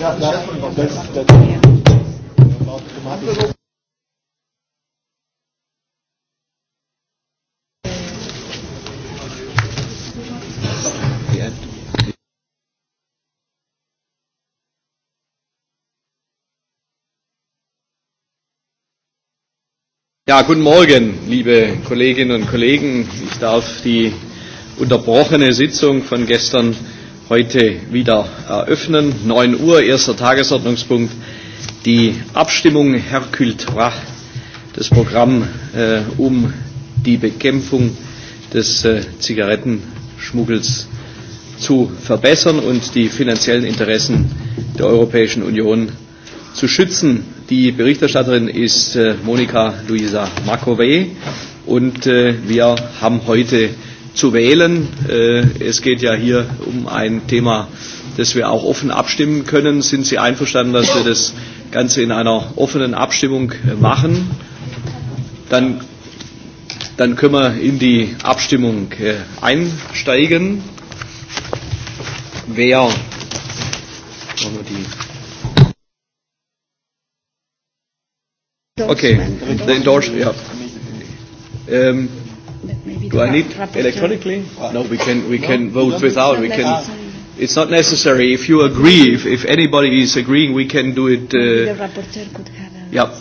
Ja, ja, das, das, das. Ja, guten Morgen, liebe Kolleginnen und Kollegen. Ich darf die unterbrochene Sitzung von gestern heute wieder eröffnen. 9 Uhr, erster Tagesordnungspunkt, die Abstimmung Hercule Trois, das Programm äh, um die Bekämpfung des äh, Zigarettenschmuggels zu verbessern und die finanziellen Interessen der Europäischen Union zu schützen. Die Berichterstatterin ist äh, Monika Luisa Makowé und äh, wir haben heute zu wählen. Äh, es geht ja hier um ein Thema, das wir auch offen abstimmen können. Sind Sie einverstanden, dass wir das Ganze in einer offenen Abstimmung äh, machen? Dann, dann können wir in die Abstimmung äh, einsteigen. Wer wollen wir die Okay, the endorsement, ja. Ähm, Do I need electronically? No, we can we can vote without. We can. It's not necessary. If you agree, if, if anybody is agreeing, we can do it. Uh, the rapporteur could have. A yeah.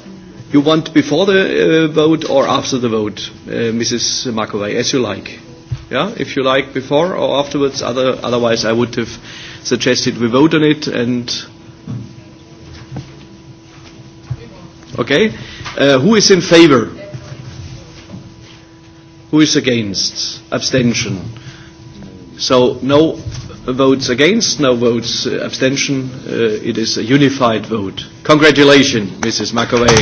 You want before the uh, vote or after the vote, uh, Mrs. McAvoy, as you like. Yeah, if you like before or afterwards. Other, otherwise, I would have suggested we vote on it and. Okay, uh, who is in favour? Who is against? Abstention. So no votes against, no votes uh, abstention. Uh, it is a unified vote. Congratulations, Mrs. McAvey,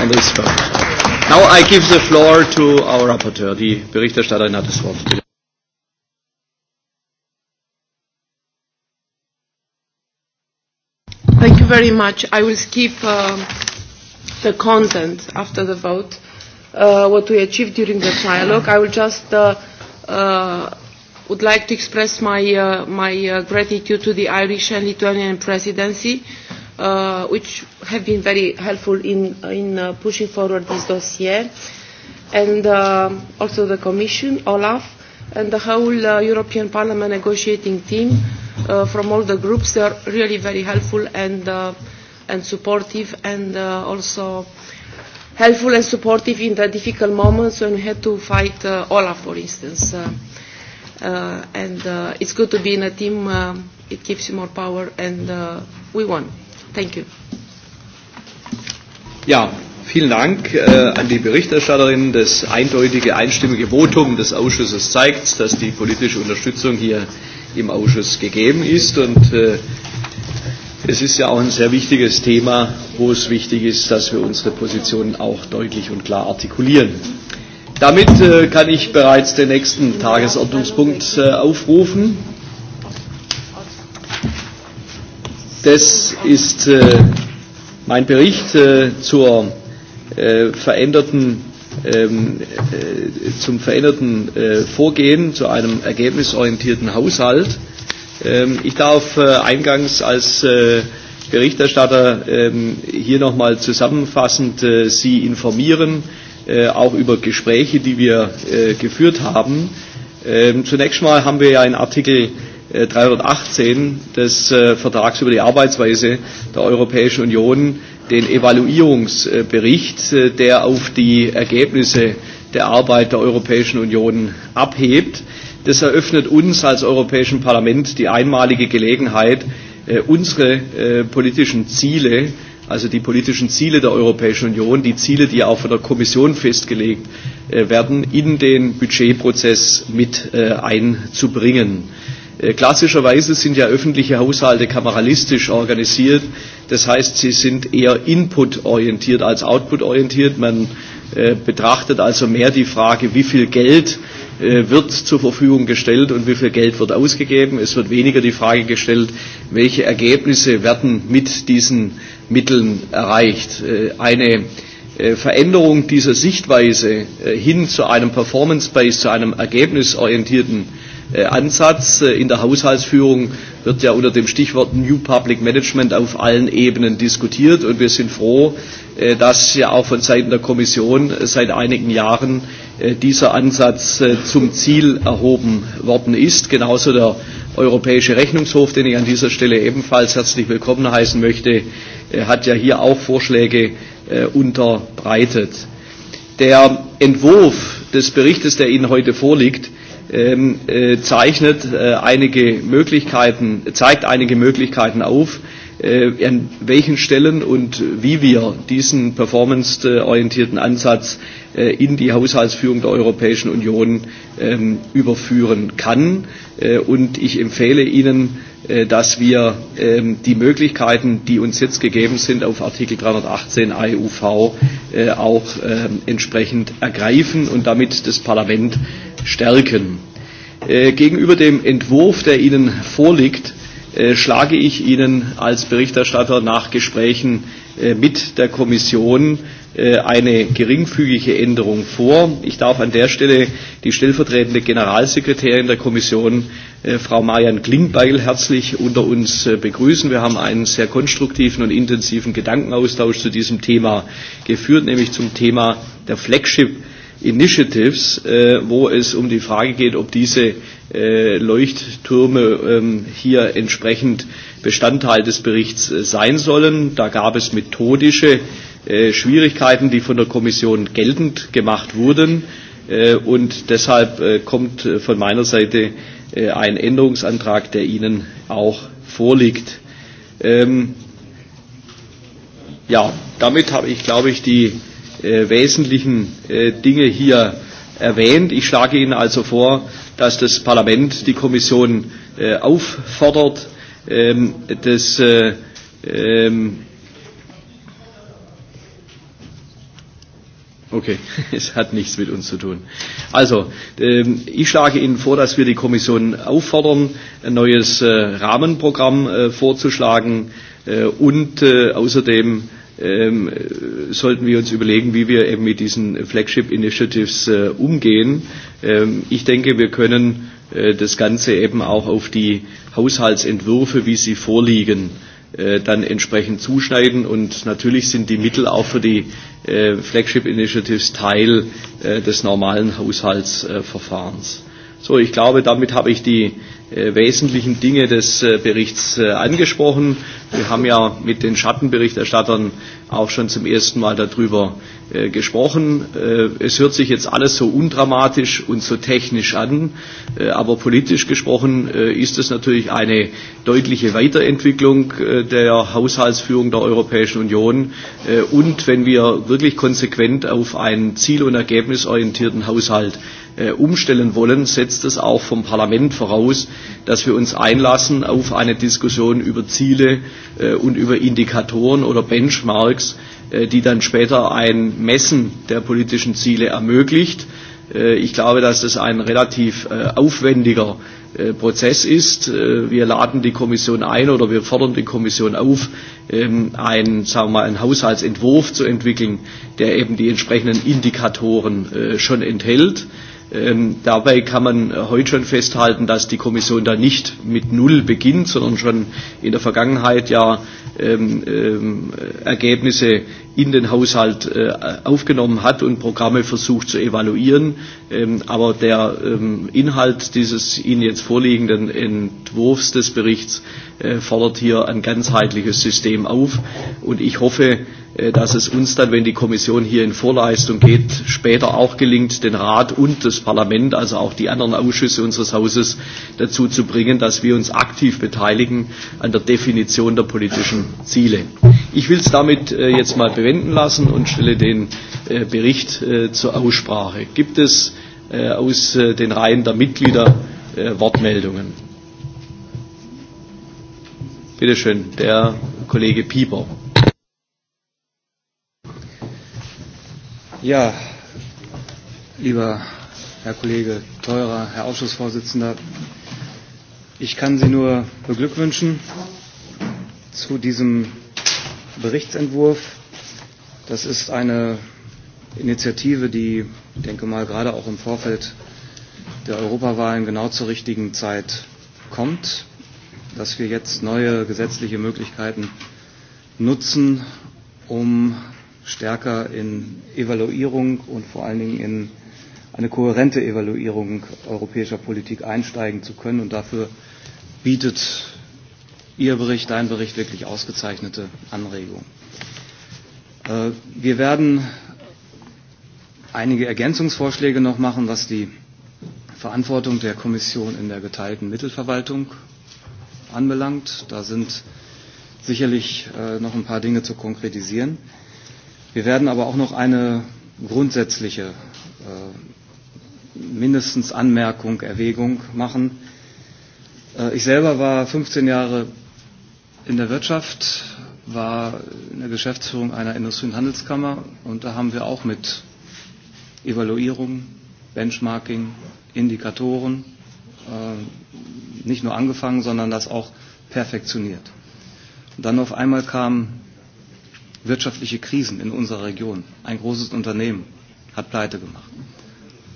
on this vote. Now I give the floor to our rapporteur. Die Berichterstatterin hat das Wort. Bitte. Thank you very much. I will skip um, uh, the content after the vote uh, what we achieved during the trialogue. I will just uh, uh, would like to express my, uh, my uh, gratitude to the Irish and Lithuanian presidency, uh, which have been very helpful in, uh, in uh, pushing forward this dossier, and uh, also the Commission, Olaf, and the whole uh, European Parliament negotiating team uh, from all the groups. They are really very helpful and, uh, and supportive, and uh, also uh, helpful and supportive in the difficult moments when we had to fight uh, Olaf, for instance. Uh, uh, and uh, it's good to be in a team. Uh, it gives you more power, and uh, we won. Thank you. Ja, vielen Dank äh, an die Berichterstatterin. Das eindeutige, einstimmige Votum des Ausschusses zeigt, dass die politische Unterstützung hier im Ausschuss gegeben ist. Und äh, Es ist ja auch ein sehr wichtiges Thema, wo es wichtig ist, dass wir unsere Positionen auch deutlich und klar artikulieren. Damit äh, kann ich bereits den nächsten Tagesordnungspunkt äh, aufrufen. Das ist äh, mein Bericht äh, zur äh, veränderten, ähm, äh, zum veränderten äh, Vorgehen zu einem ergebnisorientierten Haushalt. Äh, Ähm, ich darf äh, eingangs als äh, Berichterstatter ähm, hier nochmal zusammenfassend äh, Sie informieren, äh, auch über Gespräche, die wir äh, geführt haben. Ähm, zunächst mal haben wir ja in Artikel äh, 318 des äh, Vertrags über die Arbeitsweise der Europäischen Union den Evaluierungsbericht, äh, der auf die Ergebnisse der Arbeit der Europäischen Union abhebt. Das eröffnet uns als Europäischem Parlament die einmalige Gelegenheit, äh, unsere äh, politischen Ziele, also die politischen Ziele der Europäischen Union, die Ziele, die auch von der Kommission festgelegt äh, werden, in den Budgetprozess mit äh, einzubringen. Äh, klassischerweise sind ja öffentliche Haushalte kameralistisch organisiert. Das heißt, sie sind eher input-orientiert als output-orientiert. Man äh, betrachtet also mehr die Frage, wie viel Geld äh, Äh, wird zur Verfügung gestellt und wie viel Geld wird ausgegeben. Es wird weniger die Frage gestellt, welche Ergebnisse werden mit diesen Mitteln erreicht. Äh, eine äh, Veränderung dieser Sichtweise hin zu einem performance-based, zu einem ergebnisorientierten Ansatz in der Haushaltsführung wird ja unter dem Stichwort New Public Management auf allen Ebenen diskutiert und wir sind froh, dass ja auch von Seiten der Kommission seit einigen Jahren äh, Äh, dieser Ansatz äh, zum Ziel erhoben worden ist. Genauso der Europäische Rechnungshof, den ich an dieser Stelle ebenfalls herzlich willkommen heißen möchte, äh, hat ja hier auch Vorschläge unterbreitet. Der Entwurf des Berichtes, der Ihnen heute vorliegt, ähm, zeichnet einige Möglichkeiten, zeigt einige Möglichkeiten auf, äh, an welchen Stellen und wie wir diesen performanceorientierten Ansatz äh, in die Haushaltsführung der Europäischen Union ähm, überführen kann. Äh, und ich empfehle Ihnen, äh, dass wir äh, die Möglichkeiten, die uns jetzt gegeben sind, auf Artikel 318 AEUV äh, auch äh, entsprechend ergreifen und damit das Parlament stärken. Äh, gegenüber dem Entwurf, der Ihnen vorliegt, Äh, schlage ich Ihnen als Berichterstatter nach Gesprächen äh, mit der Kommission äh, eine geringfügige Änderung vor. Ich darf an der Stelle die stellvertretende Generalsekretärin der Kommission, Frau Marian Klingbeil, herzlich unter uns begrüßen. Wir haben einen sehr konstruktiven und intensiven Gedankenaustausch zu diesem Thema geführt, nämlich zum Thema der Flagship Initiatives, äh, wo es um die Frage geht, ob diese äh, Leuchttürme ähm, hier entsprechend Bestandteil des Berichts äh, sein sollen. Da gab es methodische äh, Schwierigkeiten, die von der Kommission geltend gemacht wurden. Äh, und deshalb äh, kommt äh, von meiner Seite äh, ein Änderungsantrag, der Ihnen auch vorliegt. Ähm, ja, damit habe ich, glaube ich, die äh, wesentlichen äh, Dinge hier erwähnt. Ich schlage Ihnen also vor, dass das Parlament die Kommission äh, auffordert, ähm, das äh, ähm, Okay, es hat nichts mit uns zu tun. Also, ähm, ich schlage Ihnen vor, dass wir die Kommission auffordern, ein neues äh, Rahmenprogramm äh, vorzuschlagen äh, und äh, außerdem äh, ähm, sollten wir uns überlegen, wie wir eben mit diesen Flagship Initiatives äh, umgehen. Ähm, ich denke, wir können äh, das Ganze eben auch auf die Haushaltsentwürfe, wie sie vorliegen, äh, dann entsprechend zuschneiden. Und natürlich sind die Mittel auch für die äh, Flagship Initiatives Teil äh, des normalen Haushaltsverfahrens. Äh, so, ich glaube, damit habe ich die Äh, wesentlichen Dinge des äh, Berichts äh, angesprochen. Wir haben ja mit den Schattenberichterstattern auch schon zum ersten Mal darüber gesprochen. Es hört sich jetzt alles so undramatisch und so technisch an, aber politisch gesprochen ist es natürlich eine deutliche Weiterentwicklung der Haushaltsführung der Europäischen Union. Und wenn wir wirklich konsequent auf einen ziel- und ergebnisorientierten Haushalt umstellen wollen, setzt es auch vom Parlament voraus, dass wir uns einlassen auf eine Diskussion über Ziele äh, und über Indikatoren oder Benchmarks, äh, die dann später ein Messen der politischen Ziele ermöglicht. Äh, ich glaube, dass das ein relativ äh, aufwendiger äh, Prozess ist. Äh, wir laden die Kommission ein oder wir fordern die Kommission auf, ähm, einen, sagen wir mal, einen Haushaltsentwurf zu entwickeln, der eben die entsprechenden Indikatoren äh, schon enthält. Äh, Ähm, dabei kann man heute schon festhalten, dass die Kommission da nicht mit Null beginnt, sondern schon in der Vergangenheit ja ähm, ähm, Ergebnisse in den Haushalt äh, aufgenommen hat und Programme versucht zu evaluieren. Ähm, aber der ähm, Inhalt dieses Ihnen jetzt vorliegenden Entwurfs des Berichts äh, fordert hier ein ganzheitliches System auf. Und ich hoffe, äh, dass es uns dann, wenn die Kommission hier in Vorleistung geht, später auch gelingt, den Rat und das Parlament, also auch die anderen Ausschüsse unseres Hauses dazu zu bringen, dass wir uns aktiv beteiligen an der Definition der politischen Ziele. Ich will es damit äh, jetzt mal bewenden lassen und stelle den äh, Bericht äh, zur Aussprache. Gibt es äh, aus äh, den Reihen der Mitglieder äh, Wortmeldungen? Bitte schön, der Kollege Pieper. Ja, lieber Herr Kollege Teurer, Herr Ausschussvorsitzender, ich kann Sie nur beglückwünschen zu diesem Berichtsentwurf. Das ist eine Initiative, die, ich denke mal, gerade auch im Vorfeld der Europawahlen genau zur richtigen Zeit kommt, dass wir jetzt neue gesetzliche Möglichkeiten nutzen, um stärker in Evaluierung und vor allen Dingen in eine kohärente Evaluierung europäischer Politik einsteigen zu können. Und dafür bietet Ihr Bericht, dein Bericht wirklich ausgezeichnete Anregungen. Äh, wir werden einige Ergänzungsvorschläge noch machen, was die Verantwortung der Kommission in der geteilten Mittelverwaltung anbelangt. Da sind sicherlich äh, noch ein paar Dinge zu konkretisieren. Wir werden aber auch noch eine grundsätzliche äh, mindestens Anmerkung, Erwägung machen. Äh, ich selber war 15 Jahre in der Wirtschaft, war in der Geschäftsführung einer Industrie- und Handelskammer und da haben wir auch mit Evaluierung, Benchmarking, Indikatoren äh, nicht nur angefangen, sondern das auch perfektioniert. Und dann auf einmal kamen wirtschaftliche Krisen in unserer Region. Ein großes Unternehmen hat pleite gemacht.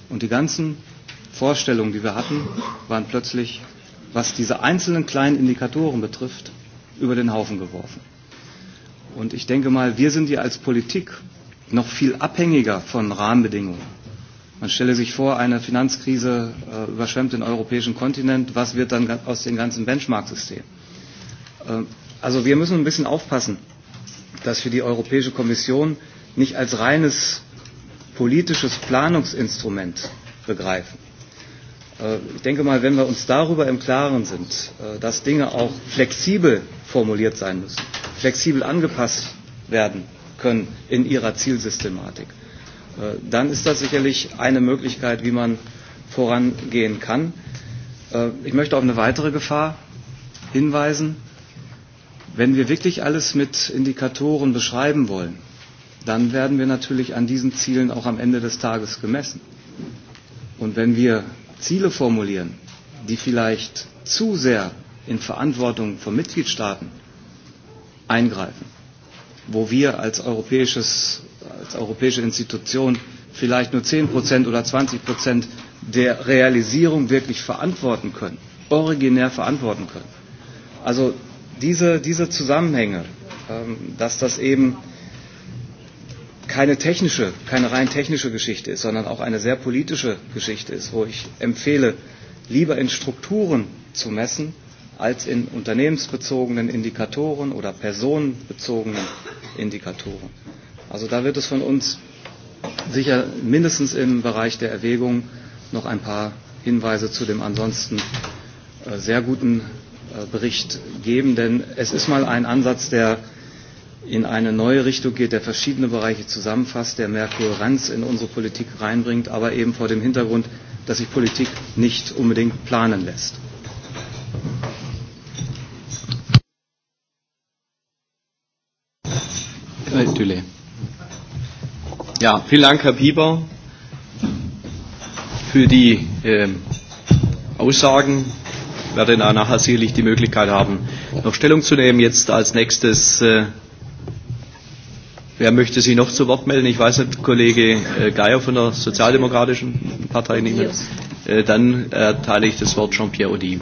Und die ganzen Vorstellungen, die wir hatten, waren plötzlich, was diese einzelnen kleinen Indikatoren betrifft, über den Haufen geworfen. Und ich denke mal, wir sind ja als Politik noch viel abhängiger von Rahmenbedingungen. Man stelle sich vor, eine Finanzkrise äh, überschwemmt den europäischen Kontinent. Was wird dann aus den ganzen Benchmark-Systemen? Äh, also wir müssen ein bisschen aufpassen, dass wir die Europäische Kommission nicht als reines politisches Planungsinstrument begreifen. Äh, ich denke mal, wenn wir uns darüber im Klaren sind, äh, dass Dinge auch flexibel formuliert sein müssen, flexibel angepasst werden können in ihrer Zielsystematik, äh, dann ist das sicherlich eine Möglichkeit, wie man vorangehen kann. Ich möchte auf eine weitere Gefahr hinweisen. Wenn wir wirklich alles mit Indikatoren beschreiben wollen, dann werden wir natürlich an diesen Zielen auch am Ende des Tages gemessen. Und wenn wir Ziele formulieren, die vielleicht zu sehr in Verantwortung von Mitgliedstaaten eingreifen, wo wir als, europäisches, als europäische Institution vielleicht nur 10 Prozent oder 20 Prozent der Realisierung wirklich verantworten können, originär verantworten können. Also diese, diese Zusammenhänge, ähm, dass das eben äh, keine technische, keine rein technische Geschichte ist, sondern auch eine sehr politische Geschichte ist, wo ich empfehle, lieber in Strukturen zu messen, als in unternehmensbezogenen Indikatoren oder personenbezogenen Indikatoren. Also da wird es von uns sicher mindestens im Bereich der Erwägung noch ein paar Hinweise zu dem ansonsten äh, sehr guten äh, Bericht geben, denn es ist mal ein Ansatz, der in eine neue Richtung geht, der verschiedene Bereiche zusammenfasst, der mehr Kohärenz in unsere Politik reinbringt, aber eben vor dem Hintergrund, dass sich Politik nicht unbedingt planen lässt. Ja, vielen Dank, Herr Pieper, für die äh, Aussagen. Ich werde nachher sicherlich die Möglichkeit haben, noch Stellung zu nehmen. Jetzt als nächstes äh, Wer möchte sich noch zu Wort melden? Ich weiß nicht, Kollege äh, Geier von der Sozialdemokratischen Partei nicht mehr. Äh, dann erteile ich das Wort Jean-Pierre Audi.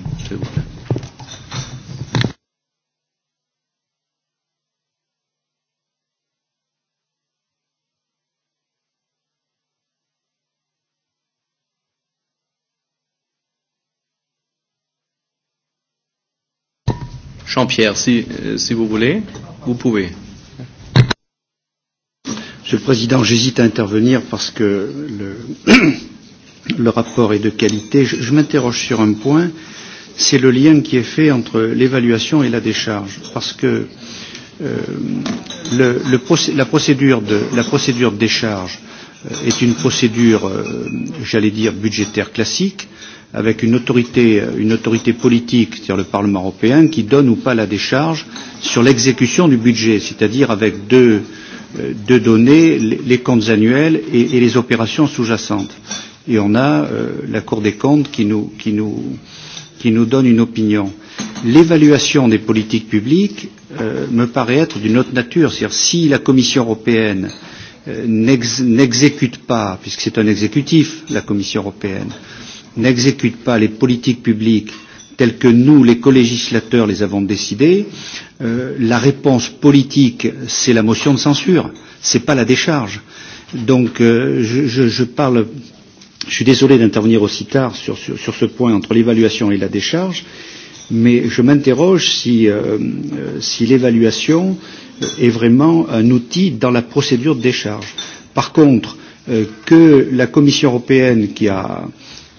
Jean-Pierre, si, euh, si vous voulez, vous pouvez. Monsieur le Président, j'hésite à intervenir parce que le, le rapport est de qualité. Je, je m'interroge sur un point, c'est le lien qui est fait entre l'évaluation et la décharge. Parce que euh, le, le procé la, procédure de, la procédure de décharge euh, est une procédure, euh, j'allais dire, budgétaire classique, avec une autorité, euh, une autorité politique, c'est-à-dire le Parlement européen, qui donne ou pas la décharge sur l'exécution du budget, c'est-à-dire avec deux, euh, de donner les comptes annuels et, et les opérations sous-jacentes. Et on a euh, la Cour des comptes qui nous, qui nous, qui nous donne une opinion. L'évaluation des politiques publiques euh, me paraît être d'une autre nature. C'est-à-dire si la Commission européenne euh, n'exécute pas, puisque c'est un exécutif, la Commission européenne, n'exécute pas les politiques publiques tels que nous, les colégislateurs, les avons décidés, euh, la réponse politique, c'est la motion de censure, c'est pas la décharge. Donc, euh, je, je, je parle, je suis désolé d'intervenir aussi tard sur, sur, sur ce point entre l'évaluation et la décharge, mais je m'interroge si, euh, si l'évaluation euh, est vraiment un outil dans la procédure de décharge. Par contre, euh, que la Commission européenne qui a euh,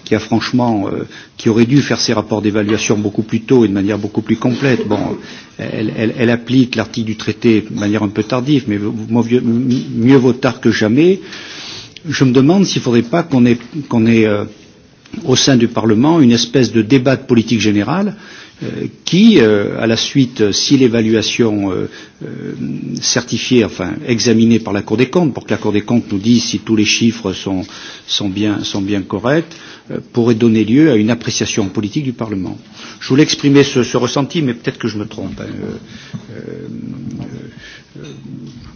qui a franchement, euh, qui aurait dû faire ses rapports d'évaluation beaucoup plus tôt et de manière beaucoup plus complète. Bon, elle, elle, elle applique l'article du traité de manière un peu tardive, mais mieux, mieux vaut tard que jamais. Je me demande s'il ne faudrait pas qu'on ait, qu'on ait euh, au sein du Parlement une espèce de débat de politique générale Euh, qui, euh, à la suite, euh, si l'évaluation euh, euh, certifiée, enfin examinée par la Cour des comptes, pour que la Cour des comptes nous dise si tous les chiffres sont, sont, bien, sont bien corrects, euh, pourrait donner lieu à une appréciation politique du Parlement. Je voulais exprimer ce, ce ressenti, mais peut-être que je me trompe. Hein. Euh, euh, euh,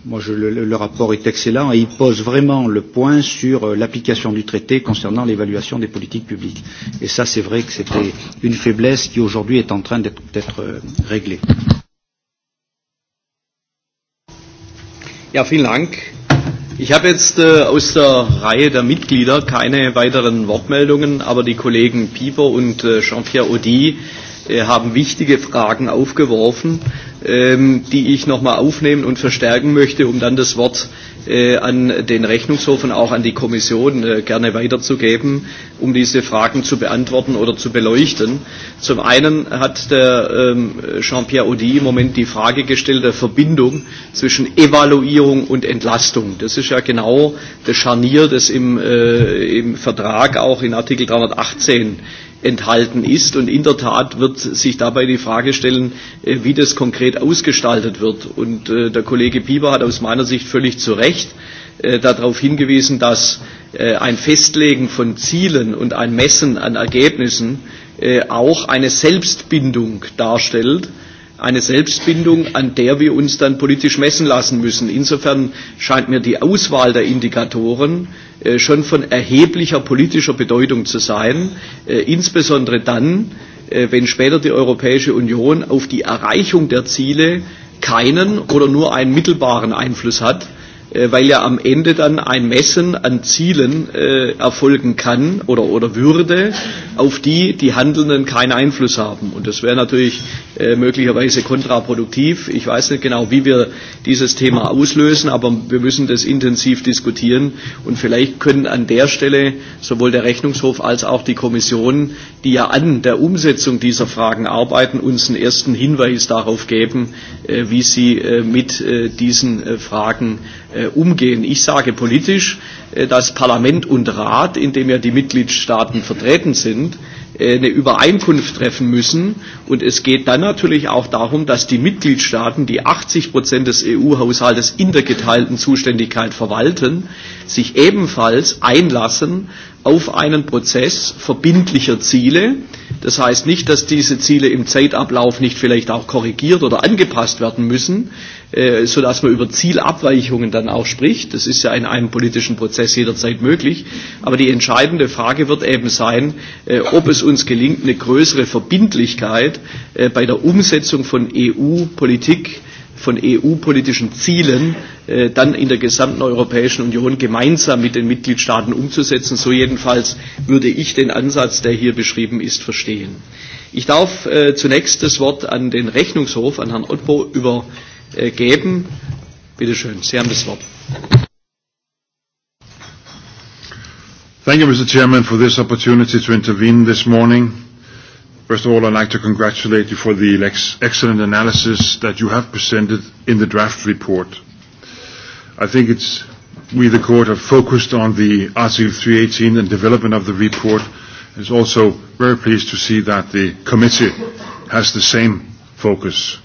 moi, je, le, le rapport est excellent et il pose vraiment le point sur euh, l'application du traité concernant l'évaluation des politiques publiques. Et ça, c'est vrai que c'était une faiblesse qui aujourd'hui est en train d'être euh, réglé. Ja, vielen Dank. Ich habe jetzt äh, aus der Reihe der Mitglieder keine weiteren Wortmeldungen, aber die Kollegen Pieper und äh, Jean-Pierre Audi äh, haben wichtige Fragen aufgeworfen ähm, die ich nochmal aufnehmen und verstärken möchte, um dann das Wort äh, an den Rechnungshof und auch an die Kommission äh, gerne weiterzugeben, um diese Fragen zu beantworten oder zu beleuchten. Zum einen hat der ähm, Jean-Pierre Audi im Moment die Frage gestellt der Verbindung zwischen Evaluierung und Entlastung. Das ist ja genau das Scharnier, das im, äh, im Vertrag auch in Artikel 318 enthalten ist. Und in der Tat wird sich dabei die Frage stellen, äh, wie das konkret konkret ausgestaltet wird. Und äh, der Kollege Pieper hat aus meiner Sicht völlig zu Recht äh, darauf hingewiesen, dass äh, ein Festlegen von Zielen und ein Messen an Ergebnissen äh, auch eine Selbstbindung darstellt, eine Selbstbindung, an der wir uns dann politisch messen lassen müssen. Insofern scheint mir die Auswahl der Indikatoren äh, schon von erheblicher politischer Bedeutung zu sein, äh, insbesondere dann, Äh, wenn später die Europäische Union auf die Erreichung der Ziele keinen oder nur einen mittelbaren Einfluss hat, äh, weil ja am Ende dann ein Messen an Zielen äh, erfolgen kann oder, oder würde, auf die die Handelnden keinen Einfluss haben. Und das wäre natürlich äh, möglicherweise kontraproduktiv. Ich weiß nicht genau, wie wir dieses Thema auslösen, aber wir müssen das intensiv diskutieren und vielleicht können an der Stelle sowohl der Rechnungshof als auch die Kommission, die ja an der Umsetzung dieser Fragen arbeiten, uns einen ersten Hinweis darauf geben, äh, wie sie äh, mit äh, diesen äh, Fragen äh, umgehen. Ich sage politisch, äh, dass Parlament und Rat, in dem ja die Mitgliedstaaten vertreten sind, äh, Äh, eine Übereinkunft treffen müssen. Und es geht dann natürlich auch darum, dass die Mitgliedstaaten, die 80 Prozent des EU-Haushaltes in der geteilten Zuständigkeit verwalten, sich ebenfalls einlassen auf einen Prozess verbindlicher Ziele, äh, Das heißt nicht, dass diese Ziele im Zeitablauf nicht vielleicht auch korrigiert oder angepasst werden müssen, äh, sodass man über Zielabweichungen dann auch spricht. Das ist ja in einem politischen Prozess jederzeit möglich. Aber die entscheidende Frage wird eben sein, äh, ob es uns gelingt, eine größere Verbindlichkeit äh, bei der Umsetzung von EU-Politik von EU-politischen Zielen äh, dann in der gesamten Europäischen Union gemeinsam mit den Mitgliedstaaten umzusetzen. So jedenfalls würde ich den Ansatz, der hier beschrieben ist, verstehen. Ich darf äh, zunächst das Wort an den Rechnungshof, an Herrn Otto, übergeben. Bitte schön, Sie haben das Wort. Thank you, Mr. Chairman, for this opportunity to intervene this morning. First of all, I'd like to congratulate you for the ex excellent analysis that you have presented in the draft report. I think it's we, the court, have focused on the Article 318 and development of the report. It's also very pleased to see that the committee has the same focus.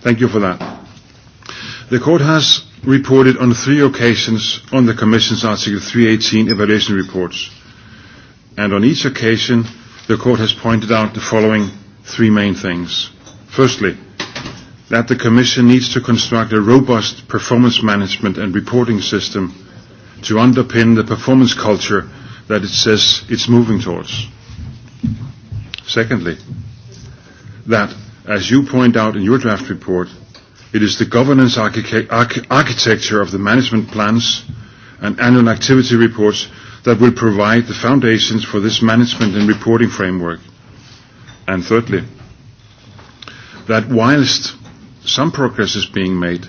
Thank you for that. The court has reported on three occasions on the Commission's Article 318 evaluation reports, and on each occasion, the Court has pointed out the following three main things. Firstly, that the Commission needs to construct a robust performance management and reporting system to underpin the performance culture that it says it's moving towards. Secondly, that, as you point out in your draft report, it is the governance archi- arch- architecture of the management plans and annual activity reports that will provide the foundations for this management and reporting framework. And thirdly, that whilst some progress is being made,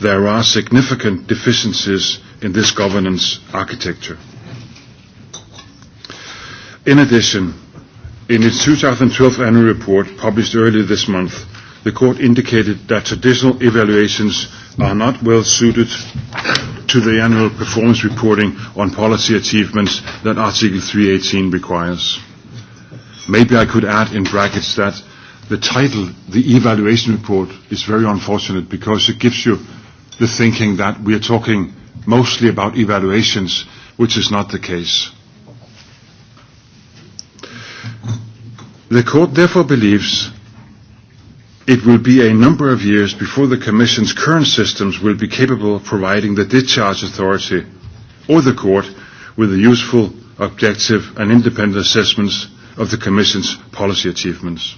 there are significant deficiencies in this governance architecture. In addition, in its 2012 annual report published earlier this month, the court indicated that traditional evaluations are not well suited to the annual performance reporting on policy achievements that Article 318 requires. Maybe I could add in brackets that the title, the evaluation report, is very unfortunate because it gives you the thinking that we are talking mostly about evaluations, which is not the case. The court therefore believes it will be a number of years before the Commission's current systems will be capable of providing the discharge authority or the court with the useful, objective and independent assessments of the Commission's policy achievements.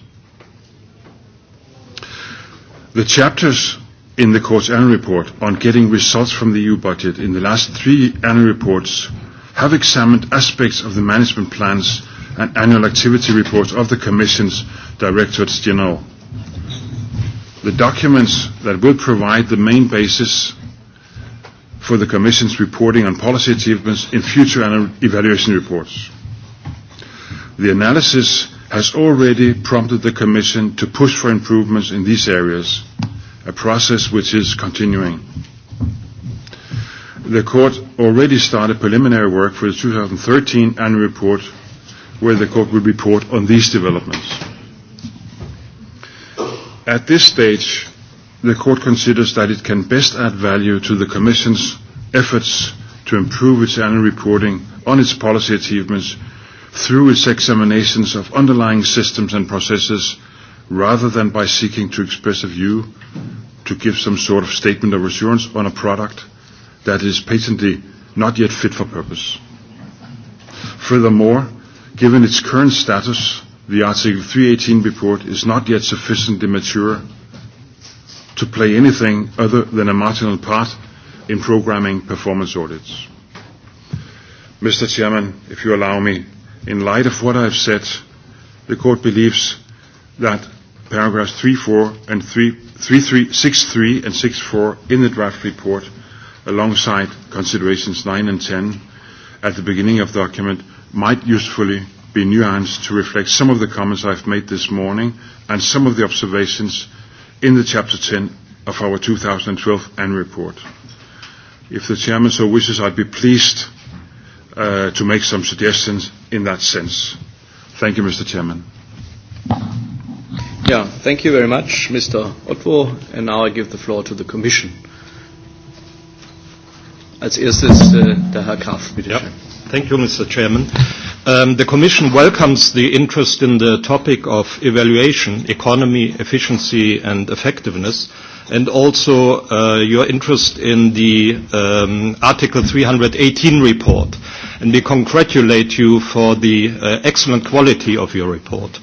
The chapters in the court's annual report on getting results from the EU budget in the last three annual reports have examined aspects of the management plans and annual activity reports of the Commission's Directorates General the documents that will provide the main basis for the Commission's reporting on policy achievements in future evaluation reports. The analysis has already prompted the Commission to push for improvements in these areas, a process which is continuing. The Court already started preliminary work for the 2013 annual report, where the Court will report on these developments. At this stage, the Court considers that it can best add value to the Commission's efforts to improve its annual reporting on its policy achievements through its examinations of underlying systems and processes rather than by seeking to express a view to give some sort of statement of assurance on a product that is patently not yet fit for purpose. Furthermore, given its current status, the Article 318 report is not yet sufficiently mature to play anything other than a marginal part in programming performance audits. Mr. Chairman, if you allow me, in light of what I've said, the Court believes that paragraphs 3.4 and 3.3.6.3 and 6.4 in the draft report, alongside considerations 9 and 10 at the beginning of the document, might usefully be nuanced to reflect some of the comments I've made this morning and some of the observations in the Chapter 10 of our 2012 annual report. If the chairman so wishes, I'd be pleased uh, to make some suggestions in that sense. Thank you, Mr. Chairman. Yeah, thank you very much, Mr. Otto. And now I give the floor to the Commission. Als erstes äh, uh, der Herr Graf, bitte. Ja, thank you, Mr. Chairman. Um, the Commission welcomes the interest in the topic of evaluation, economy, efficiency and effectiveness, and also uh, your interest in the um, Article 318 report. And we congratulate you for the uh, excellent quality of your report.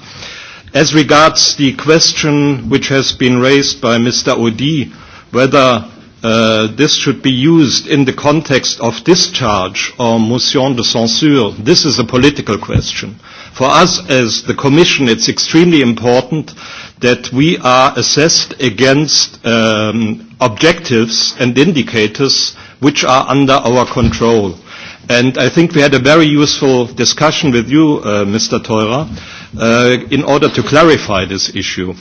As regards the question which has been raised by Mr. Odi, whether uh, this should be used in the context of discharge or motion de censure. This is a political question. For us as the Commission, it's extremely important that we are assessed against um, objectives and indicators which are under our control. And I think we had a very useful discussion with you, uh, Mr. Teurer, uh, in order to clarify this issue.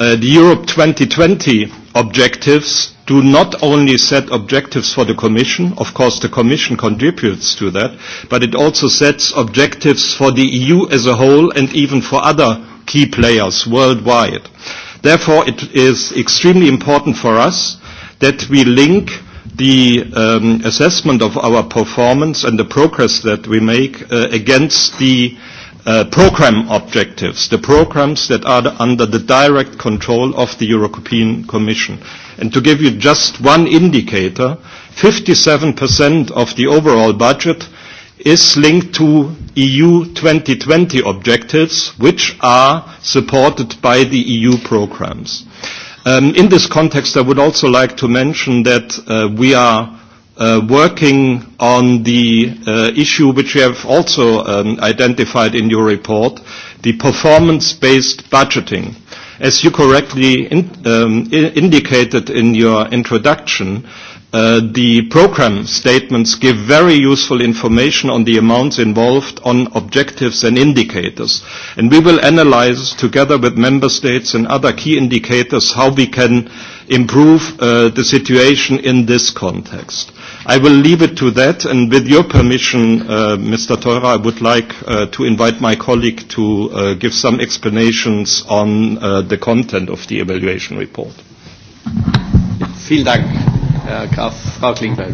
Uh, the Europe 2020 objectives do not only set objectives for the Commission, of course the Commission contributes to that, but it also sets objectives for the EU as a whole and even for other key players worldwide. Therefore, it is extremely important for us that we link the um, assessment of our performance and the progress that we make uh, against the uh, program objectives, the programs that are the, under the direct control of the European Commission. And to give you just one indicator, 57% of the overall budget is linked to EU 2020 objectives, which are supported by the EU programs. Um, in this context, I would also like to mention that uh, we are uh, working on the uh, issue which you have also um, identified in your report, the performance-based budgeting. As you correctly in, um, I- indicated in your introduction, uh, the program statements give very useful information on the amounts involved on objectives and indicators. And we will analyze together with member states and other key indicators how we can improve uh, the situation in this context. I will leave it to that, and with your permission, uh, Mr. Teurer, I would like uh, to invite my colleague to uh, give some explanations on uh, the content of the evaluation report. Vielen Dank, Herr Graf, Frau Klingbeil.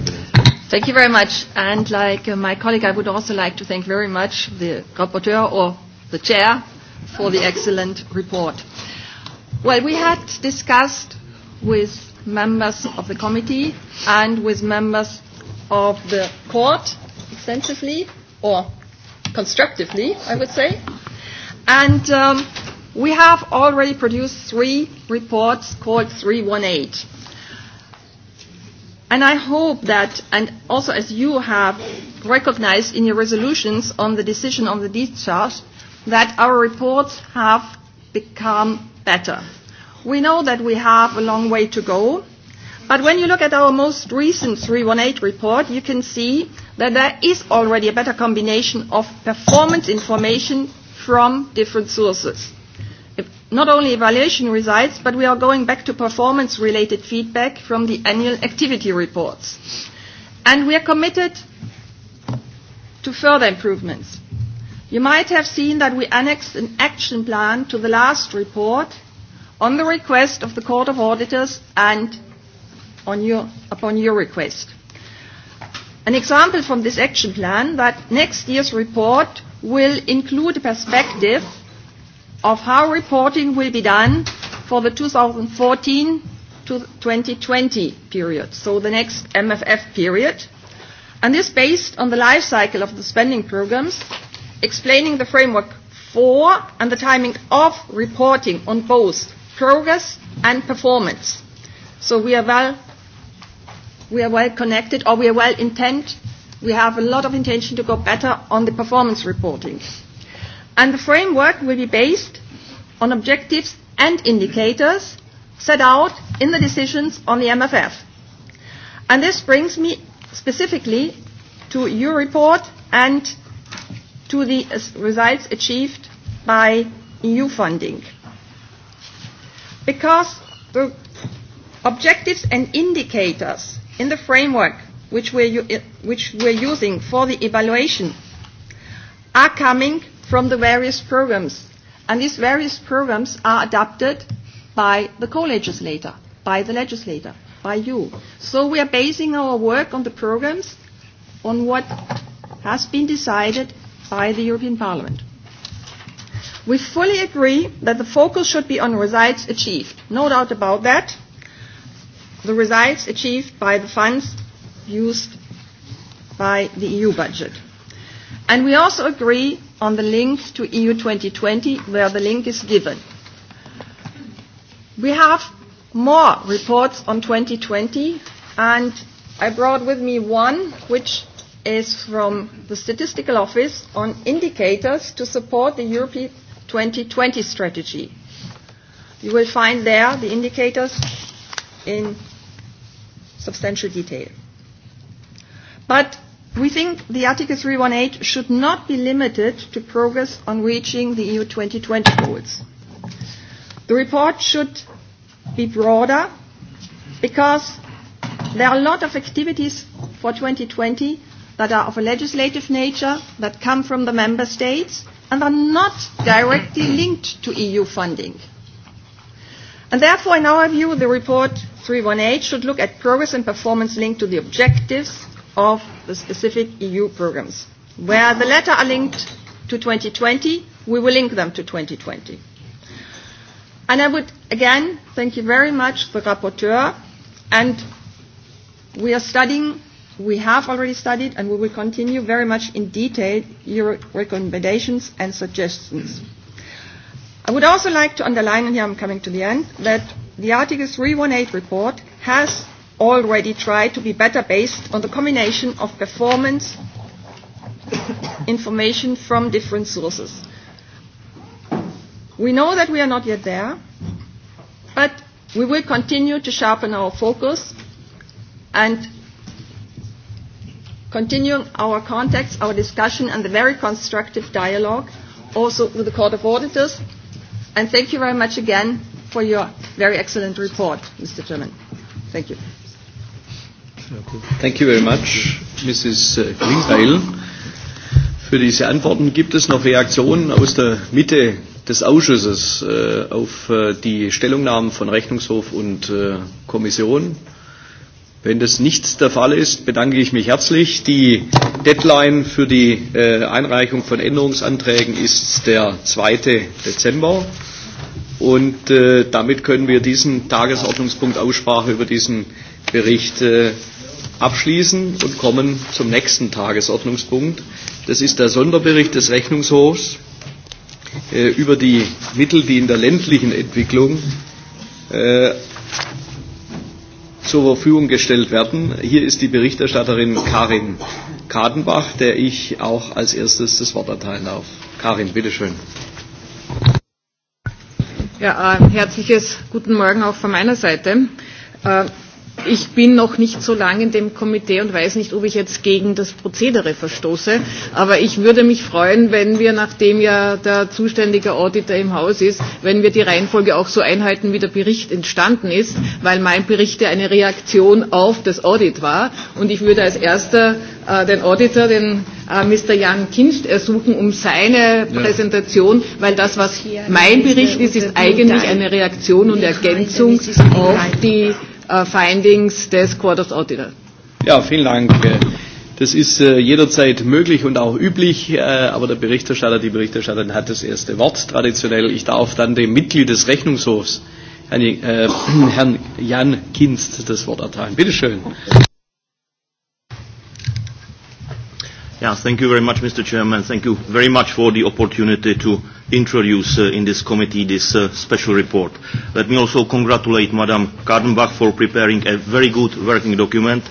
Thank you very much. And like uh, my colleague, I would also like to thank very much the rapporteur or the chair for the excellent report. Well, we had discussed with members of the committee and with members of the court extensively or constructively, I would say. And um, we have already produced three reports called 318. And I hope that, and also as you have recognized in your resolutions on the decision on the discharge, that our reports have become better. We know that we have a long way to go, but when you look at our most recent 318 report, you can see that there is already a better combination of performance information from different sources. If not only evaluation results, but we are going back to performance-related feedback from the annual activity reports. And we are committed to further improvements. You might have seen that we annexed an action plan to the last report on the request of the Court of Auditors and on your, upon your request. An example from this action plan that next year's report will include a perspective of how reporting will be done for the 2014 to 2020 period, so the next MFF period, and this based on the life cycle of the spending programs, explaining the framework for and the timing of reporting on both progress and performance. So we are well, we are well connected or we are well intent. We have a lot of intention to go better on the performance reporting. And the framework will be based on objectives and indicators set out in the decisions on the MFF. And this brings me specifically to your report and to the results achieved by EU funding because the objectives and indicators in the framework which we're, which we're using for the evaluation are coming from the various programs. And these various programs are adapted by the co-legislator, by the legislator, by you. So we are basing our work on the programs, on what has been decided by the European Parliament. We fully agree that the focus should be on results achieved. No doubt about that. The results achieved by the funds used by the EU budget. And we also agree on the link to EU 2020, where the link is given. We have more reports on 2020, and I brought with me one, which is from the Statistical Office on indicators to support the European 2020 strategy. You will find there the indicators in substantial detail. But we think the Article 318 should not be limited to progress on reaching the EU 2020 goals. The report should be broader because there are a lot of activities for 2020 that are of a legislative nature, that come from the member states, and are not directly linked to EU funding. And therefore, in our view, the report 318 should look at progress and performance linked to the objectives of the specific EU programs. Where the latter are linked to 2020, we will link them to 2020. And I would again thank you very much, the rapporteur, and we are studying We have already studied and we will continue very much in detail your recommendations and suggestions. I would also like to underline, and here I'm coming to the end, that the Article 318 report has already tried to be better based on the combination of performance information from different sources. We know that we are not yet there, but we will continue to sharpen our focus and continuing our contacts, our discussion, and the very constructive dialogue, also with the Court of Auditors. And thank you very much again for your very excellent report, Mr. Chairman. Thank you. Thank you very much, Mrs. Klingbeil, uh, für diese Antworten. Gibt es noch Reaktionen aus der Mitte des Ausschusses äh, auf äh, die Stellungnahmen von Rechnungshof und äh, Kommission? Wenn das nicht der Fall ist, bedanke ich mich herzlich. Die Deadline für die äh, Einreichung von Änderungsanträgen ist der 2. Dezember. Und äh, damit können wir diesen Tagesordnungspunkt Aussprache über diesen Bericht äh, abschließen und kommen zum nächsten Tagesordnungspunkt. Das ist der Sonderbericht des Rechnungshofs äh, über die Mittel, die in der ländlichen Entwicklung äh, zur Verfügung gestellt werden. Hier ist die Berichterstatterin Karin Kadenbach, der ich auch als erstes das Wort erteilen darf. Karin, bitteschön. Ja, ein äh, herzliches guten Morgen auch von meiner Seite. Äh, ich bin noch nicht so lange in dem Komitee und weiß nicht, ob ich jetzt gegen das Prozedere verstoße. Aber ich würde mich freuen, wenn wir, nachdem ja der zuständige Auditor im Haus ist, wenn wir die Reihenfolge auch so einhalten, wie der Bericht entstanden ist, weil mein Bericht ja eine Reaktion auf das Audit war. Und ich würde als erster äh, den Auditor, den äh, Mr. Jan Kinst, ersuchen um seine ja. Präsentation, weil das, was mein Bericht ist, ist eigentlich eine Reaktion und Ergänzung auf die uh, findings des Court of Auditor. Ja, vielen Dank. Das ist äh, jederzeit möglich und auch üblich, äh, aber der Berichterstatter, die Berichterstatterin hat das erste Wort traditionell. Ich darf dann dem Mitglied des Rechnungshofs, Herrn, äh, Herrn Jan Kinst, das Wort erteilen. Bitte schön. Okay. Yeah, thank you very much, Mr. Chairman. Thank you very much for the opportunity to introduce uh, in this committee this uh, special report. Let me also congratulate Madam Kadenbach for preparing a very good working document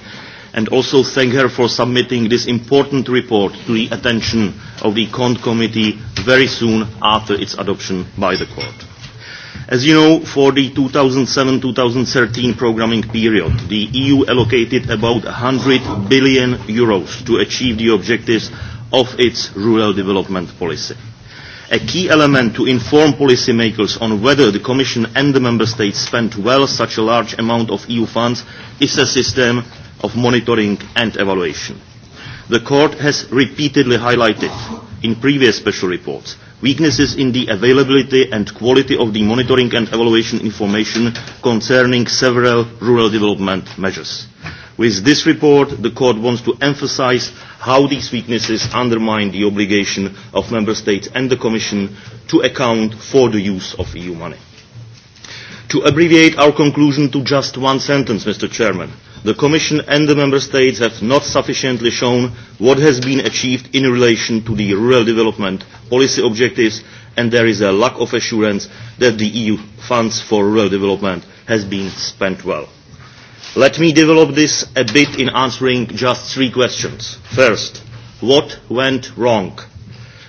and also thank her for submitting this important report to the attention of the CONT committee very soon after its adoption by the court. As you know, for the 2007-2013 programming period, the EU allocated about 100 billion euros to achieve the objectives of its rural development policy. A key element to inform policymakers on whether the Commission and the Member States spent well such a large amount of EU funds is a system of monitoring and evaluation. The Court has repeatedly highlighted in previous special reports weaknesses in the availability and quality of the monitoring and evaluation information concerning several rural development measures. With this report, the Court wants to emphasize how these weaknesses undermine the obligation of Member States and the Commission to account for the use of EU money. To abbreviate our conclusion to just one sentence, Mr. Chairman, uh, the Commission and the Member States have not sufficiently shown what has been achieved in relation to the rural development policy objectives, and there is a lack of assurance that the EU funds for rural development has been spent well. Let me develop this a bit in answering just three questions. First, what went wrong?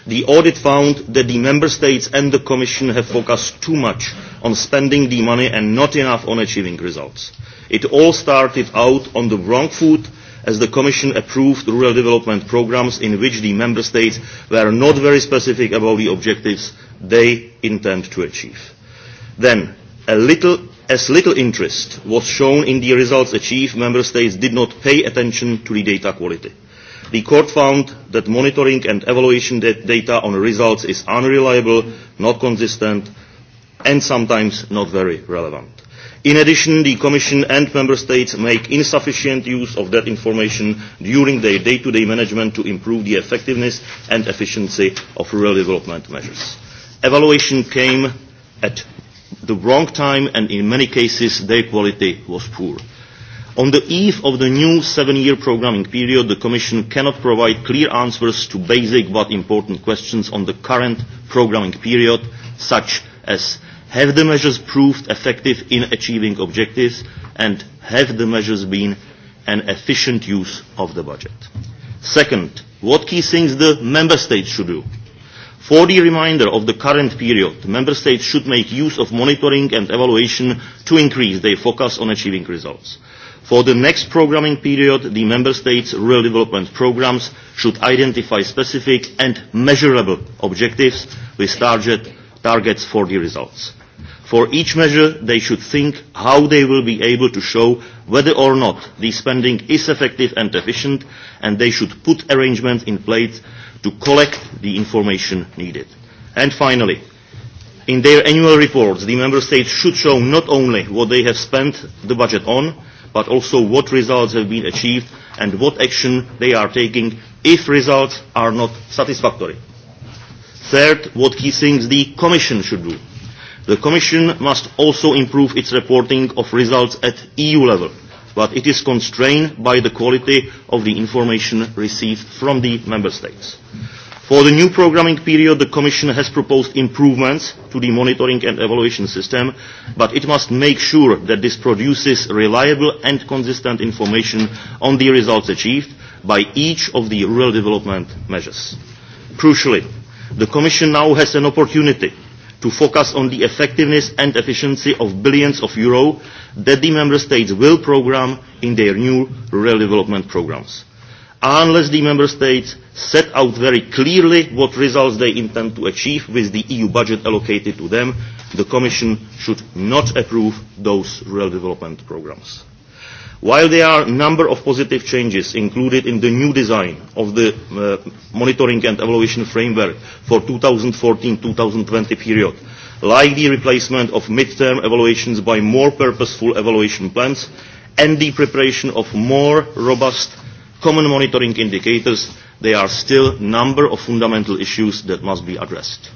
The audit found that the Member States and the Commission have focused too much on spending the money and not enough on achieving results. It all started out on the wrong foot as the Commission approved rural development programs in which the Member States were not very specific about the objectives they intend to achieve. Then, a little, as little interest was shown in the results achieved, Member States did not pay attention to the data quality. The court found that monitoring and evaluation data on results is unreliable, not consistent, and sometimes not very relevant. In addition, the Commission and Member States make insufficient use of that information during their day-to-day -day management to improve the effectiveness and efficiency of rural development measures. Evaluation came at the wrong time and in many cases their quality was poor. On the eve of the new seven-year programming period, the Commission cannot provide clear answers to basic but important questions on the current programming period, such as Have the measures proved effective in achieving objectives? And have the measures been an efficient use of the budget? Second, what key things the member states should do? For the remainder of the current period, member states should make use of monitoring and evaluation to increase their focus on achieving results. For the next programming period, the Member States' rural development programs should identify specific and measurable objectives with target, targets for the results. For each measure, they should think how they will be able to show whether or not the spending is effective and efficient, and they should put arrangements in place to collect the information needed. And finally, in their annual reports, the member states should show not only what they have spent the budget on, but also what results have been achieved and what action they are taking if results are not satisfactory. Third, what key things the Commission should do The Commission must also improve its reporting of results at EU level, but it is constrained by the quality of the information received from the Member States. For the new programming period, the Commission has proposed improvements to the monitoring and evaluation system, but it must make sure that this produces reliable and consistent information on the results achieved by each of the rural development measures. Crucially, the Commission now has an opportunity to focus on the effectiveness and efficiency of billions of euro that the member states will program in their new rural development programs. Unless the member states set out very clearly what results they intend to achieve with the EU budget allocated to them, the Commission should not approve those rural development programs. While there are a number of positive changes included in the new design of the uh, monitoring and evaluation framework for 2014-2020 period, like the replacement of midterm evaluations by more purposeful evaluation plans and the preparation of more robust common monitoring indicators, there are still a number of fundamental issues that must be addressed.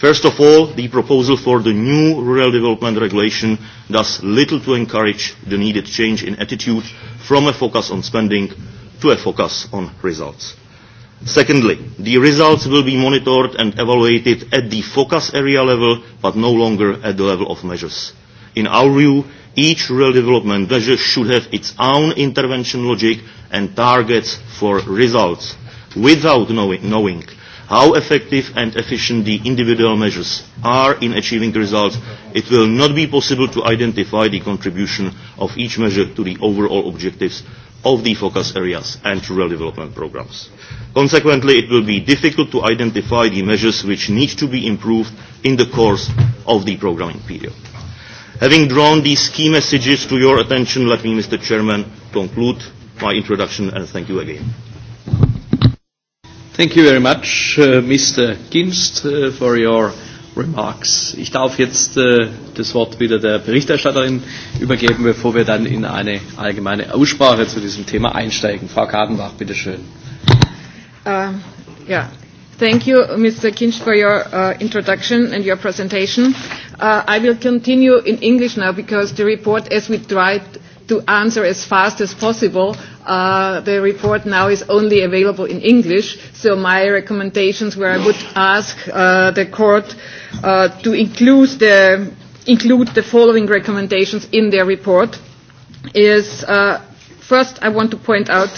First of all, the proposal for the new rural development regulation does little to encourage the needed change in attitude from a focus on spending to a focus on results. Secondly, the results will be monitored and evaluated at the focus area level, but no longer at the level of measures. In our view, each rural development measure should have its own intervention logic and targets for results, without knowing, knowing how effective and efficient the individual measures are in achieving results, it will not be possible to identify the contribution of each measure to the overall objectives of the focus areas and rural development programs. Consequently, it will be difficult to identify the measures which need to be improved in the course of the programming period. Having drawn these key messages to your attention, let me, Mr. Chairman, conclude my introduction and thank you again. Thank you very much, uh, Mr. Kinst, uh, for your remarks. Ich darf jetzt äh, das Wort wieder der Berichterstatterin übergeben, bevor wir dann in eine allgemeine Aussprache zu diesem Thema einsteigen. Frau Kadenbach, bitteschön. Uh, um, yeah. Thank you, Mr. Kinch, for your uh, introduction and your presentation. Uh, I will continue in English now because the report, as we tried to answer as fast as possible, uh, Uh, the report now is only available in English, so my recommendations where I would ask uh, the court uh, to include the, include the following recommendations in their report is uh, first I want to point out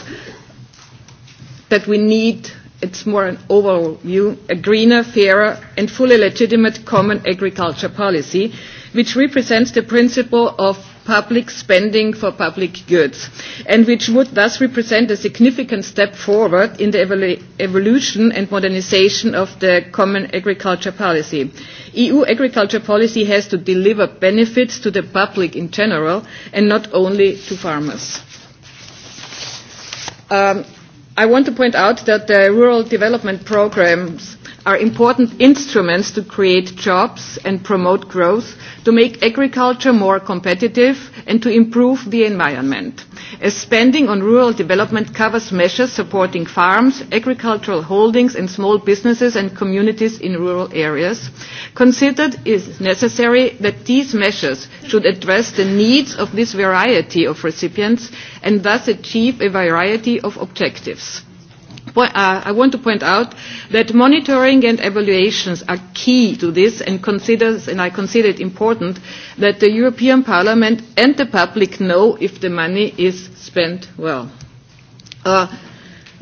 that we need it's more an overall view, a greener, fairer and fully legitimate common agriculture policy, which represents the principle of public spending for public goods, and which would thus represent a significant step forward in the evolu evolution and modernization of the common agriculture policy. EU agriculture policy has to deliver benefits to the public in general and not only to farmers. Um, I want to point out that the rural development programs are important instruments to create jobs and promote growth, to make agriculture more competitive, and to improve the environment. As spending on rural development covers measures supporting farms, agricultural holdings, and small businesses and communities in rural areas, considered is necessary that these measures should address the needs of this variety of recipients and thus achieve a variety of objectives. Uh, I want to point out that monitoring and evaluations are key to this and considers, and I consider it important that the European Parliament and the public know if the money is spent well. Uh,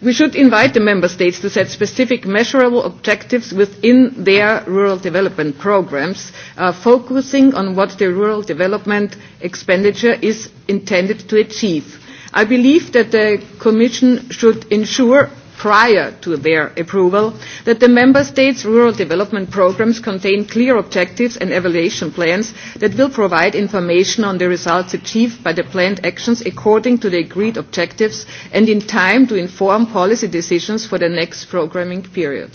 we should invite the Member States to set specific measurable objectives within their rural development programs, uh, focusing on what the rural development expenditure is intended to achieve. I believe that the Commission should ensure prior to their approval, that the Member States' rural development programs contain clear objectives and evaluation plans that will provide information on the results achieved by the planned actions according to the agreed objectives and in time to inform policy decisions for the next programming period.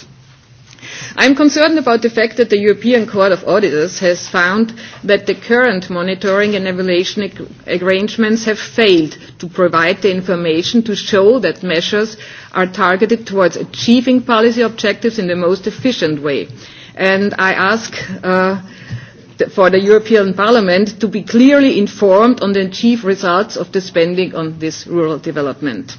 I am concerned about the fact that the European Court of Auditors has found that the current monitoring and evaluation ag- arrangements have failed to provide the information to show that measures are targeted towards achieving policy objectives in the most efficient way. And I ask uh, for the European Parliament to be clearly informed on the achieved results of the spending on this rural development.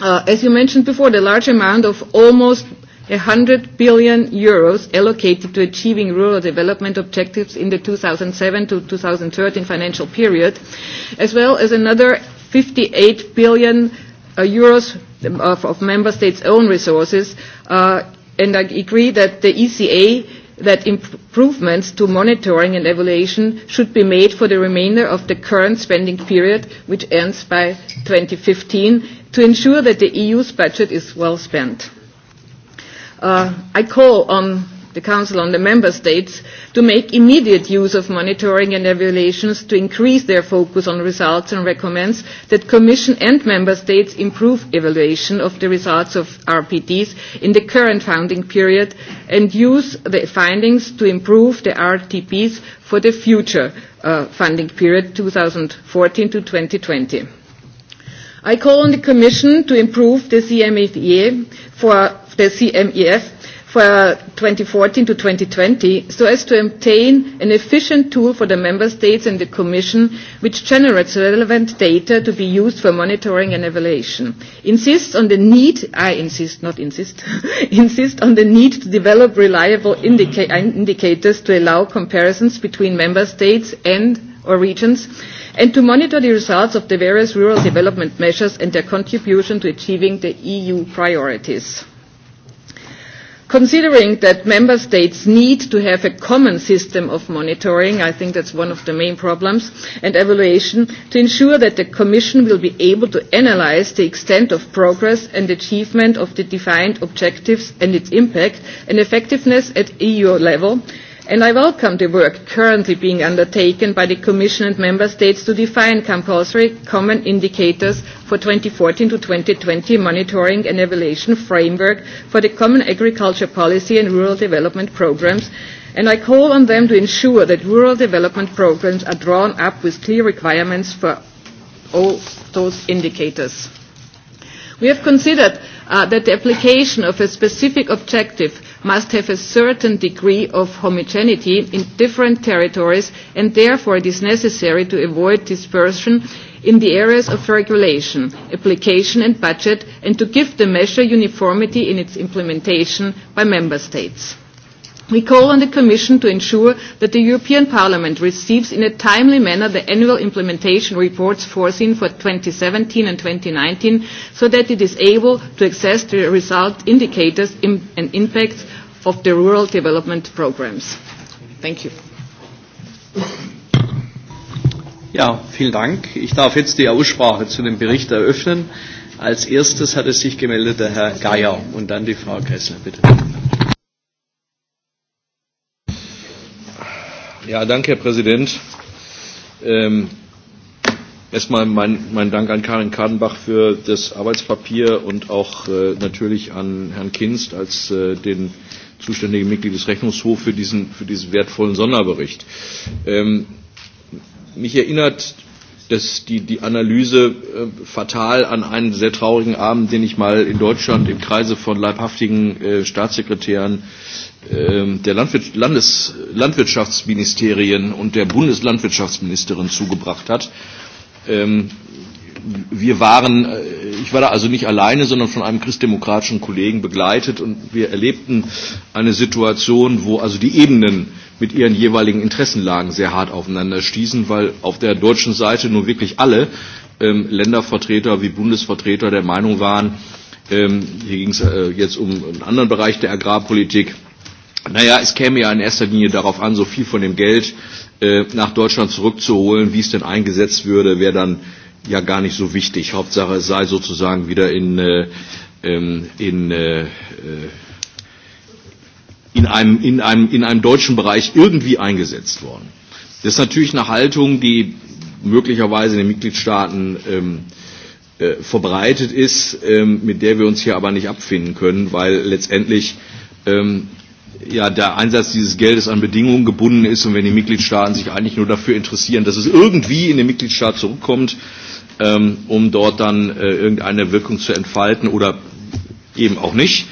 Uh, as you mentioned before, the large amount of almost 100 billion euros allocated to achieving rural development objectives in the 2007 to 2013 financial period, as well as another 58 billion uh, euros um, of, of member states' own resources, uh, and I agree that the ECA that improvements to monitoring and evaluation should be made for the remainder of the current spending period, which ends by 2015, to ensure that the EU's budget is well spent. Uh, I call on the Council on the Member States to make immediate use of monitoring and evaluations to increase their focus on results and recommends that Commission and Member States improve evaluation of the results of RPTs in the current founding period and use the findings to improve the RTPs for the future uh, funding period 2014 to 2020. I call on the Commission to improve the CMEF for the CMEF uh, 2014 to 2020 so as to obtain an efficient tool for the Member States and the Commission which generates relevant data to be used for monitoring and evaluation. Insists on the need, I insist, not insist, insist on the need to develop reliable indica indicators to allow comparisons between Member States and or regions and to monitor the results of the various rural development measures and their contribution to achieving the EU priorities. Considering that member states need to have a common system of monitoring, I think that's one of the main problems, and evaluation to ensure that the Commission will be able to analyze the extent of progress and achievement of the defined objectives and its impact and effectiveness at EU level and I welcome the work currently being undertaken by the Commission and Member States to define compulsory common indicators for 2014 to 2020 monitoring and evaluation framework for the common agriculture policy and rural development programs, and I call on them to ensure that rural development programs are drawn up with clear requirements for all those indicators. We have considered uh, that the application of a specific objective must have a certain degree of homogeneity in different territories and therefore it is necessary to avoid dispersion in the areas of regulation, application and budget and to give the measure uniformity in its implementation by member states. We call on the Commission to ensure that the European Parliament receives in a timely manner the annual implementation reports foreseen for 2017 and 2019 so that it is able to assess the result indicators in, and impacts of the rural development programs. Thank you. Ja, vielen Dank. Ich darf jetzt die Aussprache zu dem Bericht eröffnen. Als erstes hat es sich gemeldet der Herr Geier und dann die Frau Kressler, bitte. Ja, danke, Herr Präsident. Ähm, erstmal mein, mein Dank an Karin Kadenbach für das Arbeitspapier und auch äh, natürlich an Herrn Kinst als äh, den zuständigen Mitglied des Rechnungshofs für diesen, für diesen wertvollen Sonderbericht. Ähm, mich erinnert dass die, die Analyse äh, fatal an einen sehr traurigen Abend, den ich mal in Deutschland im Kreise von leibhaftigen äh, Staatssekretären Ähm, der Landwirtschaft, Landes, Landwirtschaftsministerien und der Bundeslandwirtschaftsministerin zugebracht hat. Ähm, wir waren, äh, ich war da also nicht alleine, sondern von einem christdemokratischen Kollegen begleitet und wir erlebten eine Situation, wo also die Ebenen mit ihren jeweiligen Interessenlagen sehr hart aufeinander stießen, weil auf der deutschen Seite nun wirklich alle ähm, Ländervertreter wie Bundesvertreter der Meinung waren, ähm, hier ging es äh, jetzt um einen anderen Bereich der Agrarpolitik, äh, Naja, es käme ja in erster Linie darauf an, so viel von dem Geld äh, nach Deutschland zurückzuholen, wie es denn eingesetzt würde, wäre dann ja gar nicht so wichtig. Hauptsache, es sei sozusagen wieder in, äh, ähm, in, äh, äh, in, einem, in, einem, in einem deutschen Bereich irgendwie eingesetzt worden. Das ist natürlich eine Haltung, die möglicherweise in den Mitgliedstaaten ähm, äh, verbreitet ist, ähm, mit der wir uns hier aber nicht abfinden können, weil letztendlich ähm, ja, der Einsatz dieses Geldes an Bedingungen gebunden ist und wenn die Mitgliedstaaten sich eigentlich nur dafür interessieren, dass es irgendwie in den Mitgliedstaat zurückkommt, ähm, um dort dann äh, irgendeine Wirkung zu entfalten oder eben auch nicht,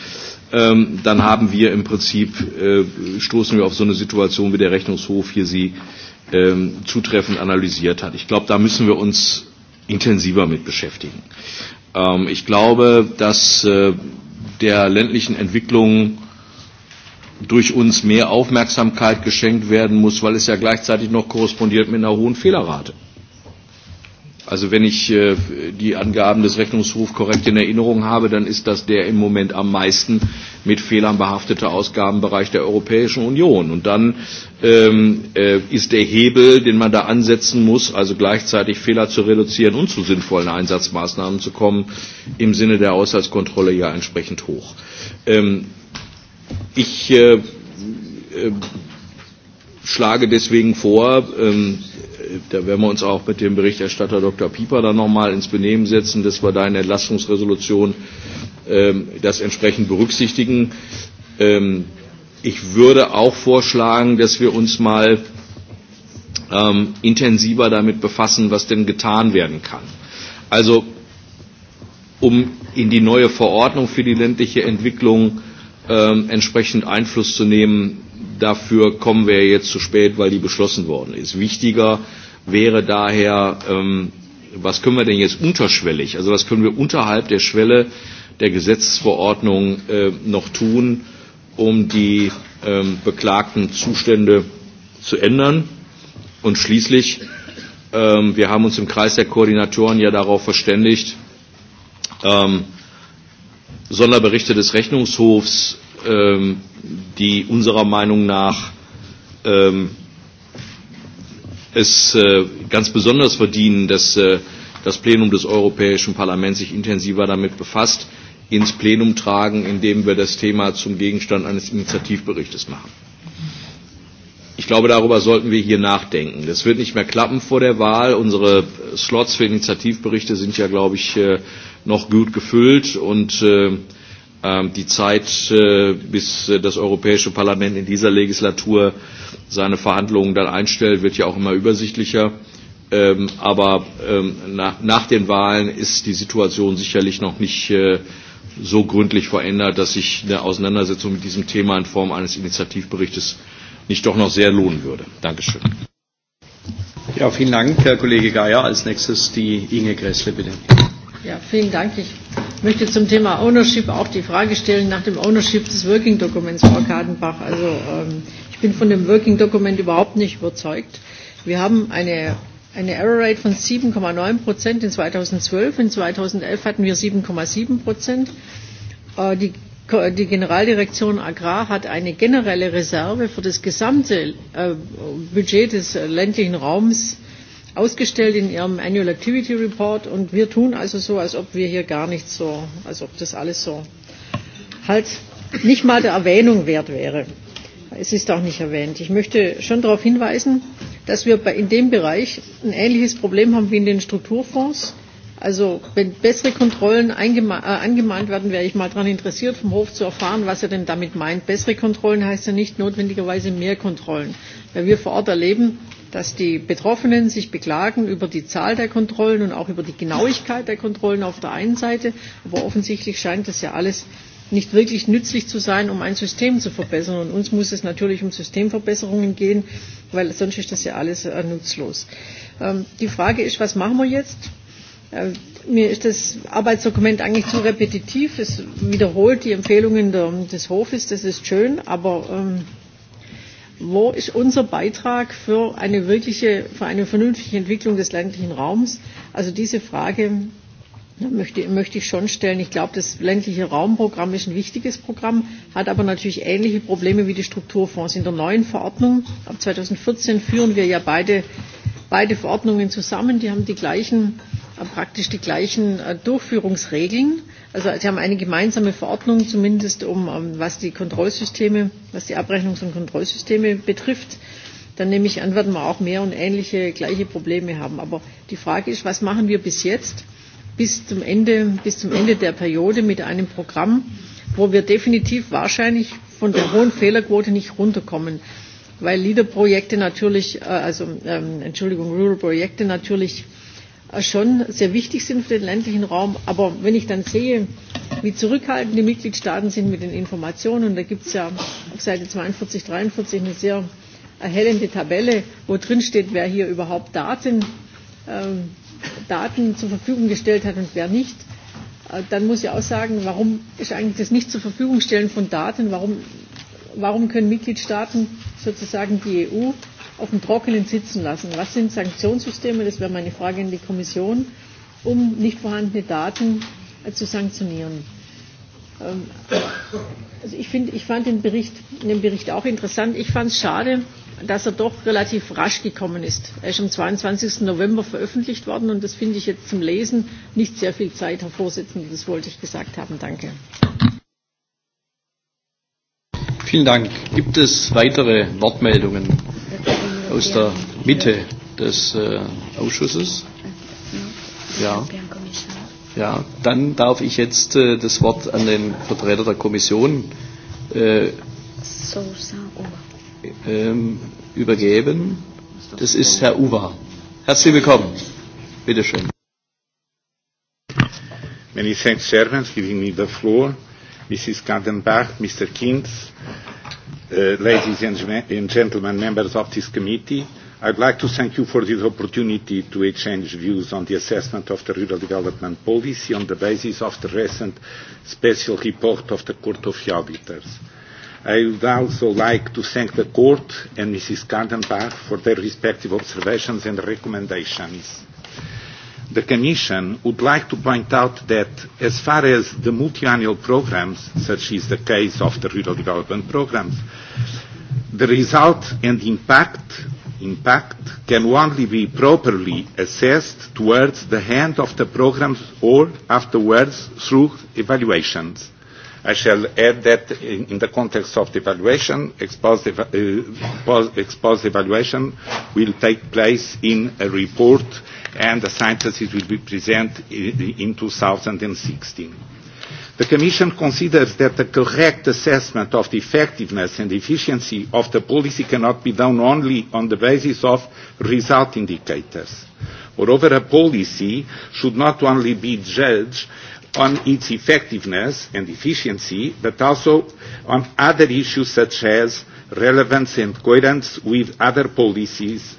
ähm, dann haben wir im Prinzip, äh, stoßen wir auf so eine Situation, wie der Rechnungshof hier sie ähm, zutreffend analysiert hat. Ich glaube, da müssen wir uns intensiver mit beschäftigen. Ähm, ich glaube, dass äh, der ländlichen Entwicklung durch uns mehr Aufmerksamkeit geschenkt werden muss, weil es ja gleichzeitig noch korrespondiert mit einer hohen Fehlerrate. Also wenn ich äh, die Angaben des Rechnungshofs korrekt in Erinnerung habe, dann ist das der im Moment am meisten mit Fehlern behaftete Ausgabenbereich der Europäischen Union. Und dann ähm, äh, ist der Hebel, den man da ansetzen muss, also gleichzeitig Fehler zu reduzieren und zu sinnvollen Einsatzmaßnahmen zu kommen, im Sinne der Haushaltskontrolle ja entsprechend hoch. Ähm, Ich äh, äh, schlage deswegen vor, ähm, da werden wir uns auch mit dem Berichterstatter Dr. Pieper dann nochmal ins Benehmen setzen, dass wir da in der Entlastungsresolution ähm, das entsprechend berücksichtigen. Ähm, ich würde auch vorschlagen, dass wir uns mal ähm, intensiver damit befassen, was denn getan werden kann. Also um in die neue Verordnung für die ländliche Entwicklung ähm, entsprechend Einfluss zu nehmen. Dafür kommen wir jetzt zu spät, weil die beschlossen worden ist. Wichtiger wäre daher, ähm, was können wir denn jetzt unterschwellig, also was können wir unterhalb der Schwelle der Gesetzesverordnung äh, noch tun, um die ähm, beklagten Zustände zu ändern. Und schließlich, ähm, wir haben uns im Kreis der Koordinatoren ja darauf verständigt, ähm, Sonderberichte des Rechnungshofs, ähm, die unserer Meinung nach ähm, es äh, ganz besonders verdienen, dass äh, das Plenum des Europäischen Parlaments sich intensiver damit befasst, ins Plenum tragen, indem wir das Thema zum Gegenstand eines Initiativberichtes machen. Ich glaube, darüber sollten wir hier nachdenken. Das wird nicht mehr klappen vor der Wahl. Unsere Slots für Initiativberichte sind ja, glaube ich, äh, noch gut gefüllt und äh, ähm, die Zeit, äh, bis das Europäische Parlament in dieser Legislatur seine Verhandlungen dann einstellt, wird ja auch immer übersichtlicher. Ähm, aber ähm, nach, nach den Wahlen ist die Situation sicherlich noch nicht äh, so gründlich verändert, dass sich eine Auseinandersetzung mit diesem Thema in Form eines Initiativberichtes äh, nicht doch noch sehr lohnen würde. Dankeschön. Ja, vielen Dank, Herr Kollege Geier. Als nächstes die Inge Gressle, bitte. Ja, vielen Dank. Ich möchte zum Thema Ownership auch die Frage stellen nach dem Ownership des Working Dokuments, Frau Kadenbach. Also ähm, ich bin von dem Working Dokument überhaupt nicht überzeugt. Wir haben eine eine Error Rate von 7,9 Prozent in 2012. In 2011 hatten wir 7,7 Prozent. Äh, die Die Generaldirektion Agrar hat eine generelle Reserve für das gesamte äh, Budget des äh, ländlichen Raums ausgestellt in ihrem Annual Activity Report und wir tun also so, als ob wir hier gar nicht so, als ob das alles so halt nicht mal der Erwähnung wert wäre. Es ist auch nicht erwähnt. Ich möchte schon darauf hinweisen, dass wir bei, in dem Bereich ein ähnliches Problem haben wie in den Strukturfonds. Äh, Also wenn bessere Kontrollen eingema- äh, angemahnt werden, wäre ich mal daran interessiert, vom Hof zu erfahren, was er denn damit meint. Bessere Kontrollen heißt ja nicht notwendigerweise mehr Kontrollen, weil wir vor Ort erleben, dass die Betroffenen sich beklagen über die Zahl der Kontrollen und auch über die Genauigkeit der Kontrollen auf der einen Seite, aber offensichtlich scheint das ja alles nicht wirklich nützlich zu sein, um ein System zu verbessern. Und uns muss es natürlich um Systemverbesserungen gehen, weil sonst ist das ja alles äh, nutzlos. Ähm, die Frage ist, was machen wir jetzt? Äh, mir ist das Arbeitsdokument eigentlich zu repetitiv. Es wiederholt die Empfehlungen der, des Hofes. Das ist schön. Aber ähm, wo ist unser Beitrag für eine wirkliche, für eine vernünftige Entwicklung des ländlichen Raums? Also diese Frage möchte, möchte ich schon stellen. Ich glaube, das ländliche Raumprogramm ist ein wichtiges Programm, hat aber natürlich ähnliche Probleme wie die Strukturfonds. In der neuen Verordnung ab 2014 führen wir ja beide, beide Verordnungen zusammen. Die haben die gleichen Äh, praktisch die gleichen äh, Durchführungsregeln. Also sie haben eine gemeinsame Verordnung, zumindest um, um was die Kontrollsysteme, was die Abrechnungs- und Kontrollsysteme betrifft. Dann nehme ich an, werden wir auch mehr und ähnliche gleiche Probleme haben. Aber die Frage ist, was machen wir bis jetzt, bis zum Ende, bis zum Ende der Periode mit einem Programm, wo wir definitiv wahrscheinlich von der hohen Fehlerquote nicht runterkommen weil LEADER-Projekte natürlich, äh, also ähm, Entschuldigung, Rural-Projekte natürlich schon sehr wichtig sind für den ländlichen Raum. Aber wenn ich dann sehe, wie zurückhaltend die Mitgliedstaaten sind mit den Informationen, da gibt es ja auf Seite 42, 43 eine sehr erhellende Tabelle, wo drin steht, wer hier überhaupt Daten, ähm, Daten zur Verfügung gestellt hat und wer nicht. Äh, dann muss ich auch sagen, warum ist eigentlich das Nicht-zur-Verfügung-Stellen von Daten, warum, warum können Mitgliedstaaten sozusagen die EU auf dem Trockenen sitzen lassen. Was sind Sanktionssysteme? Das wäre meine Frage an die Kommission, um nicht vorhandene Daten äh, zu sanktionieren. Ähm, also ich, find, ich fand den Bericht, den Bericht auch interessant. Ich fand es schade, dass er doch relativ rasch gekommen ist. Er ist am 22. November veröffentlicht worden und das finde ich jetzt zum Lesen nicht sehr viel Zeit, Herr Vorsitzender. Das wollte ich gesagt haben. Danke. Vielen Dank. Gibt es weitere Wortmeldungen? aus der Mitte des äh, Ausschusses. Ja. ja, dann darf ich jetzt äh, das Wort an den Vertreter der Kommission äh, ähm, übergeben. Das ist Herr Uwa. Herzlich willkommen. Bitte schön. Many thanks, Chairman, giving me the floor. Mrs. Kadenbach, Mr. Kinz, Uh, ladies and, and gentlemen, members of this committee, I'd like to thank you for this opportunity to exchange views on the assessment of the rural development policy on the basis of the recent special report of the Court of Auditors. I would also like to thank the Court and Mrs. Kandenbach for their respective observations and recommendations the Commission would like to point out that as far as the multi-annual programs, such is the case of the rural development programs, the result and impact, impact can only be properly assessed towards the end of the programs or afterwards through evaluations. I shall add that in, in the context of the evaluation, exposed, eva uh, exposed evaluation will take place in a report uh, and the synthesis will be presented in 2016. The Commission considers that the correct assessment of the effectiveness and efficiency of the policy cannot be done only on the basis of result indicators. Moreover, a policy should not only be judged on its effectiveness and efficiency, but also on other issues such as relevance and coherence with other policies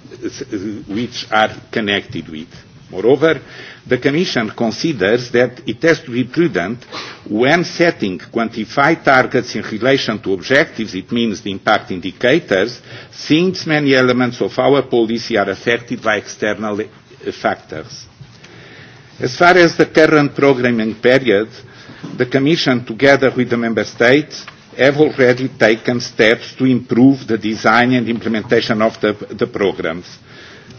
which are connected with. Moreover, the Commission considers that it has to be prudent when setting quantified targets in relation to objectives, it means the impact indicators, since many elements of our policy are affected by external eh, factors. As far as the current programming period, the Commission, together with the Member States, have already taken steps to improve the design and implementation of the, the programs.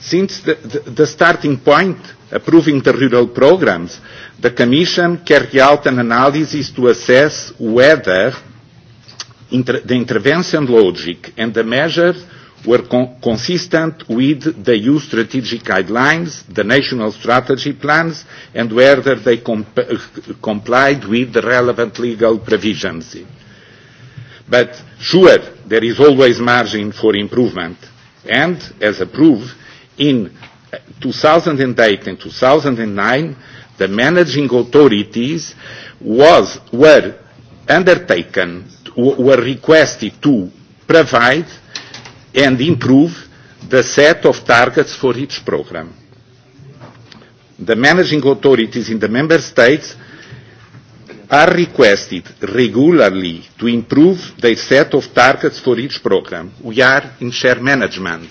Since the, the, the starting point, approving the rural programs, the Commission carried out an analysis to assess whether inter, the intervention logic and the measures were con consistent with the EU strategic guidelines, the national strategy plans, and whether they comp uh, complied with the relevant legal provisions. But sure, there is always margin for improvement. And as a proof, in 2008 uh, and 2009, the managing authorities was, were undertaken, were requested to provide and improve the set of targets for each program. The managing authorities in the member states are requested regularly to improve their set of targets for each program. We are in share management,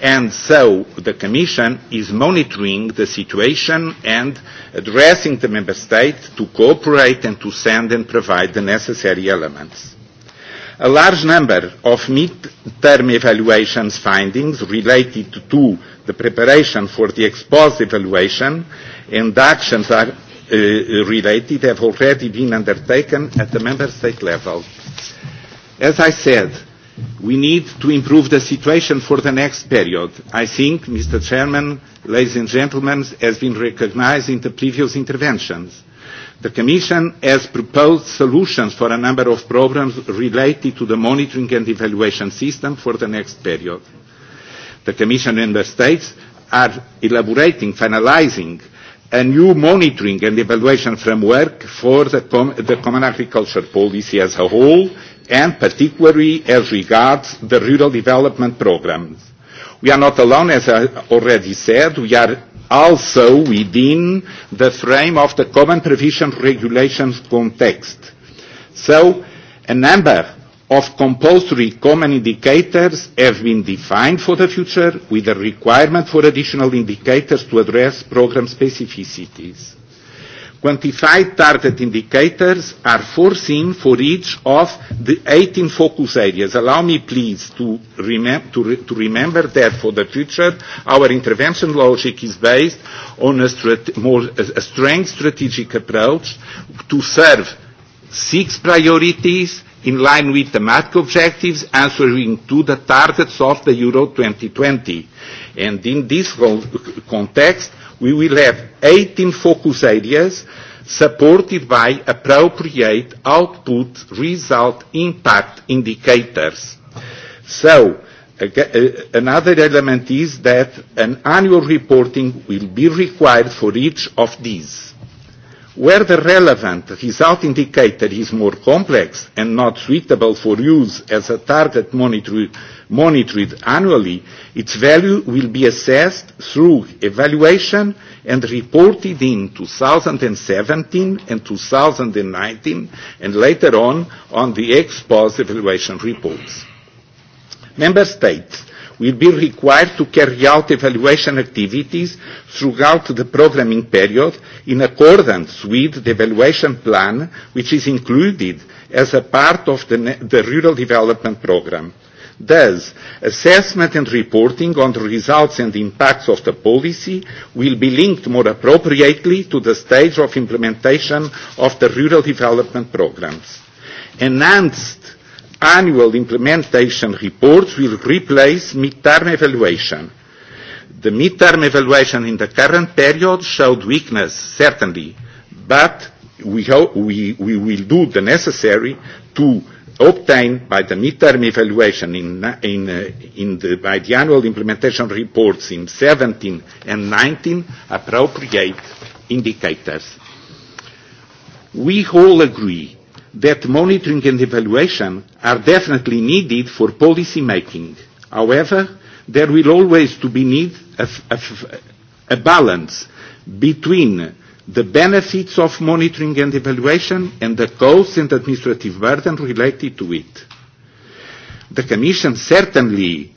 and so the Commission is monitoring the situation and addressing the Member States to cooperate and to send and provide the necessary elements. A large number of mid-term evaluations findings related to the preparation for the ex-post evaluation and actions are uh, related have already been undertaken at the member state level. As I said, we need to improve the situation for the next period. I think, Mr. Chairman, ladies and gentlemen, has been recognized in the previous interventions. The Commission has proposed solutions for a number of problems related to the monitoring and evaluation system for the next period. The Commission and Member States are elaborating, finalizing a new monitoring and evaluation framework for the, com the common agriculture policy as a whole, and particularly as regards the rural development programs. We are not alone, as I already said, we are also within the frame of the common provision regulation context. So, a number of compulsory common indicators have been defined for the future with a requirement for additional indicators to address program specificities. Quantified target indicators are foreseen for each of the 18 focus areas. Allow me, please, to, remem to, re to remember that for the future, our intervention logic is based on a, strat more, a strength strategic approach to serve six priorities in line with thematic objectives, answering to the targets of the Euro 2020. And in this context, we will have 18 focus areas supported by appropriate output result impact indicators. So, uh, another element is that an annual reporting will be required for each of these. Where the relevant result indicator is more complex and not suitable for use as a target monitor, monitored annually, its value will be assessed through evaluation and reported in 2017 and 2019 and later on on the ex-post evaluation reports. Member States will be required to carry out evaluation activities throughout the programming period in accordance with the evaluation plan, which is included as a part of the, the Rural Development Programme. Thus, assessment and reporting on the results and impacts of the policy will be linked more appropriately to the stage of implementation of the rural development programs. Enhanced annual implementation reports will replace midterm evaluation. The midterm evaluation in the current period showed weakness, certainly, but we, hope we, we will do the necessary to obtained by the midterm evaluation in, in, uh, in the, by the annual implementation reports in 17 and 19 appropriate indicators. We all agree that monitoring and evaluation are definitely needed for policy making. However, there will always to be need of, of a balance between the benefits of monitoring and evaluation and the costs and administrative burden related to it. The Commission certainly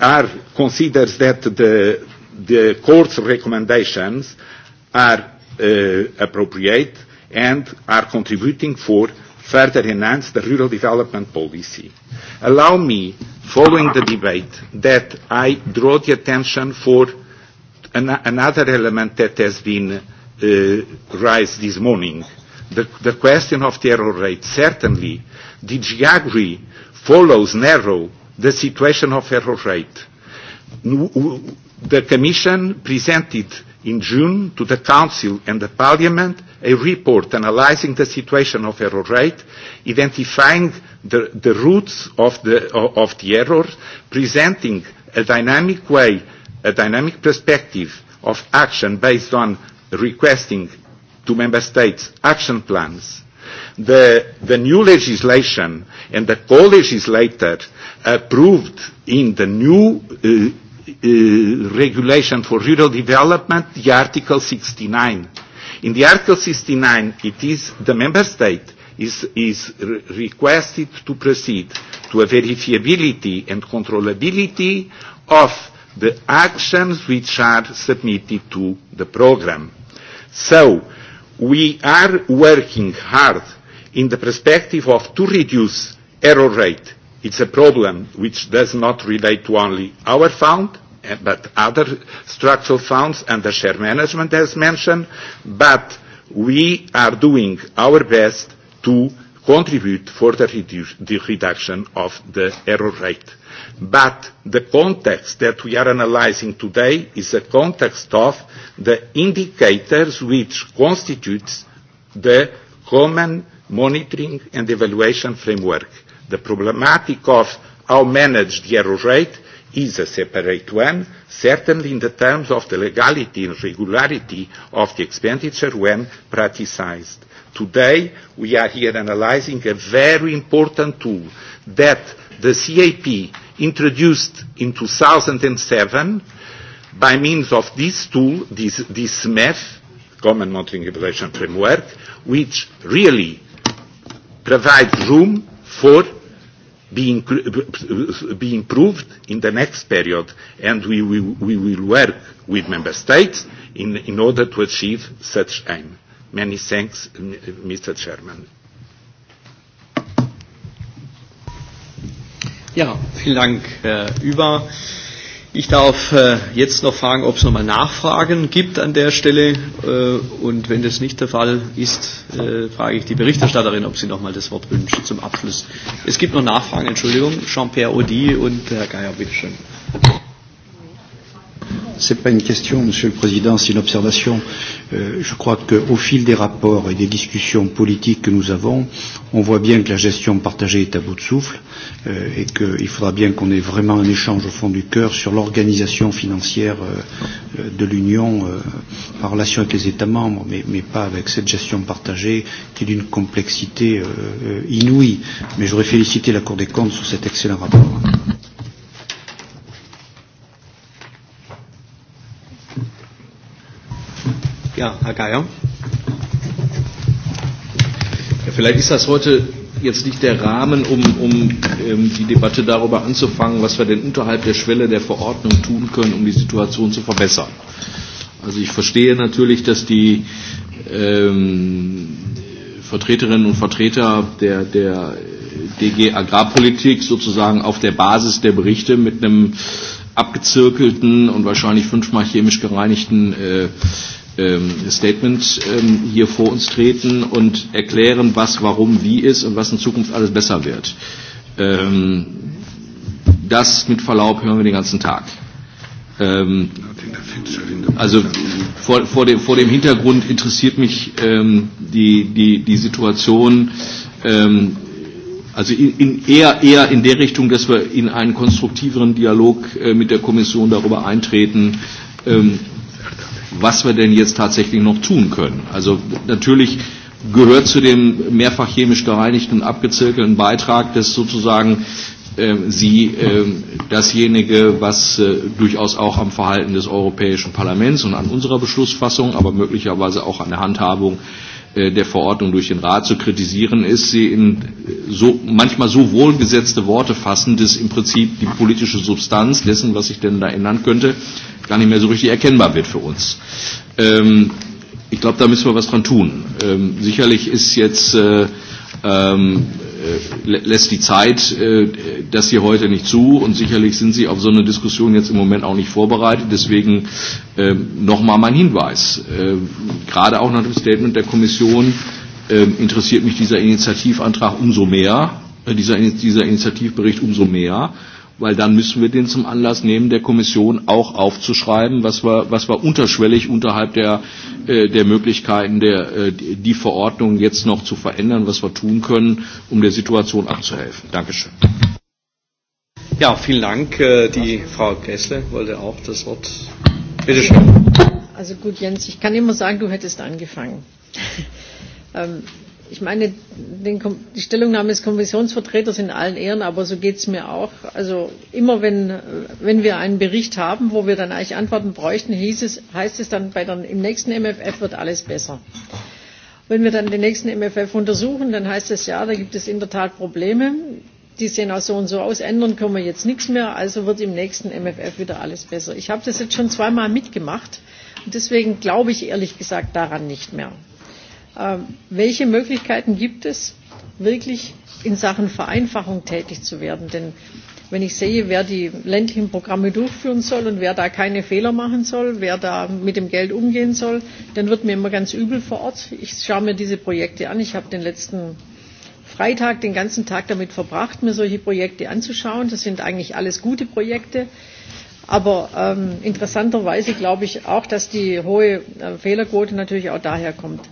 are, considers that the, the court's recommendations are uh, appropriate and are contributing for further enhance the rural development policy. Allow me, following the debate, that I draw the attention for an another element that has been uh, raised this morning, the, the question of the error rate. Certainly, DG Agri follows narrow the situation of error rate. The Commission presented in June to the Council and the Parliament a report analyzing the situation of error rate, identifying the, the roots of the, of the error, presenting a dynamic way, a dynamic perspective of action based on requesting to Member States action plans, the, the new legislation and the co-legislator approved in the new uh, uh, regulation for rural development, the Article 69. In the Article 69, it is the member state is, is re requested to proceed to a verifiability and controllability of the actions which are submitted to the program. So, we are working hard in the perspective of to reduce error rate It's a problem which does not relate to only our fund, eh, but other structural funds and the share management as mentioned, but we are doing our best to contribute for the, redu the reduction of the error rate. But the context that we are analyzing today is a context of the indicators which constitutes the common monitoring and evaluation framework The problematic of how managed the error rate is a separate one, certainly in the terms of the legality and regularity of the expenditure when practiced. Today, we are here analyzing a very important tool that the CAP introduced in 2007 by means of this tool, this, this MEF, Common Monitoring Evaluation Framework, which really provides room for being, being proved in the next period, and we will, we will work with member states in, in order to achieve such aim. Many thanks, Mr. Chairman. Ja, vielen Dank, Herr Über. Ich darf äh, jetzt noch fragen, ob es nochmal Nachfragen gibt an der Stelle. Äh, und wenn das nicht der Fall ist, äh, frage ich die Berichterstatterin, ob sie nochmal das Wort wünscht zum Abschluss. Es gibt noch Nachfragen, Entschuldigung. Jean-Pierre Audi und Herr Geier, bitteschön. schön. Ce n'est pas une question, Monsieur le Président, c'est une observation. Euh, je crois qu'au fil des rapports et des discussions politiques que nous avons, on voit bien que la gestion partagée est à bout de souffle euh, et qu'il faudra bien qu'on ait vraiment un échange au fond du cœur sur l'organisation financière euh, euh de l'Union euh, en relation avec les États membres, mais, mais pas avec cette gestion partagée qui est d'une complexité euh, euh inouïe. Mais j'aurais félicité la Cour des comptes sur cet excellent rapport. Ja, Herr Geier. Ja, vielleicht ist das heute jetzt nicht der Rahmen, um, um ähm, die Debatte darüber anzufangen, was wir denn unterhalb der Schwelle der Verordnung tun können, um die Situation zu verbessern. Also ich verstehe natürlich, dass die ähm, Vertreterinnen und Vertreter der, der DG Agrarpolitik sozusagen auf der Basis der Berichte mit einem abgezirkelten und wahrscheinlich fünfmal chemisch gereinigten äh, ähm, Statement ähm, hier vor uns treten und erklären, was, warum, wie ist und was in Zukunft alles besser wird. Ähm, das mit Verlaub hören wir den ganzen Tag. Ähm, also vor, vor, dem, vor dem Hintergrund interessiert mich ähm, die, die, die Situation, ähm, also in, in eher, eher in der Richtung, dass wir in einen konstruktiveren Dialog äh, mit der Kommission darüber eintreten, ähm, was wir denn jetzt tatsächlich noch tun können. Also natürlich gehört zu dem mehrfach chemisch gereinigten, abgezirkelten Beitrag, dass sozusagen äh, Sie äh, dasjenige, was äh, durchaus auch am Verhalten des Europäischen Parlaments und an unserer Beschlussfassung, aber möglicherweise auch an der Handhabung äh, Äh, der Verordnung durch den Rat zu kritisieren ist, sie in so, manchmal so wohlgesetzte Worte fassen, dass im Prinzip die politische Substanz dessen, was sich denn da ändern könnte, gar nicht mehr so richtig erkennbar wird für uns. Ähm, ich glaube, da müssen wir was dran tun. Ähm, sicherlich ist jetzt äh, ähm, Äh, lässt die Zeit äh, das hier heute nicht zu und sicherlich sind Sie auf so eine Diskussion jetzt im Moment auch nicht vorbereitet. Deswegen äh, nochmal mein Hinweis. Äh, gerade auch nach dem Statement der Kommission äh, interessiert mich dieser Initiativantrag umso mehr, äh, dieser, dieser Initiativbericht umso mehr, äh, weil dann müssen wir den zum Anlass nehmen, der Kommission auch aufzuschreiben, was wir, was wir unterschwellig unterhalb der, äh, der Möglichkeiten, der, äh, die Verordnung jetzt noch zu verändern, was wir tun können, um der Situation abzuhelfen. Dankeschön. Ja, vielen Dank. Äh, die Frau Gressle wollte auch das Wort. Bitte schön. Also gut, Jens, ich kann immer sagen, du hättest angefangen. ähm, ich meine, den, die Stellungnahme des Kommissionsvertreters in allen Ehren, aber so geht es mir auch. Also immer wenn, wenn wir einen Bericht haben, wo wir dann eigentlich Antworten bräuchten, hieß es, heißt es dann, bei der, im nächsten MFF wird alles besser. Wenn wir dann den nächsten MFF untersuchen, dann heißt es ja, da gibt es in der Tat Probleme. Die sehen auch so und so aus, ändern können wir jetzt nichts mehr, also wird im nächsten MFF wieder alles besser. Ich habe das jetzt schon zweimal mitgemacht und deswegen glaube ich ehrlich gesagt daran nicht mehr. Ähm, welche Möglichkeiten gibt es, wirklich in Sachen Vereinfachung tätig zu werden? Denn wenn ich sehe, wer die ländlichen Programme durchführen soll und wer da keine Fehler machen soll, wer da mit dem Geld umgehen soll, dann wird mir immer ganz übel vor Ort. Ich schaue mir diese Projekte an. Ich habe den letzten Freitag den ganzen Tag damit verbracht, mir solche Projekte anzuschauen. Das sind eigentlich alles gute Projekte. Aber ähm, interessanterweise glaube ich auch, dass die hohe äh, Fehlerquote natürlich auch daher kommt.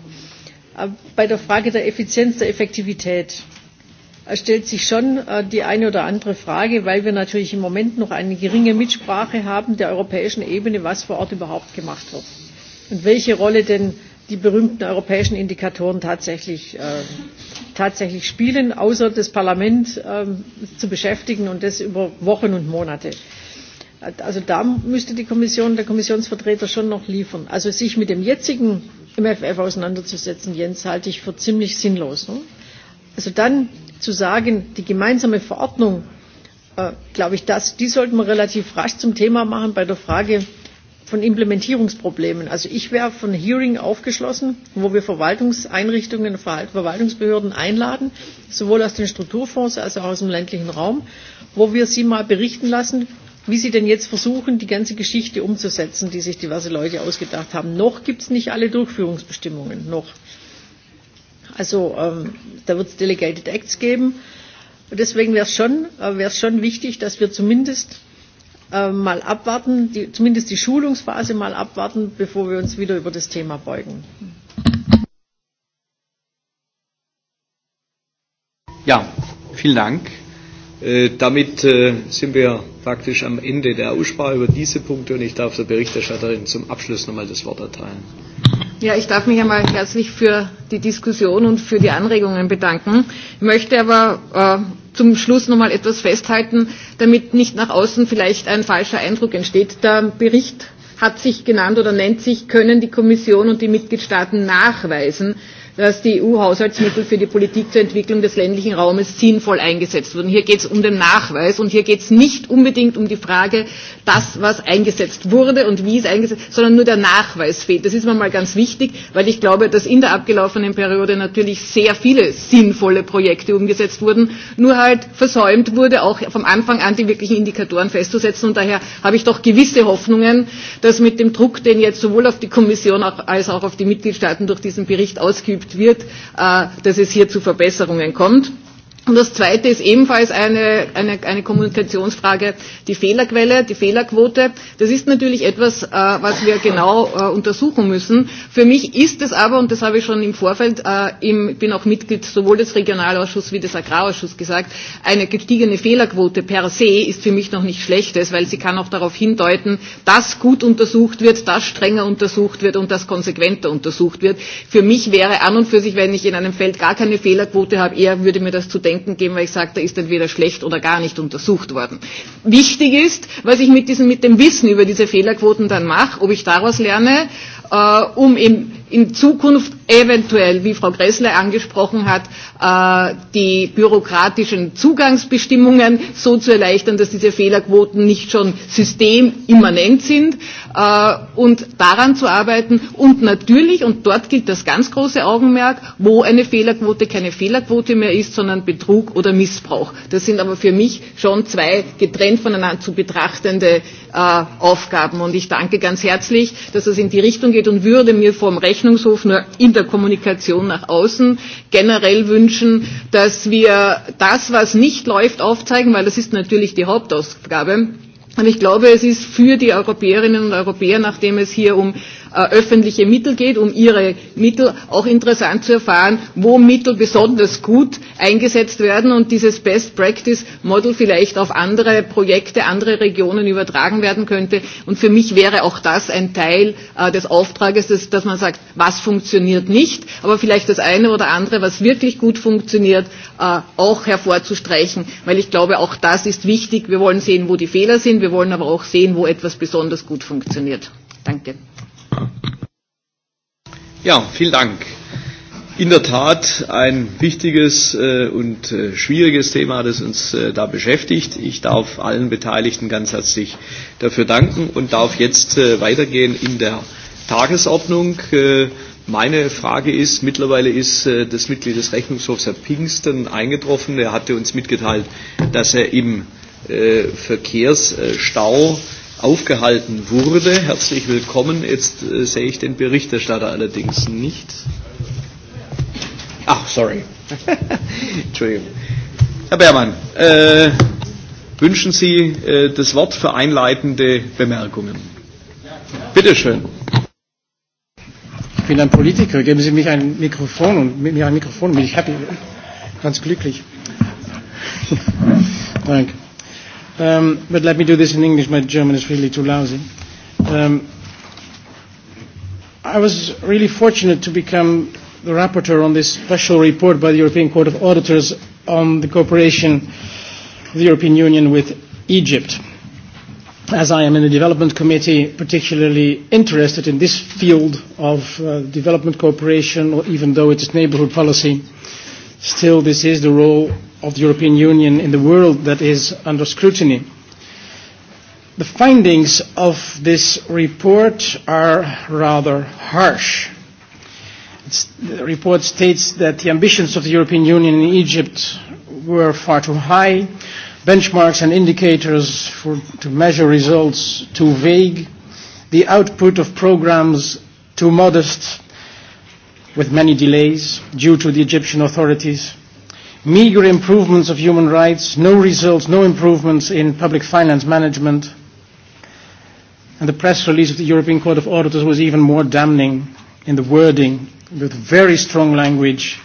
Äh, bei der Frage der Effizienz, der Effektivität stellt sich schon äh, die eine oder andere Frage, weil wir natürlich im Moment noch eine geringe Mitsprache haben der europäischen Ebene, was vor Ort überhaupt gemacht wird und welche Rolle denn die berühmten europäischen Indikatoren tatsächlich, äh, tatsächlich spielen, außer das Parlament äh, zu beschäftigen und das über Wochen und Monate. Also da müsste die Kommission, der Kommissionsvertreter schon noch liefern. Also sich mit dem jetzigen MFF auseinanderzusetzen, Jens, halte ich für ziemlich sinnlos. Ne? Also dann zu sagen, die gemeinsame Verordnung, äh, glaube ich, das, die sollten wir relativ rasch zum Thema machen bei der Frage von Implementierungsproblemen. Also ich wäre von Hearing aufgeschlossen, wo wir Verwaltungseinrichtungen, Verwaltungsbehörden einladen, sowohl aus den Strukturfonds als auch aus dem ländlichen Raum, wo wir sie mal berichten lassen, wie sie denn jetzt versuchen, die ganze Geschichte umzusetzen, die sich diverse Leute ausgedacht haben. Noch gibt es nicht alle Durchführungsbestimmungen, noch. Also ähm, da wird es Delegated Acts geben. Und deswegen wäre es schon, äh, schon wichtig, dass wir zumindest äh, mal abwarten, die, zumindest die Schulungsphase mal abwarten, bevor wir uns wieder über das Thema beugen. Ja, vielen Dank. Äh, damit äh, sind wir praktisch am Ende der Aussprache über diese Punkte und ich darf der Berichterstatterin zum Abschluss nochmal das Wort erteilen. Ja, ich darf mich einmal herzlich für die Diskussion und für die Anregungen bedanken. Ich möchte aber äh, zum Schluss noch mal etwas festhalten, damit nicht nach außen vielleicht ein falscher Eindruck entsteht. Der Bericht hat sich genannt oder nennt sich, können die Kommission und die Mitgliedstaaten nachweisen, dass die EU-Haushaltsmittel für die Politik zur Entwicklung des ländlichen Raumes sinnvoll eingesetzt wurden. Hier geht es um den Nachweis und hier geht es nicht unbedingt um die Frage, das, was eingesetzt wurde und wie es eingesetzt wurde, sondern nur der Nachweis fehlt. Das ist mir mal ganz wichtig, weil ich glaube, dass in der abgelaufenen Periode natürlich sehr viele sinnvolle Projekte umgesetzt wurden, nur halt versäumt wurde, auch vom Anfang an die wirklichen Indikatoren festzusetzen. Und daher habe ich doch gewisse Hoffnungen, dass mit dem Druck, den jetzt sowohl auf die Kommission als auch auf die Mitgliedstaaten durch diesen Bericht ausgeübt geprüft wird, äh, dass es hier zu Verbesserungen kommt. Und das Zweite ist ebenfalls eine, eine, eine Kommunikationsfrage, die Fehlerquelle, die Fehlerquote. Das ist natürlich etwas, äh, was wir genau äh, untersuchen müssen. Für mich ist es aber, und das habe ich schon im Vorfeld, äh, im, ich bin auch Mitglied sowohl des Regionalausschusses wie des Agrarausschusses gesagt, eine gestiegene Fehlerquote per se ist für mich noch nicht schlechtes, weil sie kann auch darauf hindeuten, dass gut untersucht wird, dass strenger untersucht wird und dass konsequenter untersucht wird. Für mich wäre an und für sich, wenn ich in einem Feld gar keine Fehlerquote habe, eher würde mir das zu denken Bedenken geben, weil ich sage, da ist entweder schlecht oder gar nicht untersucht worden. Wichtig ist, was ich mit, diesem, mit dem Wissen über diese Fehlerquoten dann mache, ob ich daraus lerne, äh, um eben in Zukunft eventuell, wie Frau Gressler angesprochen hat, äh, die bürokratischen Zugangsbestimmungen so zu erleichtern, dass diese Fehlerquoten nicht schon systemimmanent sind äh, und daran zu arbeiten und natürlich, und dort gilt das ganz große Augenmerk, wo eine Fehlerquote keine Fehlerquote mehr ist, sondern Betrug oder Missbrauch. Das sind aber für mich schon zwei getrennt voneinander zu betrachtende äh, Aufgaben und ich danke ganz herzlich, dass es in die Richtung geht und würde mir vom Recht Rechnungshof nur in der Kommunikation nach außen generell wünschen, dass wir das, was nicht läuft, aufzeigen, weil das ist natürlich die Hauptausgabe. Und ich glaube, es ist für die Europäerinnen und Europäer, nachdem es hier um Äh, öffentliche Mittel geht, um ihre Mittel auch interessant zu erfahren, wo Mittel besonders gut eingesetzt werden und dieses Best Practice Model vielleicht auf andere Projekte, andere Regionen übertragen werden könnte. Und für mich wäre auch das ein Teil äh, des Auftrages, dass, dass man sagt, was funktioniert nicht, aber vielleicht das eine oder andere, was wirklich gut funktioniert, äh, auch hervorzustreichen, weil ich glaube, auch das ist wichtig. Wir wollen sehen, wo die Fehler sind, wir wollen aber auch sehen, wo etwas besonders gut funktioniert. Danke. Ja, vielen Dank. In der Tat ein wichtiges äh, und äh, schwieriges Thema, das uns äh, da beschäftigt. Ich darf allen Beteiligten ganz herzlich dafür danken und darf jetzt äh, weitergehen in der Tagesordnung. Äh, Meine Frage ist, mittlerweile ist äh, das Mitglied des Rechnungshofs, Herr Pingsten, eingetroffen. Er hatte uns mitgeteilt, dass er im äh, Verkehrsstau aufgehalten wurde. Herzlich willkommen. Jetzt äh, sehe ich den Berichterstatter allerdings nicht. Ach, sorry. Entschuldigung. Herr Beermann, äh, wünschen Sie äh, das Wort für einleitende Bemerkungen. Bitte schön. Ich bin ein Politiker. Geben Sie mich ein Mikrofon und mit mir ein Mikrofon bin ich happy. Ganz glücklich. Danke. Um, but let me do this in English. My German is really too lousy. Um, I was really fortunate to become the rapporteur on this special report by the European Court of Auditors on the cooperation of the European Union with Egypt. As I am in the Development Committee, particularly interested in this field of uh, development cooperation, or even though it is neighborhood policy, still this is the role of the European Union in the world that is under scrutiny. The findings of this report are rather harsh. It's, the report states that the ambitions of the European Union in Egypt were far too high, benchmarks and indicators for, to measure results too vague, the output of programs too modest, with many delays due to the Egyptian authorities, meager improvements of human rights, no results, no improvements in public finance management. And the press release of the European Court of Auditors was even more damning in the wording, with very strong language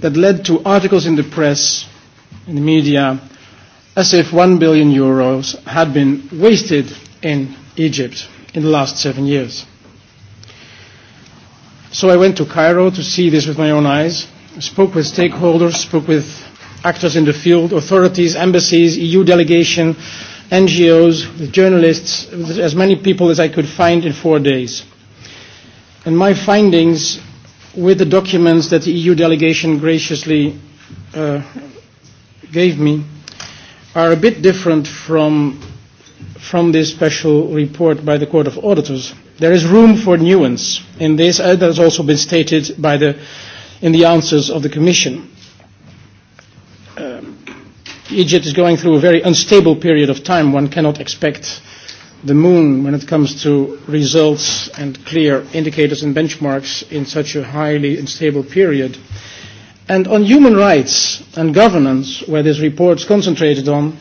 that led to articles in the press, in the media, as if 1 billion euros had been wasted in Egypt in the last seven years. So I went to Cairo to see this with my own eyes spoke with stakeholders, spoke with actors in the field, authorities, embassies, EU delegation, NGOs, with journalists, with as many people as I could find in four days. And my findings with the documents that the EU delegation graciously uh, gave me are a bit different from, from this special report by the Court of Auditors. There is room for nuance in this, as has also been stated by the in the answers of the Commission. Um, Egypt is going through a very unstable period of time. One cannot expect the moon when it comes to results and clear indicators and benchmarks in such a highly unstable period. And on human rights and governance, where this report's concentrated on,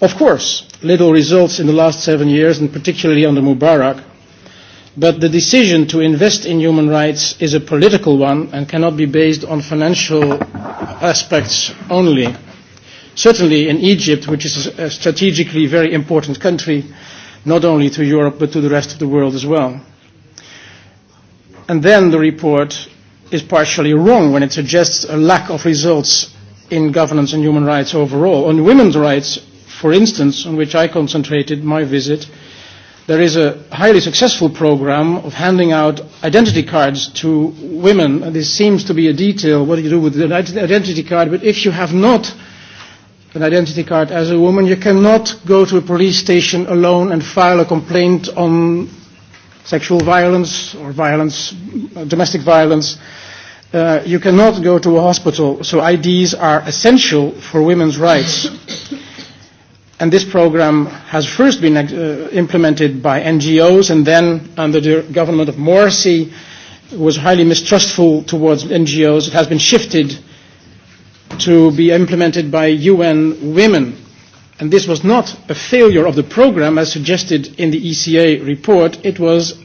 of course, little results in the last seven years, and particularly under Mubarak, But the decision to invest in human rights is a political one and cannot be based on financial aspects only. Certainly in Egypt, which is a strategically very important country, not only to Europe but to the rest of the world as well. And then the report is partially wrong when it suggests a lack of results in governance and human rights overall. On women's rights, for instance, on which I concentrated my visit, uh, there is a highly successful program of handing out identity cards to women. And this seems to be a detail, what do you do with an identity card? But if you have not an identity card as a woman, you cannot go to a police station alone and file a complaint on sexual violence or violence, uh, domestic violence. Uh, you cannot go to a hospital. So IDs are essential for women's rights. And this program has first been uh, implemented by NGOs and then under the government of Morsi was highly mistrustful towards NGOs. It has been shifted to be implemented by UN women. And this was not a failure of the program as suggested in the ECA report. It was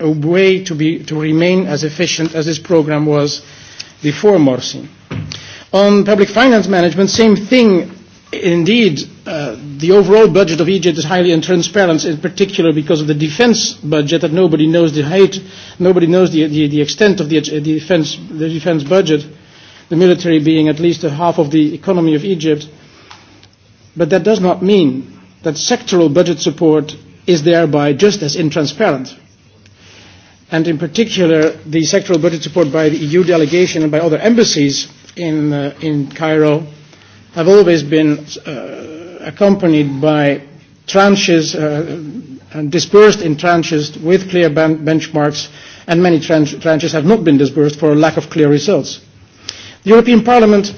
a way to, be, to remain as efficient as this program was before Morsi. On public finance management, same thing Indeed, uh, the overall budget of Egypt is highly intransparent, in particular because of the defense budget that nobody knows the height, nobody knows the, the, the extent of the, uh, the, defense, the defense budget, the military being at least a half of the economy of Egypt. But that does not mean that sectoral budget support is thereby just as intransparent. And in particular, the sectoral budget support by the EU delegation and by other embassies in, uh, in Cairo – have always been uh, accompanied by tranches uh, and dispersed in tranches with clear ben- benchmarks, and many tran- tranches have not been dispersed for a lack of clear results. The European Parliament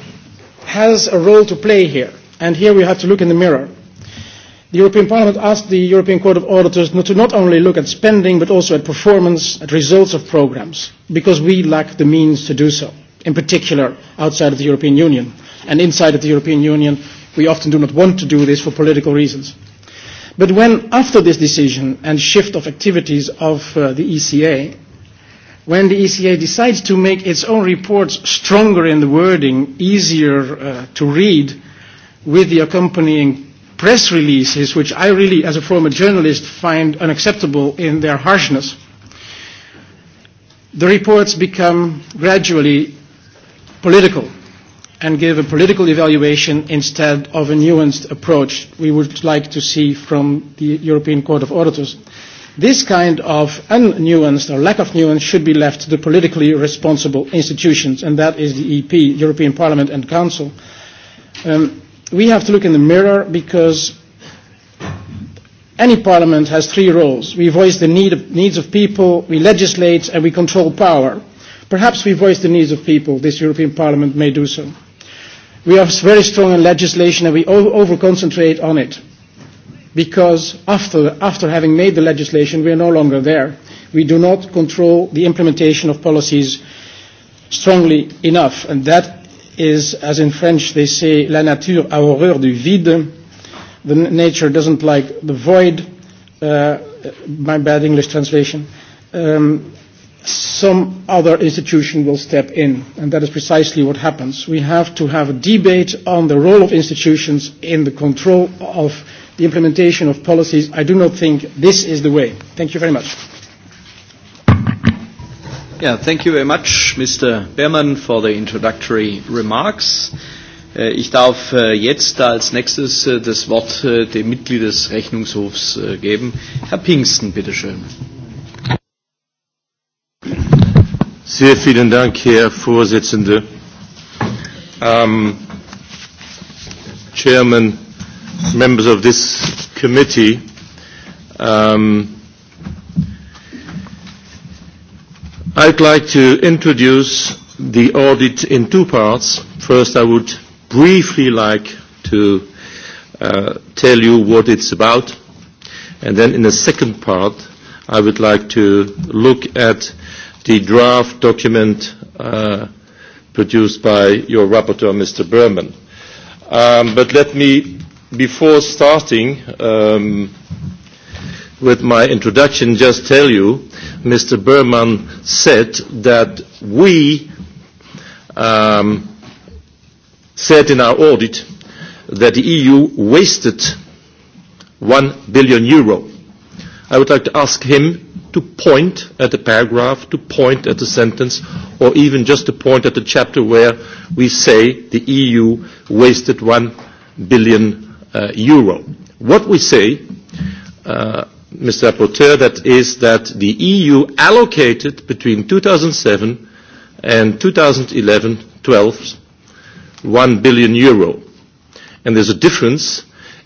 has a role to play here, and here we have to look in the mirror. The European Parliament asked the European Court of Auditors not to not only look at spending but also at performance, at results of programs, because we lack the means to do so, in particular outside of the European Union. And inside of the European Union, we often do not want to do this for political reasons. But when, after this decision and shift of activities of uh, the ECA, when the ECA decides to make its own reports stronger in the wording, easier uh, to read, with the accompanying press releases, which I really, as a former journalist, find unacceptable in their harshness, the reports become gradually political and give a political evaluation instead of a nuanced approach we would like to see from the European Court of Auditors. This kind of unnuanced or lack of nuance should be left to the politically responsible institutions, and that is the EP, European Parliament and Council. Um, we have to look in the mirror because any parliament has three roles. We voice the need of, needs of people, we legislate, and we control power. Perhaps we voice the needs of people. This European Parliament may do so we are very strong in legislation and we over-concentrate on it because after, after having made the legislation, we are no longer there. We do not control the implementation of policies strongly enough. And that is, as in French they say, la nature a horreur du vide. The nature doesn't like the void, uh, my bad English translation. Um, some other institution will step in. And that is precisely what happens. We have to have a debate on the role of institutions in the control of the implementation of policies. I do not think this is the way. Thank you very much. Yeah, thank you very much, Mr. Behrmann, for the introductory remarks. Äh, ich darf äh, jetzt als nächstes äh, das Wort dem Mitglied des Rechnungshofs geben. Herr Pingsten, bitteschön. schön. Sehr vielen Dank, Herr Vorsitzender. Um, Chairman, members of this committee, um, I'd like to introduce the audit in two parts. First, I would briefly like to uh, tell you what it's about. And then in the second part, I would like to look at the draft document uh, produced by your rapporteur, Mr. Berman. Um, but let me, before starting um, with my introduction, just tell you, Mr. Berman said that we um, said in our audit that the EU wasted 1 billion euro. I would like to ask him to point at the paragraph, to point at the sentence, or even just to point at the chapter where we say the EU wasted 1 billion uh, euro. What we say, uh, Mr. Rapporteur, that is that the EU allocated between 2007 and 2011-12 1 billion euro. And there's a difference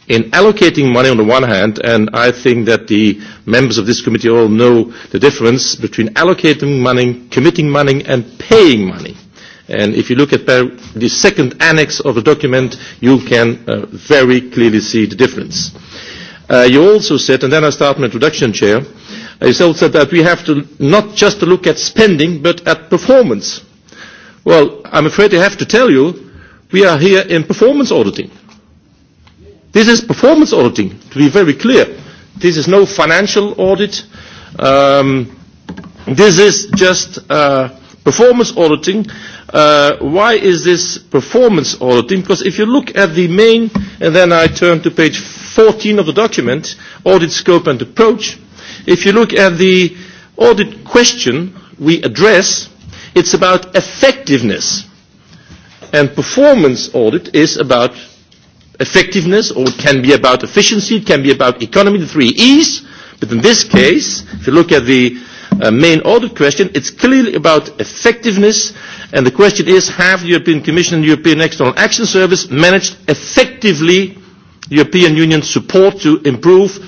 in allocating money on the one hand, and I think that the members of this committee all know the difference between allocating money, committing money, and paying money. And if you look at the second annex of the document, you can uh, very clearly see the difference. Uh, you also said, and then I start my introduction, Chair, uh, you also said that we have to not just to look at spending, but at performance. Well, I'm afraid I have to tell you, we are here in performance auditing. This is performance auditing, to be very clear. This is no financial audit. Um, this is just uh, performance auditing. Uh, why is this performance auditing? Because if you look at the main, and then I turn to page 14 of the document, audit scope and approach, if you look at the audit question we address, it's about effectiveness. And performance audit is about effectiveness, or it can be about efficiency, it can be about economy, the three E's. But in this case, if you look at the uh, main audit question, it's clearly about effectiveness. And the question is, have the European Commission and the European External Action Service managed effectively European Union support to improve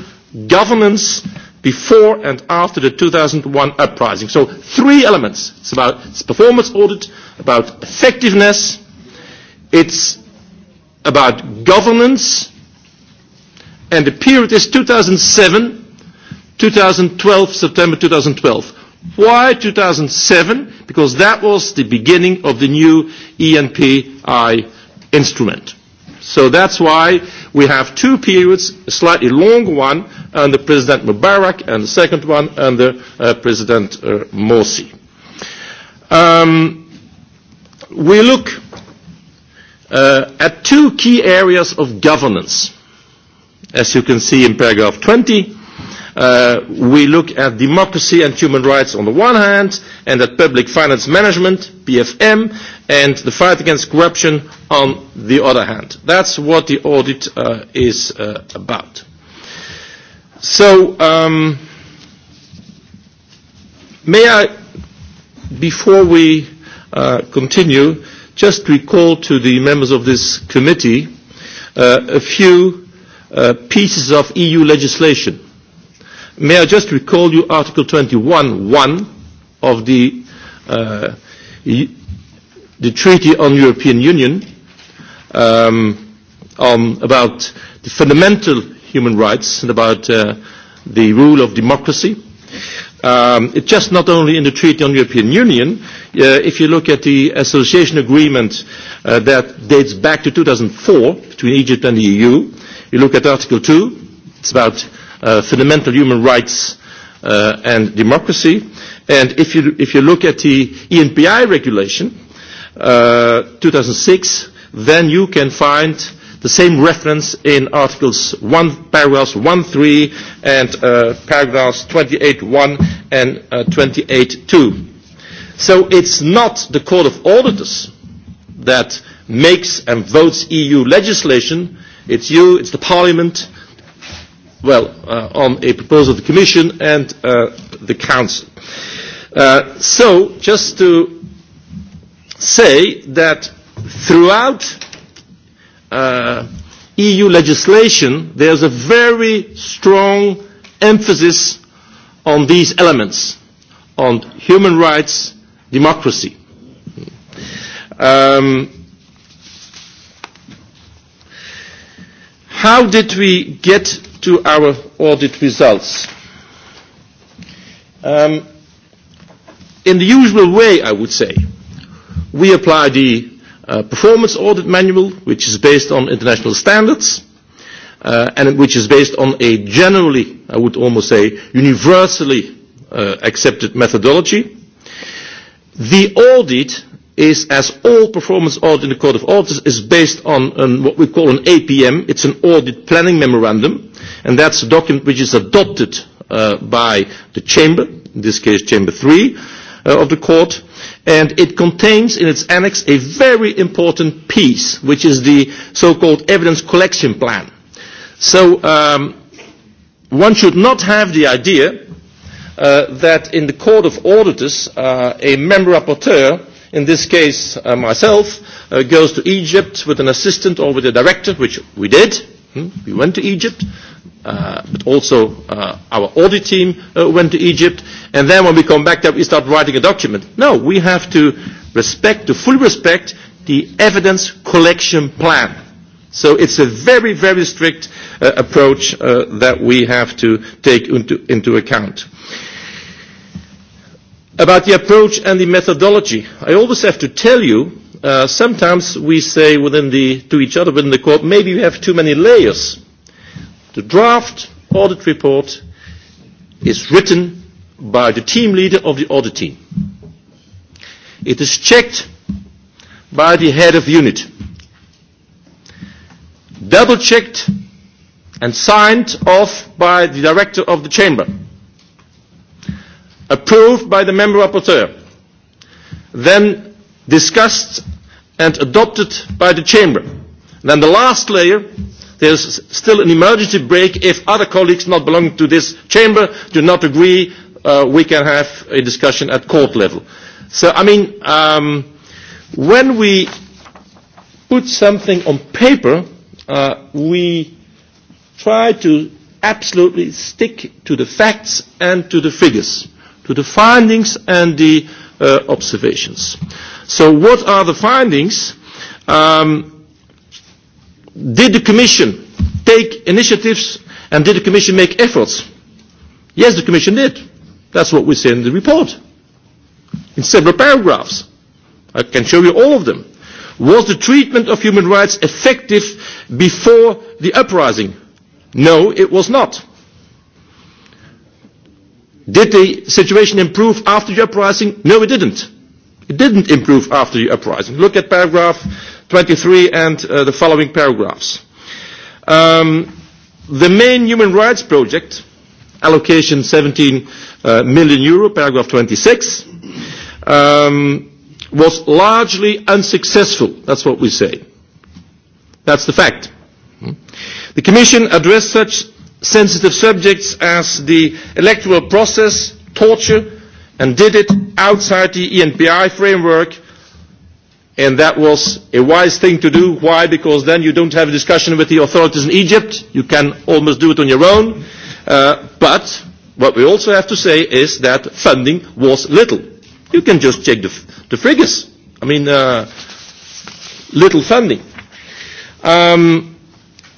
governance before and after the 2001 uprising. So three elements. It's about it's performance audit, about effectiveness, it's about governance, and the period is 2007, 2012, September 2012. Why 2007? Because that was the beginning of the new ENPI instrument. So that's why we have two periods, a slightly longer one under President Mubarak and the second one under uh, President uh, Morsi. Um, we look uh, at two key areas of governance. As you can see in paragraph 20, uh, we look at democracy and human rights on the one hand, and at public finance management, PFM, and the fight against corruption on the other hand. That's what the audit uh, is uh, about. So, um, may I, before we uh, continue, just recall to the members of this committee uh, a few uh, pieces of EU legislation. May I just recall you Article 21.1 of the, uh, e, the Treaty on European Union um, on, about the fundamental human rights and about uh, the rule of democracy. Um, it's just not only in the Treaty on European Union. Uh, if you look at the association agreement uh, that dates back to 2004 between Egypt and the EU, you look at Article 2, it's about uh, fundamental human rights uh, and democracy. And if you, if you look at the ENPI regulation, uh, 2006, then you can find uh, the same reference in Articles 1, paragraphs 1, 3 and uh, paragraphs 28, 1 and uh, 28, 2. So it's not the Court of Auditors that makes and votes EU legislation. It's you, it's the Parliament, well, uh, on a proposal of the Commission and uh, the Council. Uh, so, just to say that throughout uh, EU legislation, there's a very strong emphasis on these elements, on human rights, democracy. Um, how did we get to our audit results? Um, in the usual way, I would say, we apply the uh, performance audit manual, which is based on international standards, uh, and which is based on a generally, I would almost say, universally uh, accepted methodology. The audit is, as all performance audit in the Court of Auditors, is based on an, what we call an APM. It's an audit planning memorandum, and that's a document which is adopted uh, by the Chamber, in this case Chamber 3 uh, of the Court, uh, and it contains in its annex a very important piece, which is the so-called evidence collection plan. So um, one should not have the idea uh, that in the Court of Auditors, uh, a member rapporteur, in this case uh, myself, uh, goes to Egypt with an assistant or with a director, which we did. Hmm? We went to Egypt uh, but also uh, our audit team uh, went to Egypt. And then when we come back, that we start writing a document. No, we have to respect, to fully respect the evidence collection plan. So it's a very, very strict uh, approach uh, that we have to take into, into account. About the approach and the methodology, I always have to tell you, uh, sometimes we say within the, to each other within the court, maybe we have too many layers The draft audit report is written by the team leader of the audit team. It is checked by the head of unit, double checked and signed off by the director of the chamber, approved by the member rapporteur, then discussed and adopted by the chamber. Then the last layer there's still an emergency break. If other colleagues not belonging to this chamber do not agree, uh, we can have a discussion at court level. So, I mean, um, when we put something on paper, uh, we try to absolutely stick to the facts and to the figures, to the findings and the uh, observations. So what are the findings? Um, did the Commission take initiatives and did the Commission make efforts? Yes, the Commission did. That's what we say in the report, in several paragraphs. I can show you all of them. Was the treatment of human rights effective before the uprising? No, it was not. Did the situation improve after the uprising? No, it didn't. It didn't improve after the uprising. Look at paragraph 23 and uh, the following paragraphs. Um, the main human rights project, allocation 17 uh, million euro, paragraph 26, um, was largely unsuccessful. That's what we say. That's the fact. The Commission addressed such sensitive subjects as the electoral process, torture, and did it outside the ENPI framework and that was a wise thing to do. Why? Because then you don't have a discussion with the authorities in Egypt. You can almost do it on your own. Uh, but what we also have to say is that funding was little. You can just check the, the figures. I mean, uh, little funding. Um,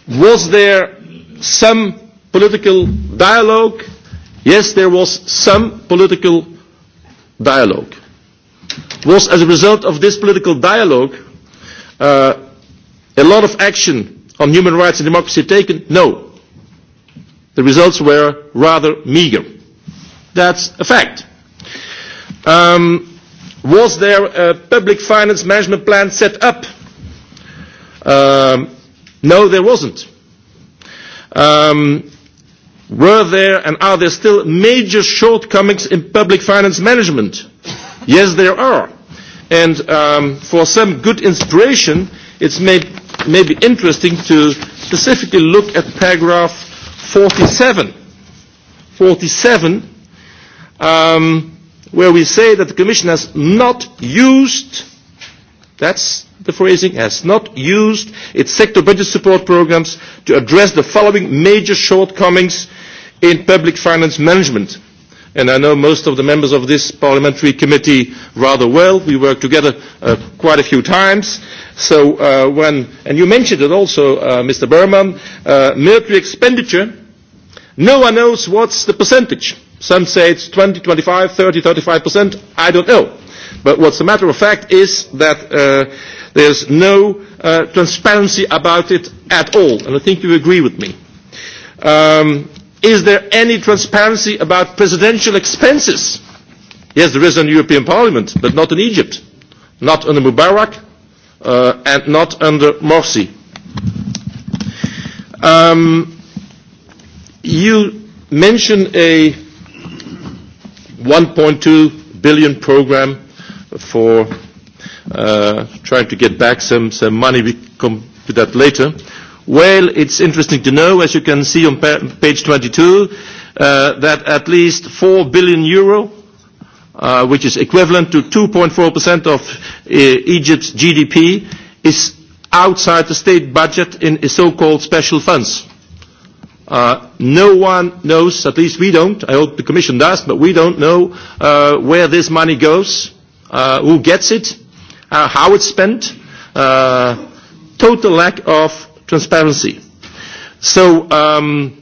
was there some political dialogue? Yes, there was some political dialogue was as a result of this political dialogue uh, a lot of action on human rights and democracy taken? No. The results were rather meager. That's a fact. Um, was there a public finance management plan set up? Um, no, there wasn't. Um, were there and are there still major shortcomings in public finance management? Uh, Yes, there are. And um, for some good inspiration, it's may, maybe interesting to specifically look at paragraph 47. 47, um, where we say that the Commission has not used, that's the phrasing, has not used its sector budget support programs to address the following major shortcomings in public finance management and I know most of the members of this parliamentary committee rather well. We worked together uh, quite a few times. So uh, when, and you mentioned it also, uh, Mr. Berman, uh, military expenditure, no one knows what's the percentage. Some say it's 20, 25, 30, 35%. I don't know. But what's a matter of fact is that uh, there's no uh, transparency about it at all. And I think you agree with me. Um, Is there any transparency about presidential expenses? Yes, there is in the European Parliament, but not in Egypt, not under Mubarak, uh, and not under Morsi. Um, you mention a 1.2 billion program for uh, trying to get back some, some money. We come to that later. Uh, Well, it's interesting to know, as you can see on page 22, uh, that at least 4 billion euro, uh, which is equivalent to 2.4% of uh, Egypt's GDP, is outside the state budget in so-called special funds. Uh, no one knows, at least we don't, I hope the Commission does, but we don't know uh, where this money goes, uh, who gets it, uh, how it's spent. Uh, total lack of transparency. So um,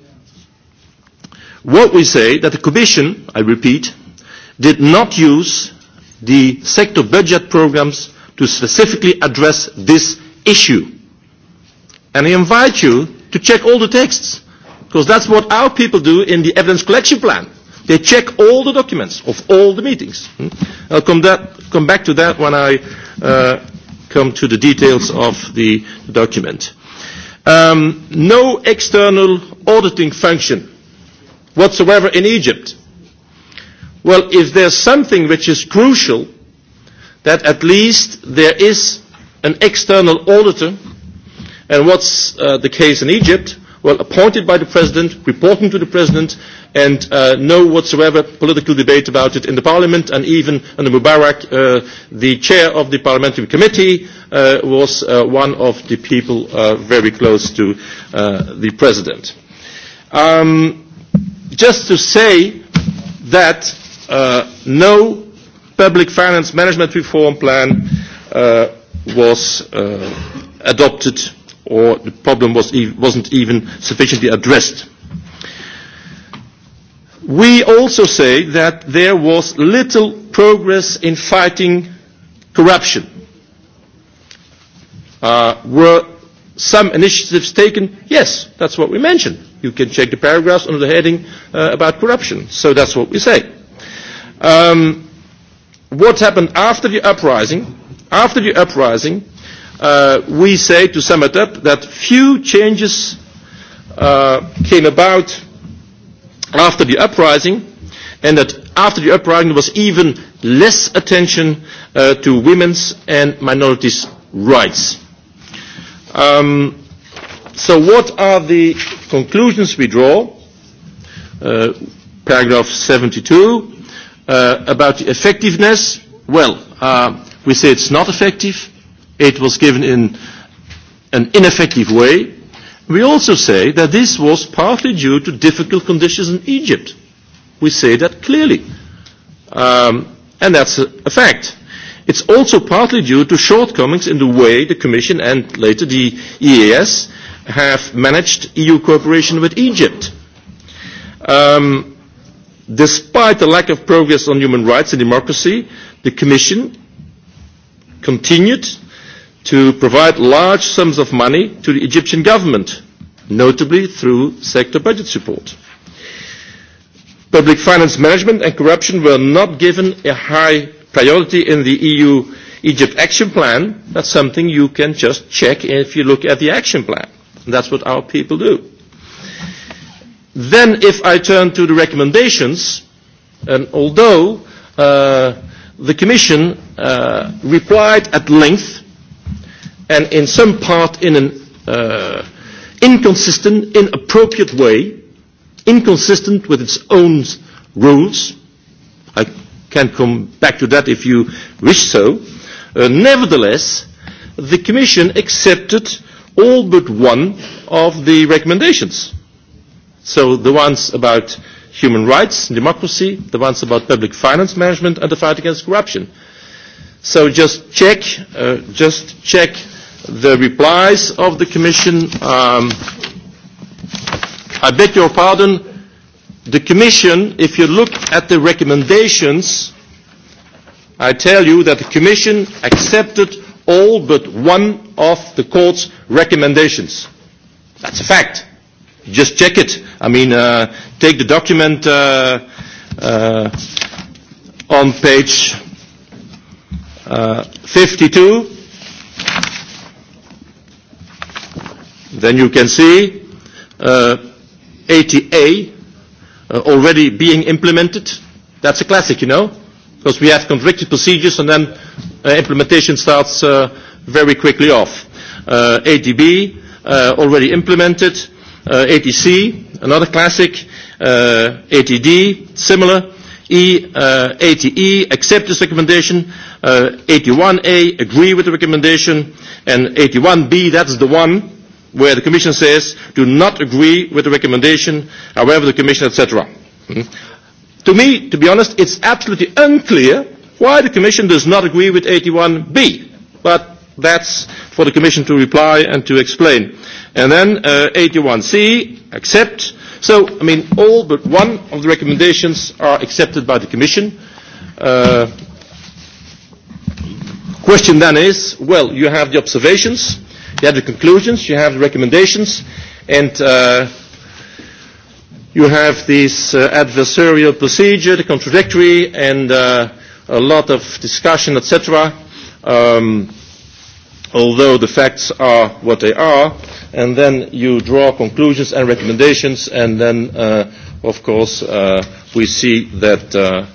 what we say that the Commission, I repeat, did not use the sector budget programs to specifically address this issue. And I invite you to check all the texts, because that's what our people do in the evidence collection plan. They check all the documents of all the meetings. Hmm? I'll come, that, come back to that when I uh, come to the details of the document um, no external auditing function whatsoever in Egypt. Well, if there's something which is crucial, that at least there is an external auditor, and what's uh, the case in Egypt? Well, appointed by the president, reporting to the president, and uh, no whatsoever political debate about it in the parliament and even under Mubarak uh, the chair of the parliamentary committee uh, was uh, one of the people uh, very close to uh, the president. Um, just to say that uh, no public finance management reform plan uh, was uh, adopted or the problem was e wasn't even sufficiently addressed. We also say that there was little progress in fighting corruption. Uh, were some initiatives taken? Yes, that's what we mentioned. You can check the paragraphs under the heading uh, about corruption. So that's what we say. Um, what happened after the uprising? After the uprising, uh, we say, to sum it up, that few changes uh, came about after the uprising, and that after the uprising there was even less attention uh, to women's and minorities' rights. Um, so what are the conclusions we draw? Uh, paragraph 72, uh, about the effectiveness. Well, uh, we say it's not effective. It was given in an ineffective way. We also say that this was partly due to difficult conditions in Egypt. We say that clearly. Um, and that's a, a fact. It's also partly due to shortcomings in the way the Commission and later the EAS have managed EU cooperation with Egypt. Um, despite the lack of progress on human rights and democracy, the Commission continued to provide large sums of money to the Egyptian government, notably through sector budget support. Public finance management and corruption were not given a high priority in the EU Egypt action plan. That's something you can just check if you look at the action plan. And that's what our people do. Then if I turn to the recommendations, and although uh, the Commission uh, replied at length and in some part in an uh, inconsistent, inappropriate way, inconsistent with its own rules. I can come back to that if you wish so. Uh, nevertheless, the Commission accepted all but one of the recommendations. So the ones about human rights and democracy, the ones about public finance management and the fight against corruption. So just check, uh, just check the replies of the Commission. Um, I beg your pardon. The Commission, if you look at the recommendations, I tell you that the Commission accepted all but one of the Court's recommendations. That's a fact. Just check it. I mean, uh, take the document uh, uh, on page uh, 52 then you can see uh, ATA uh, already being implemented. That's a classic, you know, because we have contracted procedures and then uh, implementation starts uh, very quickly off. Uh, ATB uh, already implemented, uh, ATC another classic, uh, ATD similar, E, uh, ATE accept this recommendation, uh, 81A agree with the recommendation, and 81B that's the one where the Commission says, do not agree with the recommendation, however the Commission, etc. Hmm? To me, to be honest, it's absolutely unclear why the Commission does not agree with 81B. But that's for the Commission to reply and to explain. And then uh, 81C, accept. So, I mean, all but one of the recommendations are accepted by the Commission. Uh, question then is, well, you have the observations. You have the conclusions, you have the recommendations, and uh, you have this uh, adversarial procedure, the contradictory, and uh, a lot of discussion, etc. Um, although the facts are what they are, and then you draw conclusions and recommendations, and then, uh, of course, uh, we see that uh,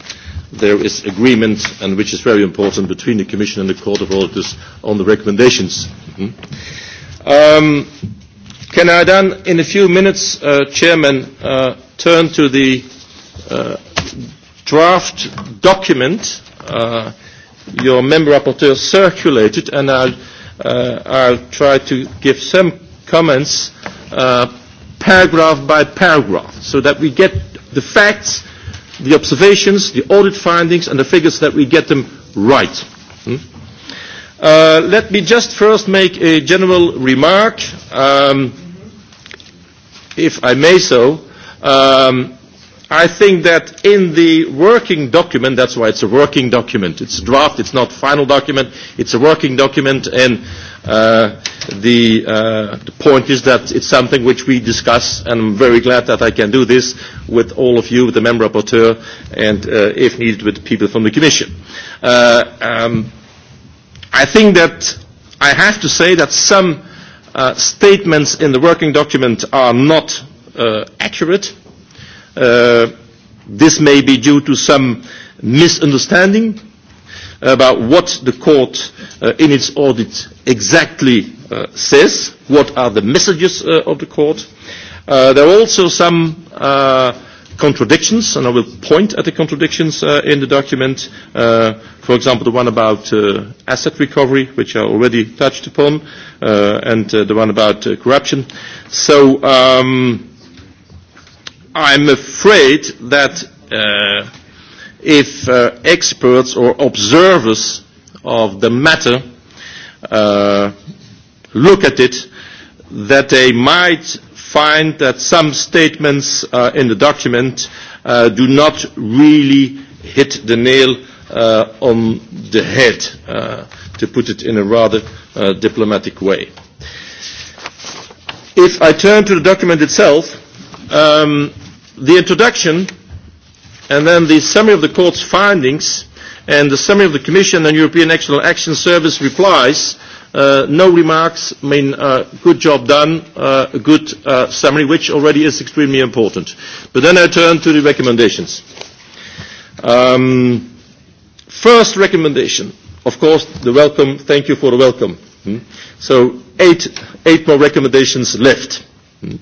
there is agreement, and which is very important, between the Commission and the Court of Auditors on the recommendations. Mm. Um, can I then, in a few minutes, uh, Chairman, uh, turn to the uh, draft document uh, your member rapporteur circulated, and I'll, uh, I'll try to give some comments uh, paragraph by paragraph so that we get the facts the observations, the audit findings, and the figures that we get them right. Hmm? Uh, let me just first make a general remark, um, if I may so. Um, I think that in the working document, that's why it's a working document, it's a draft, it's not final document, it's a working document, and uh, the, uh, the point is that it's something which we discuss, and I'm very glad that I can do this with all of you, with the member rapporteur, and uh, if needed, with people from the Commission. Uh, um, I think that I have to say that some uh, statements in the working document are not uh, accurate. Uh, Uh, this may be due to some misunderstanding about what the court uh, in its audit exactly uh, says, what are the messages uh, of the court. Uh, there are also some uh, contradictions, and I will point at the contradictions uh, in the document. Uh, for example, the one about uh, asset recovery, which I already touched upon, uh, and uh, the one about uh, corruption. So um, I'm afraid that uh, if uh, experts or observers of the matter uh, look at it, that they might find that some statements uh, in the document uh, do not really hit the nail uh, on the head, uh, to put it in a rather uh, diplomatic way. If I turn to the document itself, Um, the introduction and then the summary of the court's findings and the summary of the Commission and European External Action Service replies. Uh, no remarks. I mean, uh, good job done. Uh, a good uh, summary, which already is extremely important. But then I turn to the recommendations. Um, first recommendation, of course, the welcome. Thank you for the welcome. Hmm? So eight, eight more recommendations left. Hmm?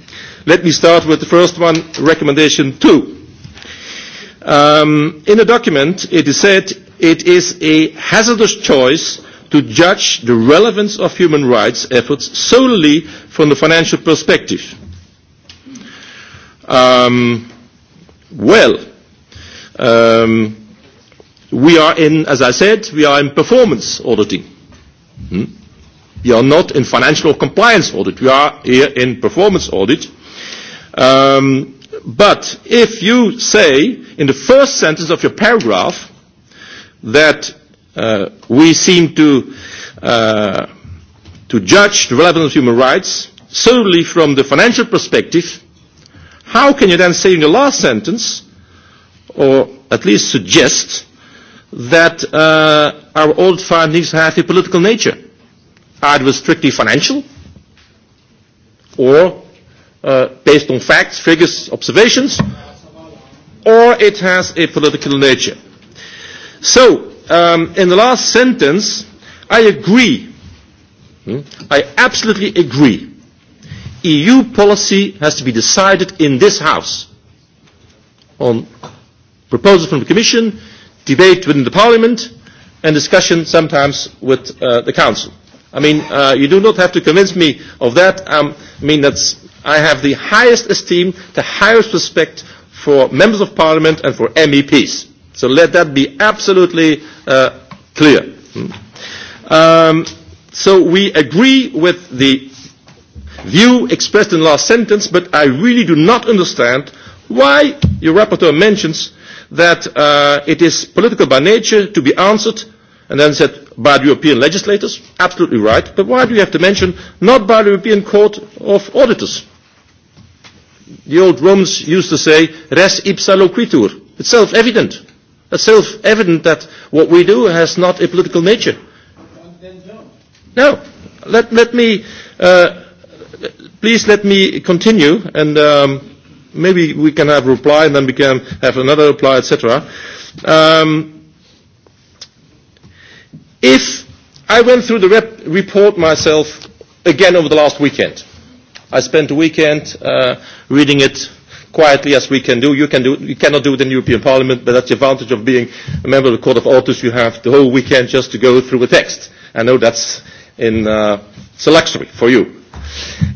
Let me start with the first one, recommendation two. Um, in the document, it is said it is a hazardous choice to judge the relevance of human rights efforts solely from the financial perspective. Um, well, um, we are in, as I said, we are in performance auditing. Hmm? We are not in financial compliance audit. We are here in performance audit. Um, but if you say in the first sentence of your paragraph that uh, we seem to uh, to judge the relevance of human rights solely from the financial perspective, how can you then say in the last sentence, or at least suggest, that uh, our old findings have a political nature? Either strictly financial or uh, based on facts, figures, observations, or it has a political nature. So, um, in the last sentence, I agree. Hmm? I absolutely agree. EU policy has to be decided in this House on proposal from the Commission, debate within the Parliament, and discussion sometimes with uh, the Council. I mean, uh, you do not have to convince me of that. Um, I mean, that's I have the highest esteem, the highest respect for members of parliament and for MEPs. So let that be absolutely uh, clear. Hmm. Um, so we agree with the view expressed in the last sentence, but I really do not understand why your rapporteur mentions that uh, it is political by nature to be answered, and then said by the European legislators. Absolutely right. But why do you have to mention not by the European Court of Auditors? the old Romans used to say, res ipsa loquitur. It's self-evident. It's self-evident that what we do has not a political nature. Now, let, let me, uh, please let me continue, and um, maybe we can have a reply, and then we can have another reply, etc. Um, if I went through the rep- report myself again over the last weekend, I spent the weekend uh, reading it quietly as we can do. You, can do. you cannot do it in the European Parliament, but that's the advantage of being a member of the Court of Auditors. You have the whole weekend just to go through a text. I know that's in, uh, it's a luxury for you.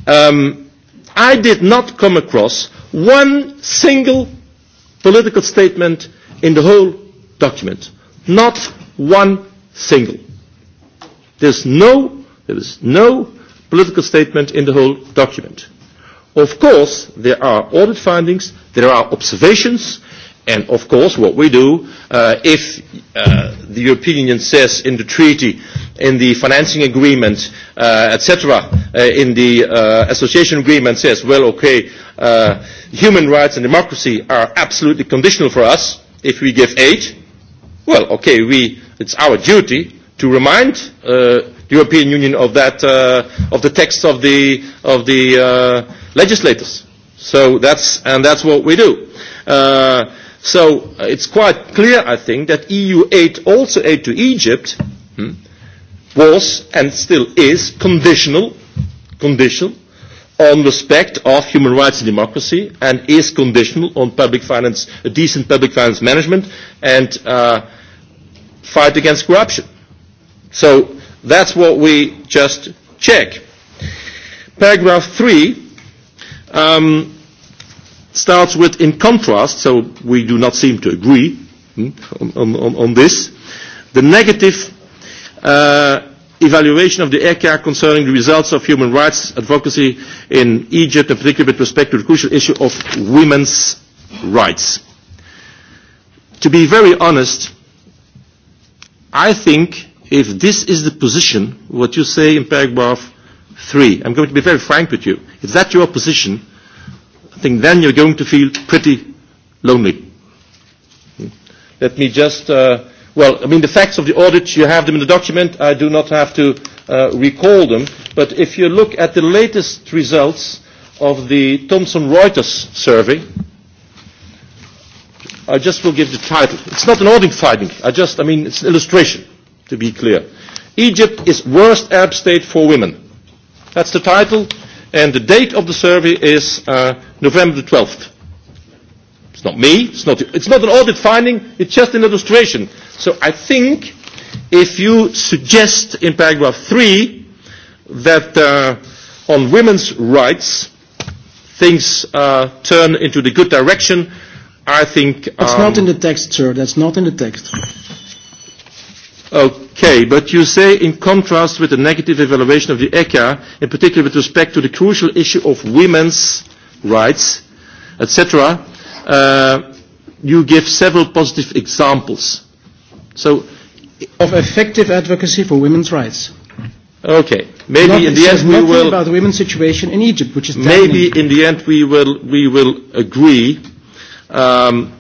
Um, I did not come across one single political statement in the whole document. Not one single. There's no, there is no political statement in the whole document. Of course, there are audit findings, there are observations, and of course what we do, uh, if uh, the European Union says in the treaty, in the financing agreement, uh, etc., uh, in the uh, association agreement says, well, okay, uh, human rights and democracy are absolutely conditional for us if we give aid, well, okay, we, it's our duty to remind uh, the European Union of, that, uh, of the text of the, of the uh, legislators. So that's, and that's what we do. Uh, so uh, it's quite clear, I think, that EU aid, also aid to Egypt, hmm, was and still is conditional, conditional on respect of human rights and democracy and is conditional on public finance, a decent public finance management and uh, fight against corruption. So That's what we just check. Paragraph 3 um, starts with in contrast, so we do not seem to agree hmm, on, on, on this, the negative uh, evaluation of the ECA concerning the results of human rights advocacy in Egypt, and particularly with respect to the crucial issue of women's rights. To be very honest, I think if this is the position, what you say in paragraph 3, I'm going to be very frank with you, if that's your position, I think then you're going to feel pretty lonely. Let me just, uh, well, I mean, the facts of the audit, you have them in the document. I do not have to uh, recall them. But if you look at the latest results of the Thomson Reuters survey, I just will give the title. It's not an audit finding. I just, I mean, it's an illustration to be clear. Egypt is worst Arab state for women. That's the title, and the date of the survey is uh, November the 12th. It's not me, it's not, it's not an audit finding, it's just an illustration. So I think if you suggest in paragraph 3 that uh, on women's rights things uh, turn into the good direction, I think... Um, That's not um, in the text, sir, that's not in the text. Okay, but you say in contrast with the negative evaluation of the ECHA, in particular with respect to the crucial issue of women's rights, etc., uh, you give several positive examples. So, of effective advocacy for women's rights. Okay, maybe Not, in the end we will about the women's situation in Egypt, which is maybe happening. in the end we will we will agree. Um,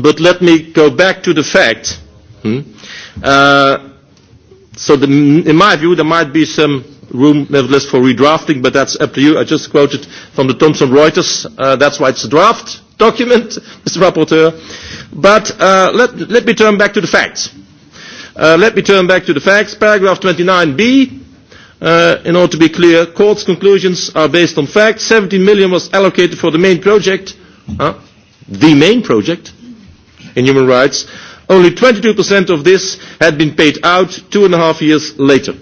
but let me go back to the fact. Hmm? Uh, so the, in my view, there might be some room, nevertheless, for redrafting, but that's up to you. I just quoted from the Thomson Reuters. Uh, that's why it's a draft document, Mr. Rapporteur. But uh, let, let me turn back to the facts. Uh, let me turn back to the facts. Paragraph 29b, uh, in order to be clear, court's conclusions are based on facts. 17 million was allocated for the main project, uh, the main project in human rights, Only 22% of this had been paid out two and a half years later.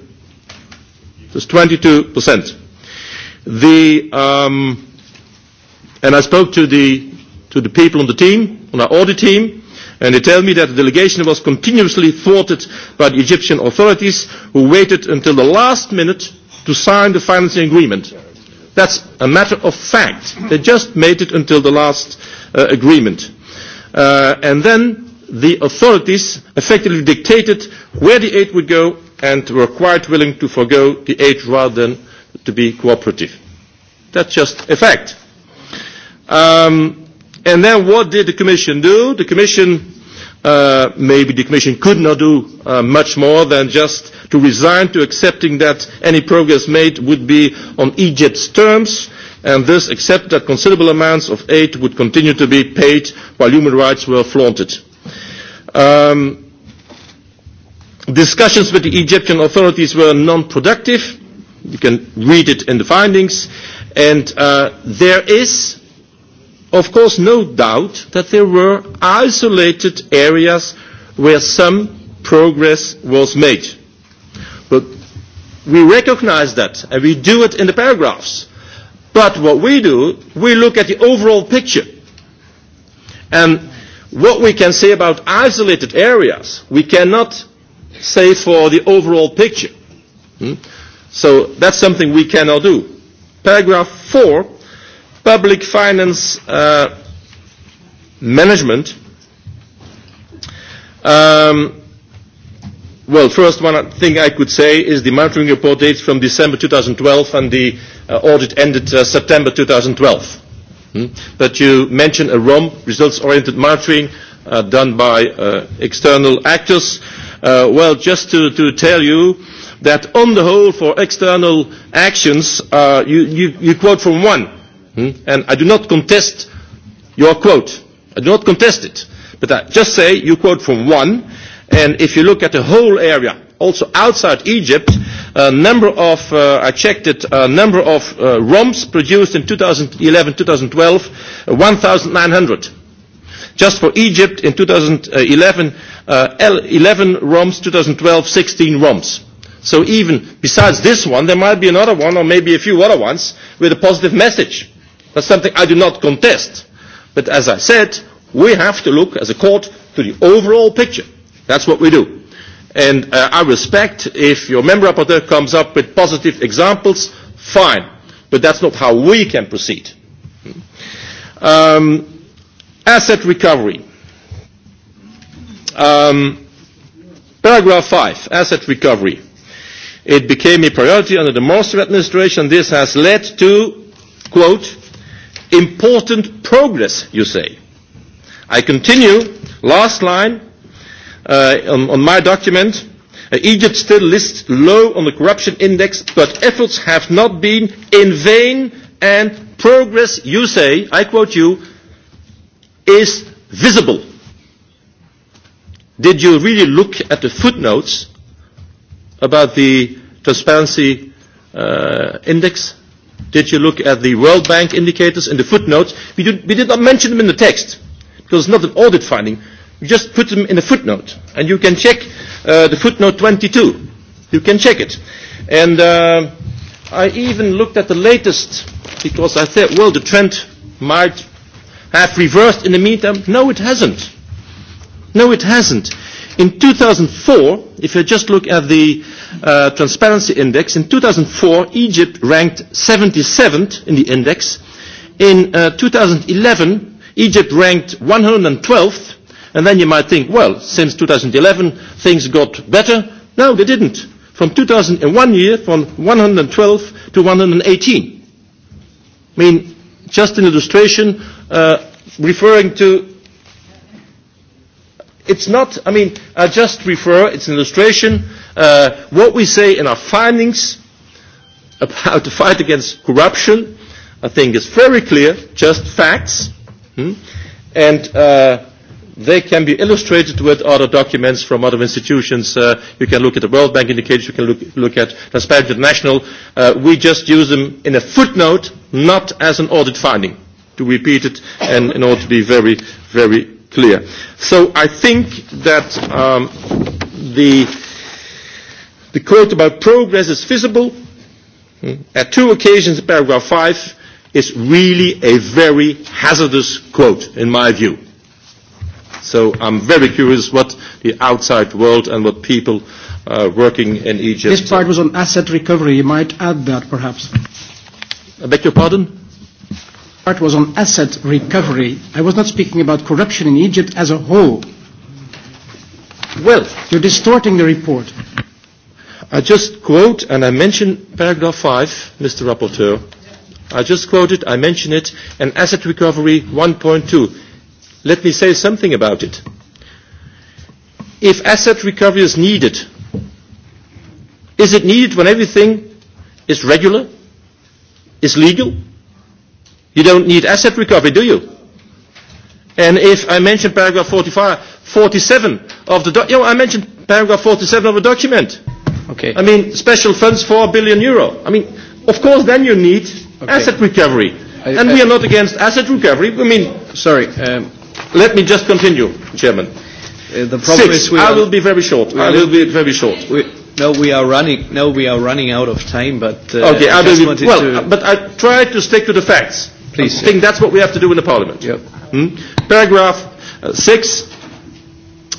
That's 22%. The, um, and I spoke to the, to the people on the team, on our audit team, and they tell me that the delegation was continuously thwarted by the Egyptian authorities who waited until the last minute to sign the financing agreement. That's a matter of fact. They just made it until the last uh, agreement. Uh, and then the authorities effectively dictated where the aid would go and were quite willing to forego the aid rather than to be cooperative. That's just a fact. Um, and then what did the Commission do? The Commission, uh, maybe the Commission could not do uh, much more than just to resign to accepting that any progress made would be on Egypt's terms and thus accept that considerable amounts of aid would continue to be paid while human rights were flaunted. Um, discussions with the Egyptian authorities were non-productive. You can read it in the findings. And uh, there is, of course, no doubt that there were isolated areas where some progress was made. But we recognize that, and we do it in the paragraphs. But what we do, we look at the overall picture. And What we can say about isolated areas, we cannot say for the overall picture. Hmm? So that's something we cannot do. Paragraph 4, public finance uh, management. Um, well, first one thing I could say is the monitoring report dates from December 2012 and the uh, audit ended uh, September 2012. Hmm? But you mentioned a ROM, results-oriented monitoring, uh, done by uh, external actors. Uh, well, just to, to tell you that on the whole for external actions, uh, you, you, you quote from one. Hmm? And I do not contest your quote. I do not contest it. But I just say you quote from one. And if you look at the whole area, also outside Egypt, uh, number of, uh, I checked it, uh, number of uh, ROMs produced in 2011-2012, uh, 1,900. Just for Egypt in 2011, uh, 11 ROMs, 2012, 16 ROMs. So even besides this one, there might be another one or maybe a few other ones with a positive message. That's something I do not contest. But as I said, we have to look as a court to the overall picture. That's what we do and uh, I respect if your member rapporteur comes up with positive examples, fine, but that's not how we can proceed. Um, asset recovery. Um, paragraph 5, asset recovery. It became a priority under the Morster administration. This has led to, quote, important progress, you say. I continue, last line, uh, eh, on, on my document, uh, Egypt still lists low on the corruption index, but efforts have not been in vain, and progress, you say, I quote you, is visible. Did you really look at the footnotes about the transparency uh, index? Did you look at the World Bank indicators in the footnotes? We did, we did not mention them in the text because it's not an audit finding, You just put them in a footnote, and you can check uh, the footnote 22. You can check it. And uh, I even looked at the latest because I thought, well, the trend might have reversed in the meantime. No, it hasn't. No, it hasn't. In 2004, if you just look at the uh, transparency index, in 2004, Egypt ranked 77th in the index. In uh, 2011, Egypt ranked 112th. And then you might think, well, since 2011, things got better. No, they didn't. From 2000, in one year, from 112 to 118. I mean, just an illustration, uh, referring to It's not, I mean, I just refer, it's an illustration, uh, what we say in our findings about the fight against corruption, I think is very clear, just facts. Hmm? And uh, They can be illustrated with other documents from other institutions. Uh, you can look at the World Bank indicators, you can look, look at Transparency International. Uh, we just use them in a footnote, not as an audit finding, to repeat it and in order to be very, very clear. So I think that um, the, the quote about progress is visible. Hmm. At two occasions in paragraph 5 is really a very hazardous quote, in my view So I'm very curious what the outside world and what people uh, working in Egypt. This part was on asset recovery. You might add that, perhaps. I beg your pardon? Part was on asset recovery. I was not speaking about corruption in Egypt as a whole. Well, you're distorting the report. I just quote, and I mention paragraph 5, Mr. Rapporteur. I just quoted, I mention it, and asset recovery 1.2 Let me say something about it. If asset recovery is needed, is it needed when everything is regular, is legal? You don't need asset recovery, do you? And if I mention paragraph 45, 47 of the document, you know, I mentioned paragraph 47 of the document. Okay. I mean, special funds, 4 billion euro. I mean, of course, then you need okay. asset recovery. I, and I, we are not against asset recovery. I mean, sorry. Um, Let me just continue, Chairman. Uh, the problem Six. is we I are, will be very short. I will be very short. We, no, we are running. No, we are running out of time. But uh, okay, I, I just be, wanted well, to. But I tried to stick to the facts. Please. I sir. think that's what we have to do in the Parliament. Yep. Hmm? Paragraph uh, six.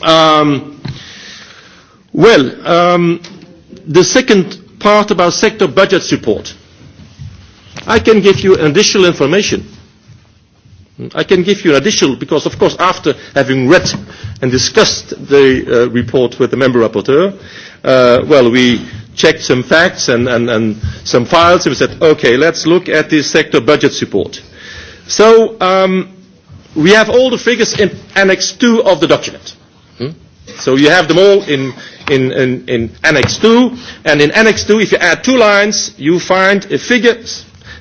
Um, well, um, the second part about sector budget support. I can give you additional information Mm, I can give you an additional, because of course after having read and discussed the uh, report with the member rapporteur, uh, well, we checked some facts and, and, and some files and we said, okay, let's look at this sector budget support. So um, we have all the figures in Annex 2 of the document. Hmm? So you have them all in, in, in, in Annex 2, and in Annex 2, if you add two lines, you find a figure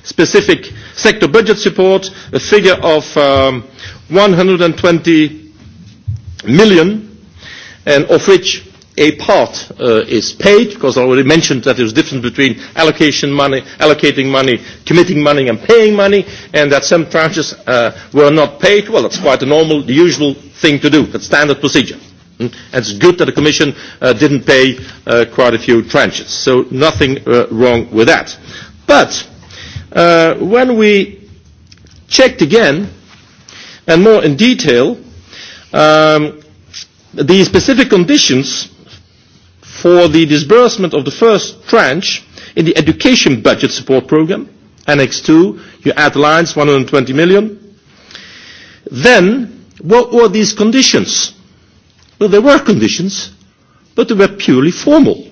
specific sector budget support, a figure of um, 120 million, and of which a part uh, is paid, because I already mentioned that there's a difference between allocation money, allocating money, committing money and paying money, and that some tranches uh, were not paid. Well, that's quite a normal, the usual thing to do. That's standard procedure. Hmm? And it's good that the Commission uh, didn't pay uh, quite a few tranches. So nothing uh, wrong with that. But uh, when we checked again and more in detail, um, the specific conditions for the disbursement of the first tranche in the education budget support program, Annex 2, you add the lines, 120 million. Then, what were these conditions? Well, there were conditions, but they were purely formal.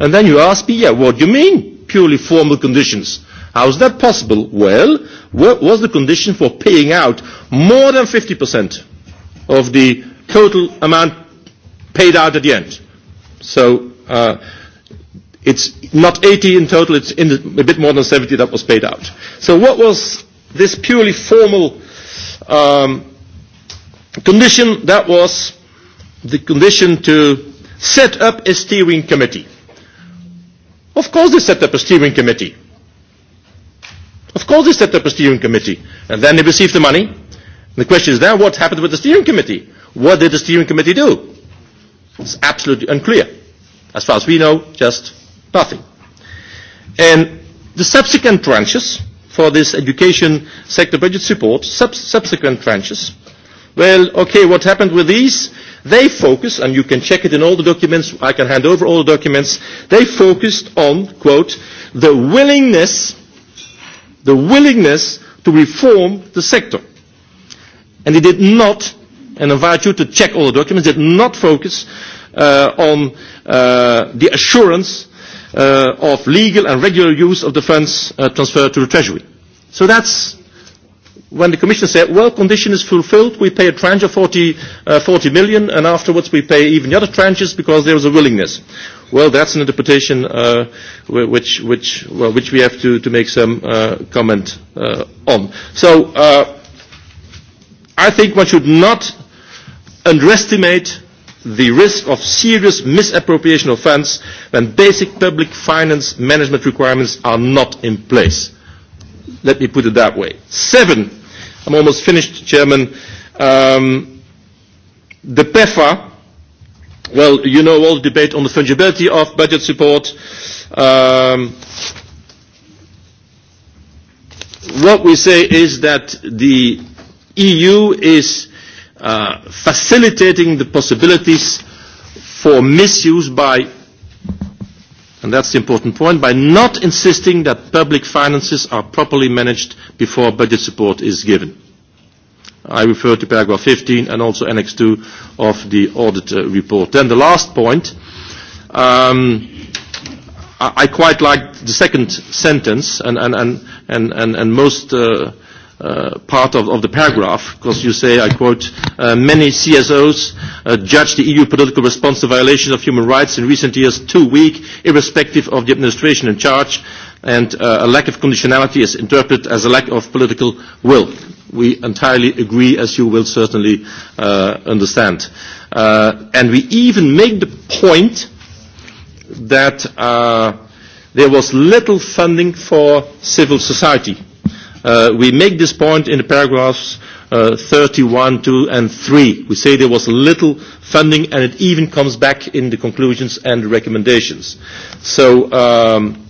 And then you ask me, yeah, what do you mean, purely formal conditions? How is that possible? Well, what was the condition for paying out more than 50% of the total amount paid out at the end? So uh, it's not 80 in total, it's in the, a bit more than 70 that was paid out. So what was this purely formal um, condition? That was the condition to set up a steering committee. Of course they set up a steering committee Of course they set up a steering committee, and then they received the money. And the question is then what happened with the steering committee? What did the steering committee do? It's absolutely unclear. As far as we know, just nothing. And the subsequent tranches for this education sector budget support, sub- subsequent tranches, well, okay, what happened with these? They focus, and you can check it in all the documents, I can hand over all the documents, they focused on, quote, the willingness the willingness to reform the sector. And they did not, and I invite you to check all the documents, did not focus uh, on uh, the assurance uh, of legal and regular use of the funds uh, transferred to the Treasury. So that's when the Commission said, well, condition is fulfilled, we pay a tranche of 40, uh, 40 million, and afterwards we pay even the other tranches because there was a willingness. Well, that's an interpretation uh, which, which, well, which we have to, to make some uh, comment uh, on. So uh, I think one should not underestimate the risk of serious misappropriation of funds when basic public finance management requirements are not in place. Let me put it that way. Seven, I'm almost finished, Chairman. Um, the PEFA, well, you know all the debate on the fungibility of budget support. Um, what we say is that the EU is uh, facilitating the possibilities for misuse by and that's the important point, by not insisting that public finances are properly managed before budget support is given. I refer to paragraph 15 and also annex 2 of the audit uh, report. Then the last point, um, I, I quite like the second sentence, and, and, and, and, and, and most uh, uh, part of, of the paragraph, because you say, I quote, uh, many CSOs uh, judge the EU political response to violations of human rights in recent years too weak, irrespective of the administration in charge, and uh, a lack of conditionality is interpreted as a lack of political will. We entirely agree, as you will certainly uh, understand. Uh, and we even make the point that uh, there was little funding for civil society Uh, we make this point in the paragraphs uh, 31, 2, and 3. We say there was little funding, and it even comes back in the conclusions and the recommendations. So, um,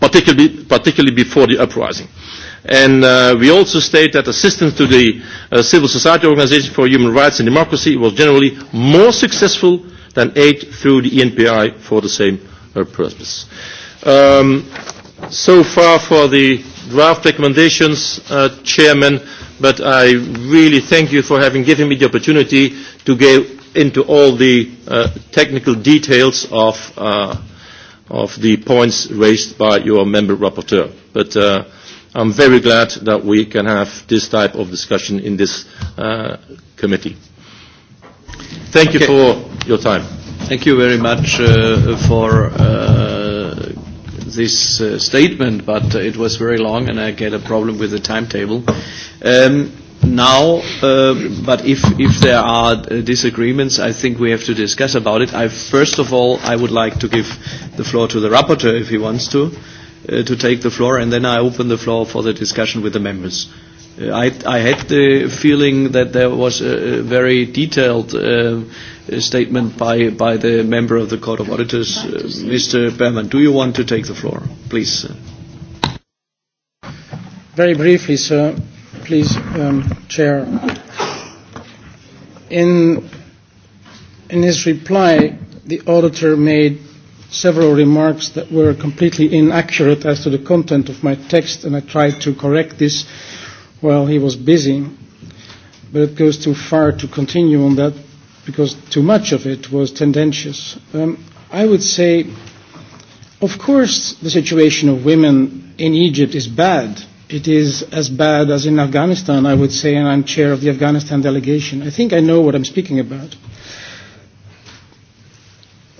particularly, particularly before the uprising. And uh, we also state that assistance to the uh, civil society organization for human rights and democracy was generally more successful than aid through the ENPI for the same uh, purpose. Um, so far for the draft recommendations, uh, Chairman, but I really thank you for having given me the opportunity to go into all the uh, technical details of, uh, of the points raised by your member rapporteur. But uh, I'm very glad that we can have this type of discussion in this uh, committee. Thank okay. you for your time. Thank you very much uh, for uh, this uh, statement, but uh, it was very long, and I get a problem with the timetable. Um, now, uh, but if, if there are uh, disagreements, I think we have to discuss about it. I, first of all, I would like to give the floor to the rapporteur if he wants to, uh, to take the floor, and then I open the floor for the discussion with the members. Uh, I, I had the feeling that there was a very detailed uh, statement by, by the member of the Court of Auditors, uh, Mr. Berman. Do you want to take the floor, please? Very briefly, sir. Please, um, Chair. In, in his reply, the auditor made several remarks that were completely inaccurate as to the content of my text, and I tried to correct this Well, he was busy, but it goes too far to continue on that because too much of it was tendentious. Um, I would say, of course, the situation of women in Egypt is bad. It is as bad as in Afghanistan, I would say, and I'm chair of the Afghanistan delegation. I think I know what I'm speaking about.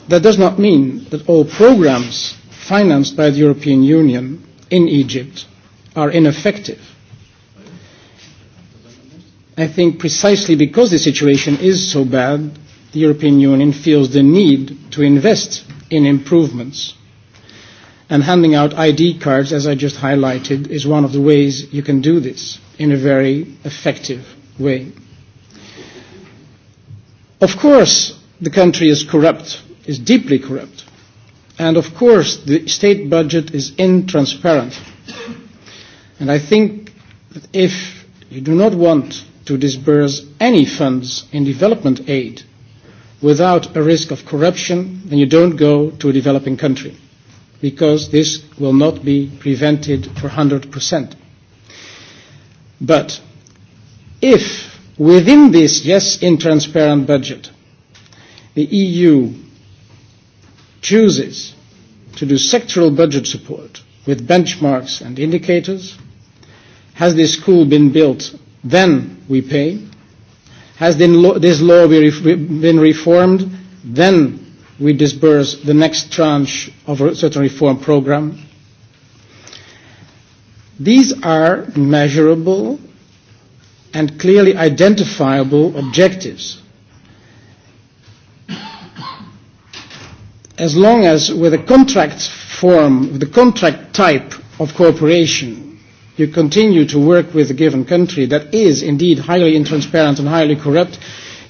That does not mean that all programs financed by the European Union in Egypt are ineffective. I think precisely because the situation is so bad, the European Union feels the need to invest in improvements. And handing out ID cards, as I just highlighted, is one of the ways you can do this in a very effective way. Of course, the country is corrupt, is deeply corrupt. And of course, the state budget is intransparent. And I think that if you do not want to disburse any funds in development aid without a risk of corruption, then you don't go to a developing country because this will not be prevented for 100%. But if within this, yes, intransparent budget, the EU chooses to do sectoral budget support with benchmarks and indicators, has this school been built then we pay. Has then lo- this law be re- been reformed, then we disburse the next tranche of a certain reform program. These are measurable and clearly identifiable objectives. As long as with a contract form, the contract type of cooperation, you continue to work with a given country that is indeed highly intransparent and highly corrupt,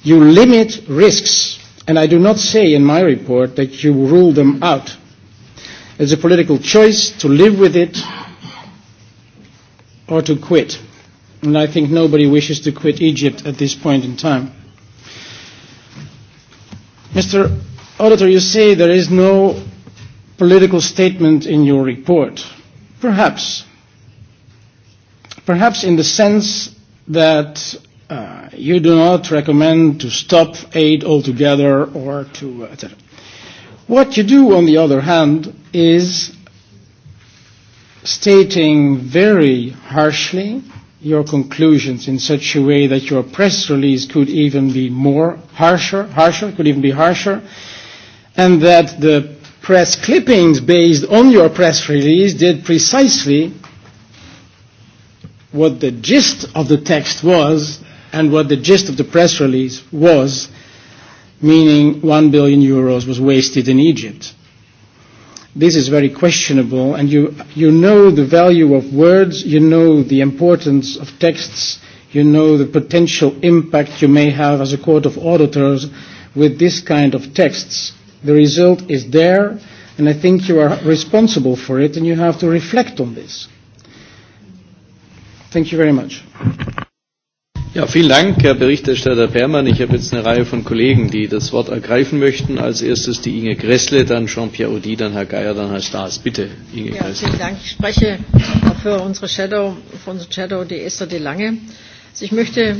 you limit risks. And I do not say in my report that you rule them out. It's a political choice to live with it or to quit. And I think nobody wishes to quit Egypt at this point in time. Mr. Auditor, you say there is no political statement in your report. Perhaps perhaps in the sense that uh, you do not recommend to stop aid altogether or to uh, etc. What you do, on the other hand, is stating very harshly your conclusions in such a way that your press release could even be more harsher, harsher, could even be harsher, and that the press clippings based on your press release did precisely what the gist of the text was and what the gist of the press release was, meaning 1 billion euros was wasted in Egypt. This is very questionable, and you, you know the value of words, you know the importance of texts, you know the potential impact you may have as a court of auditors with this kind of texts. The result is there, and I think you are responsible for it, and you have to reflect on this. Thank you very much. Ja, vielen Dank, Herr Berichterstatter Perman. Ich habe jetzt eine Reihe von Kollegen, die das Wort ergreifen möchten. Als erstes die Inge Gressle, dann Jean-Pierre Audi, dann Herr Geier, dann Herr Staes. Bitte, Inge ja, Gressle. Vielen Dank. Ich spreche für unsere Shadow, für unsere Shadow, die Esther de Lange. Also ich möchte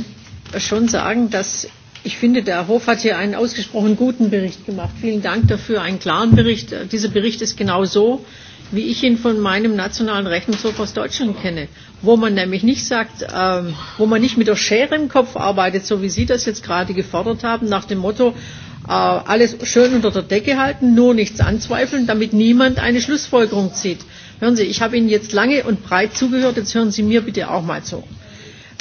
schon sagen, dass ich finde, der Hof hat hier einen ausgesprochen guten Bericht gemacht. Vielen Dank dafür, einen klaren Bericht. Dieser Bericht ist genau so, äh, wie ich ihn von meinem nationalen Rechnungshof aus Deutschland kenne, wo man nämlich nicht sagt, ähm, wo man nicht mit der Schere im Kopf arbeitet, so wie Sie das jetzt gerade gefordert haben, nach dem Motto, äh, alles schön unter der Decke halten, nur nichts anzweifeln, damit niemand eine Schlussfolgerung zieht. Hören Sie, ich habe Ihnen jetzt lange und breit zugehört, jetzt hören Sie mir bitte auch mal zu.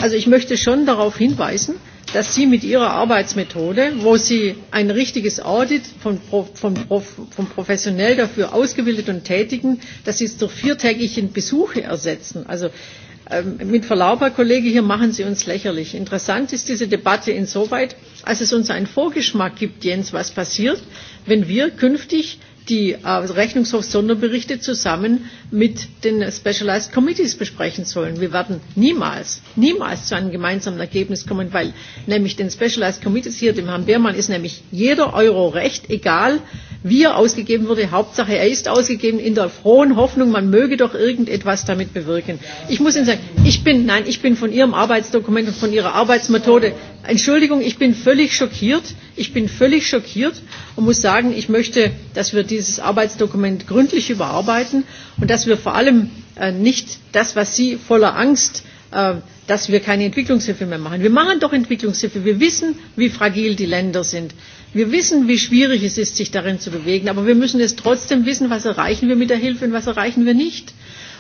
Also ich möchte schon darauf hinweisen, äh, dass Sie mit Ihrer Arbeitsmethode, wo Sie ein richtiges Audit von, von, von professionell dafür ausgebildeten und Tätigen, dass Sie es durch viertägigen Besuche ersetzen. Also ähm, mit Verlaub, Herr Kollege, hier machen Sie uns lächerlich. Interessant ist diese Debatte insoweit, als es uns einen Vorgeschmack gibt, Jens, was passiert, wenn wir künftig die äh, Rechnungshofsonderberichte zusammen mit den Specialized Committees besprechen sollen. Wir werden niemals, niemals zu einem gemeinsamen Ergebnis kommen, weil nämlich den Specialized Committees hier, dem Herrn Beermann, ist nämlich jeder Euro recht, egal wie er ausgegeben wurde. Hauptsache, er ist ausgegeben in der frohen Hoffnung, man möge doch irgendetwas damit bewirken. Ich muss Ihnen sagen, ich bin, nein, ich bin von Ihrem Arbeitsdokument und von Ihrer Arbeitsmethode Entschuldigung, ich bin völlig schockiert. Ich bin völlig schockiert und muss sagen, ich möchte, dass wir dieses Arbeitsdokument gründlich überarbeiten und dass wir vor allem äh, nicht das, was Sie voller Angst, äh, dass wir keine Entwicklungshilfe mehr machen. Wir machen doch Entwicklungshilfe. Wir wissen, wie fragil die Länder sind. Wir wissen, wie schwierig es ist, sich darin zu bewegen. Aber wir müssen es trotzdem wissen, was erreichen wir mit der Hilfe und was erreichen wir nicht.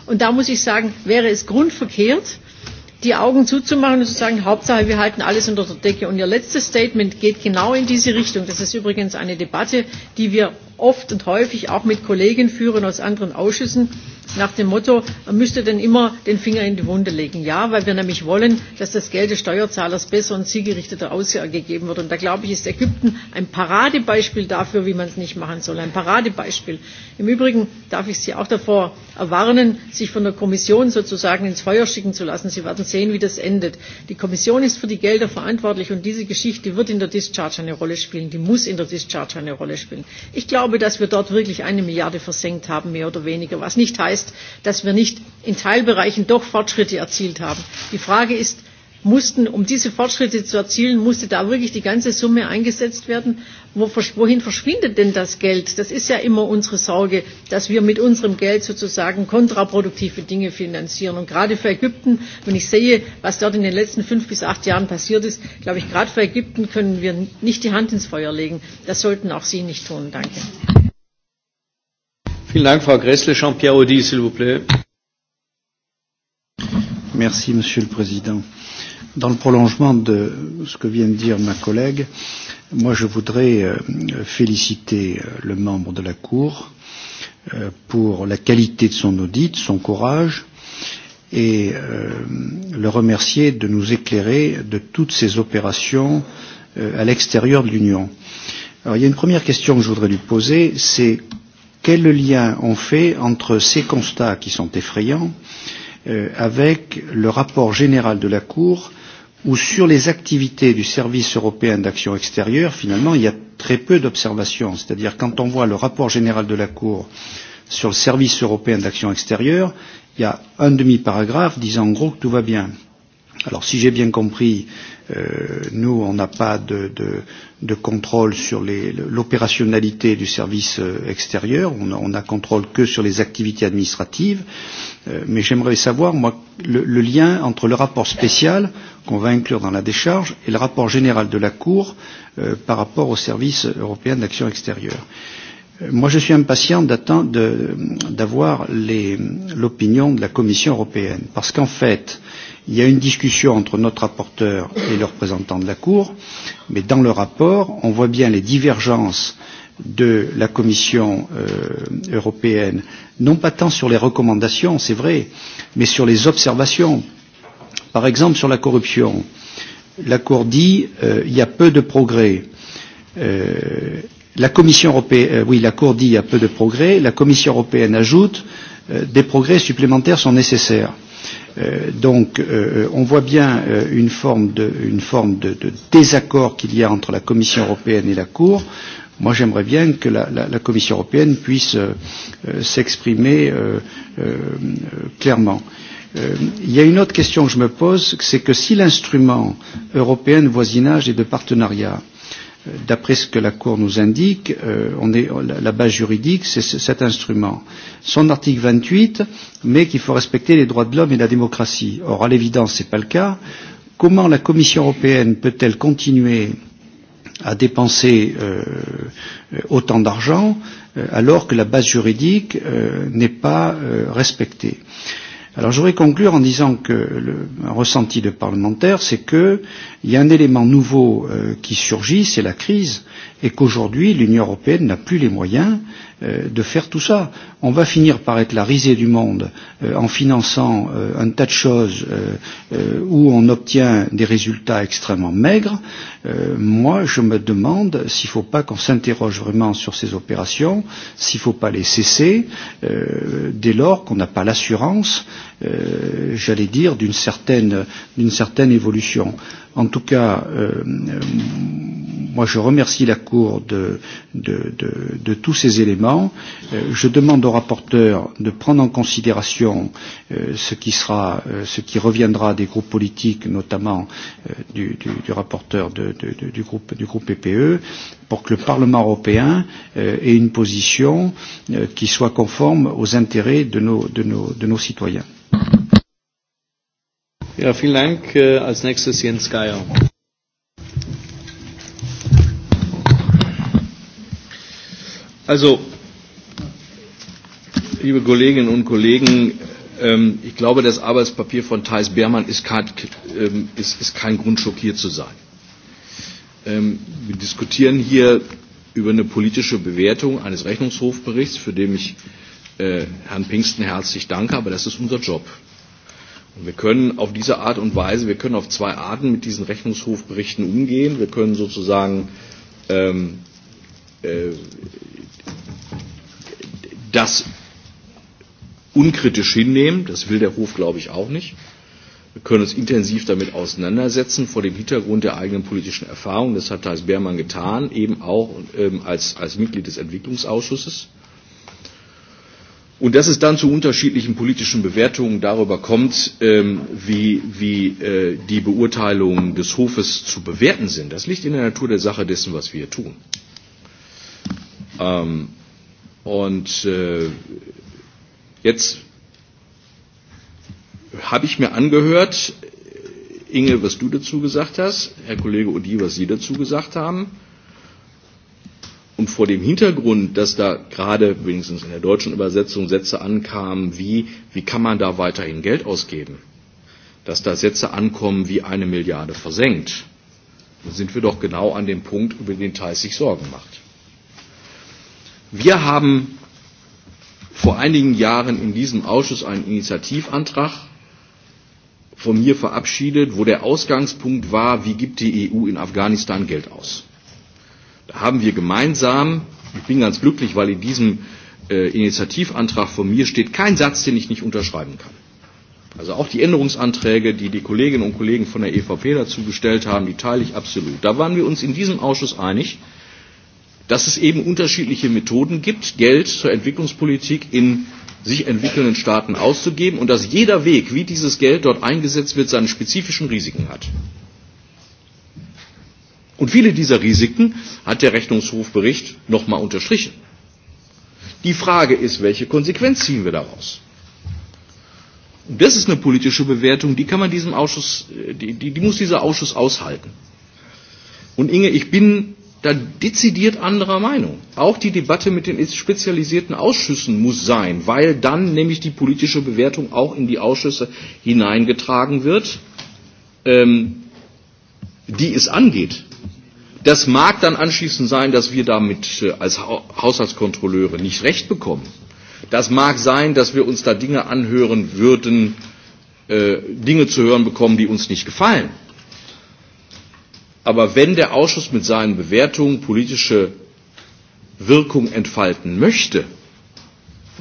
Und da muss ich sagen, wäre es grundverkehrt, die Augen zuzumachen und zu sagen, Hauptsache wir halten alles unter der Decke. Und Ihr letztes Statement geht genau in diese Richtung. Das ist übrigens eine Debatte, die wir oft und häufig auch mit Kollegen führen aus anderen Ausschüssen nach dem Motto, man müsste dann immer den Finger in die Wunde legen. Ja, weil wir nämlich wollen, dass das Geld des Steuerzahlers besser und zielgerichteter ausgegeben wird. Und da glaube ich, ist Ägypten ein Paradebeispiel dafür, wie man es nicht machen soll. Ein Paradebeispiel. Im Übrigen darf ich Sie auch davor erwarnen, sich von der Kommission sozusagen ins Feuer schicken zu lassen. Sie werden sehen, wie das endet. Die Kommission ist für die Gelder verantwortlich und diese Geschichte wird in der Discharge eine Rolle spielen. Die muss in der Discharge eine Rolle spielen. Ich glaube, glaube, dass wir dort wirklich eine Milliarde versenkt haben, mehr oder weniger, was nicht heißt, dass wir nicht in Teilbereichen doch Fortschritte erzielt haben. Die Frage ist, mussten, um diese Fortschritte zu erzielen, musste da wirklich die ganze Summe eingesetzt werden? wo, wohin verschwindet denn das Geld? Das ist ja immer unsere Sorge, dass wir mit unserem Geld sozusagen kontraproduktive Dinge finanzieren. Und gerade für Ägypten, wenn ich sehe, was dort in den letzten fünf bis acht Jahren passiert ist, glaube ich, gerade für Ägypten können wir nicht die Hand ins Feuer legen. Das sollten auch Sie nicht tun. Danke. Vielen Dank, Frau Gressle. Jean-Pierre Audi, s'il vous plaît. Merci, Monsieur le Président. Dans le prolongement de ce que vient de dire ma collègue, euh, Moi, je voudrais euh, féliciter euh, le membre de la Cour euh, pour la qualité de son audit, son courage, et euh, le remercier de nous éclairer de toutes ces opérations euh, à l'extérieur de l'Union. Alors, il y a une première question que je voudrais lui poser, c'est quel lien on fait entre ces constats qui sont effrayants euh, avec le rapport général de la Cour ou sur les activités du service européen d'action extérieure, finalement, il y a très peu d'observations. C'est-à-dire, quand on voit le rapport général de la Cour sur le service européen d'action extérieure, il y a un demi-paragraphe disant en gros que tout va bien. Alors, si j'ai bien compris, euh, nous, on n'a pas de, de, de contrôle sur l'opérationnalité du service euh, extérieur. On, on a contrôle que sur les activités administratives. Euh, mais j'aimerais savoir, moi, le, le lien entre le rapport spécial qu'on va inclure dans la décharge et le rapport général de la Cour euh, par rapport au service européen de l'action extérieure. Euh, moi, je suis impatient d'avoir l'opinion de la Commission européenne, parce qu'en fait, il y a une discussion entre notre rapporteur et le représentant de la Cour, mais dans le rapport, on voit bien les divergences de la Commission euh, européenne, non pas tant sur les recommandations, c'est vrai, mais sur les observations, Par exemple, sur la corruption, l'accord dit euh, il y a peu de progrès. Euh, la Commission européenne, euh, oui, l'accord dit il y a peu de progrès. La Commission européenne ajoute euh, des progrès supplémentaires sont nécessaires. Euh, donc, euh, on voit bien euh, une forme de, une forme de, de désaccord qu'il y a entre la Commission européenne et la Cour. Moi, j'aimerais bien que la, la, la Commission européenne puisse euh, euh, s'exprimer euh, euh, clairement. Euh, Euh, il y a une autre question que je me pose, c'est que si l'instrument européen de voisinage et de partenariat, euh, d'après ce que la Cour nous indique, euh, on est, la, la base juridique, c'est cet instrument. Son article 28 met qu'il faut respecter les droits de l'homme et la démocratie. Or, à l'évidence, ce n'est pas le cas. Comment la Commission européenne peut-elle continuer à dépenser euh, autant d'argent euh, alors que la base juridique euh, n'est pas euh, respectée euh, Alors je voudrais conclure en disant que le un ressenti de parlementaire, c'est qu'il y a un élément nouveau euh, qui surgit, c'est la crise, et qu'aujourd'hui l'Union européenne n'a plus les moyens euh, Euh, de faire tout ça. On va finir par être la risée du monde euh, en finançant euh, un tas de choses euh, euh, où on obtient des résultats extrêmement maigres. Euh, moi, je me demande s'il ne faut pas qu'on s'interroge vraiment sur ces opérations, s'il ne faut pas les cesser, euh, dès lors qu'on n'a pas l'assurance, euh, j'allais dire, d'une certaine, certaine évolution. En tout cas, euh, euh, moi je remercie la Cour de, de, de, de tous ces éléments. Euh, je demande au rapporteur de prendre en considération euh, ce qui sera, euh, ce qui reviendra des groupes politiques, notamment euh, du, du, du rapporteur de, de, de, du, groupe, du groupe PPE, pour que le Parlement européen euh, ait une position euh, qui soit conforme aux intérêts de nos, de nos, de nos citoyens. Merci. Ja, vielen Dank. Äh, als nächstes Jens Geier. Also, liebe Kolleginnen und Kollegen, ähm, ich glaube, das Arbeitspapier von Thais Beermann ist kein, ähm, ist, ist kein Grund, schockiert zu sein. Ähm, wir diskutieren hier über eine politische Bewertung eines Rechnungshofberichts, für den ich äh, Herrn Pinksten herzlich danke, aber das ist unser Job. Wir können auf diese Art und Weise, wir können auf zwei Arten mit diesen Rechnungshofberichten umgehen. Wir können sozusagen ähm, äh, das unkritisch hinnehmen. Das will der Hof, glaube ich, auch nicht. Wir können uns intensiv damit auseinandersetzen, vor dem Hintergrund der eigenen politischen Erfahrung. Das hat Thais Beermann getan, eben auch ähm, als, als Mitglied des Entwicklungsausschusses. Und dass es dann zu unterschiedlichen politischen Bewertungen darüber kommt, ähm, wie, wie äh, die Beurteilungen des Hofes zu bewerten sind, das liegt in der Natur der Sache dessen, was wir tun. Ähm, und äh, jetzt habe ich mir angehört, Inge, was du dazu gesagt hast, Herr Kollege Odi, was Sie dazu gesagt haben. Und vor dem Hintergrund, dass da gerade wenigstens in der deutschen Übersetzung Sätze ankamen wie, wie kann man da weiterhin Geld ausgeben? Dass da Sätze ankommen wie eine Milliarde versenkt, dann sind wir doch genau an dem Punkt, über den Thais sich Sorgen macht. Wir haben vor einigen Jahren in diesem Ausschuss einen Initiativantrag von mir verabschiedet, wo der Ausgangspunkt war, wie gibt die EU in Afghanistan Geld aus? haben wir gemeinsam, ich bin ganz glücklich, weil in diesem äh, Initiativantrag von mir steht kein Satz, den ich nicht unterschreiben kann. Also auch die Änderungsanträge, die die Kolleginnen und Kollegen von der EVP dazu gestellt haben, die teile ich absolut. Da waren wir uns in diesem Ausschuss einig, dass es eben unterschiedliche Methoden gibt, Geld zur Entwicklungspolitik in sich entwickelnden Staaten auszugeben und dass jeder Weg, wie dieses Geld dort eingesetzt wird, seine spezifischen Risiken hat. Und viele dieser Risiken hat der Rechnungshofbericht nochmal unterstrichen. Die Frage ist, welche Konsequenz ziehen wir daraus? Und das ist eine politische Bewertung, die kann man diesem Ausschuss, äh, die, die, die muss dieser Ausschuss aushalten. Und Inge, ich bin da dezidiert anderer Meinung. Auch die Debatte mit den spezialisierten Ausschüssen muss sein, weil dann nämlich die politische Bewertung auch in die Ausschüsse hineingetragen wird, ähm, die es angeht. Das mag dann anschließend sein, dass wir damit äh, als Haushaltskontrolleure nicht recht bekommen. Das mag sein, dass wir uns da Dinge anhören würden, äh, Dinge zu hören bekommen, die uns nicht gefallen. Aber wenn der Ausschuss mit seinen Bewertungen politische Wirkung entfalten möchte,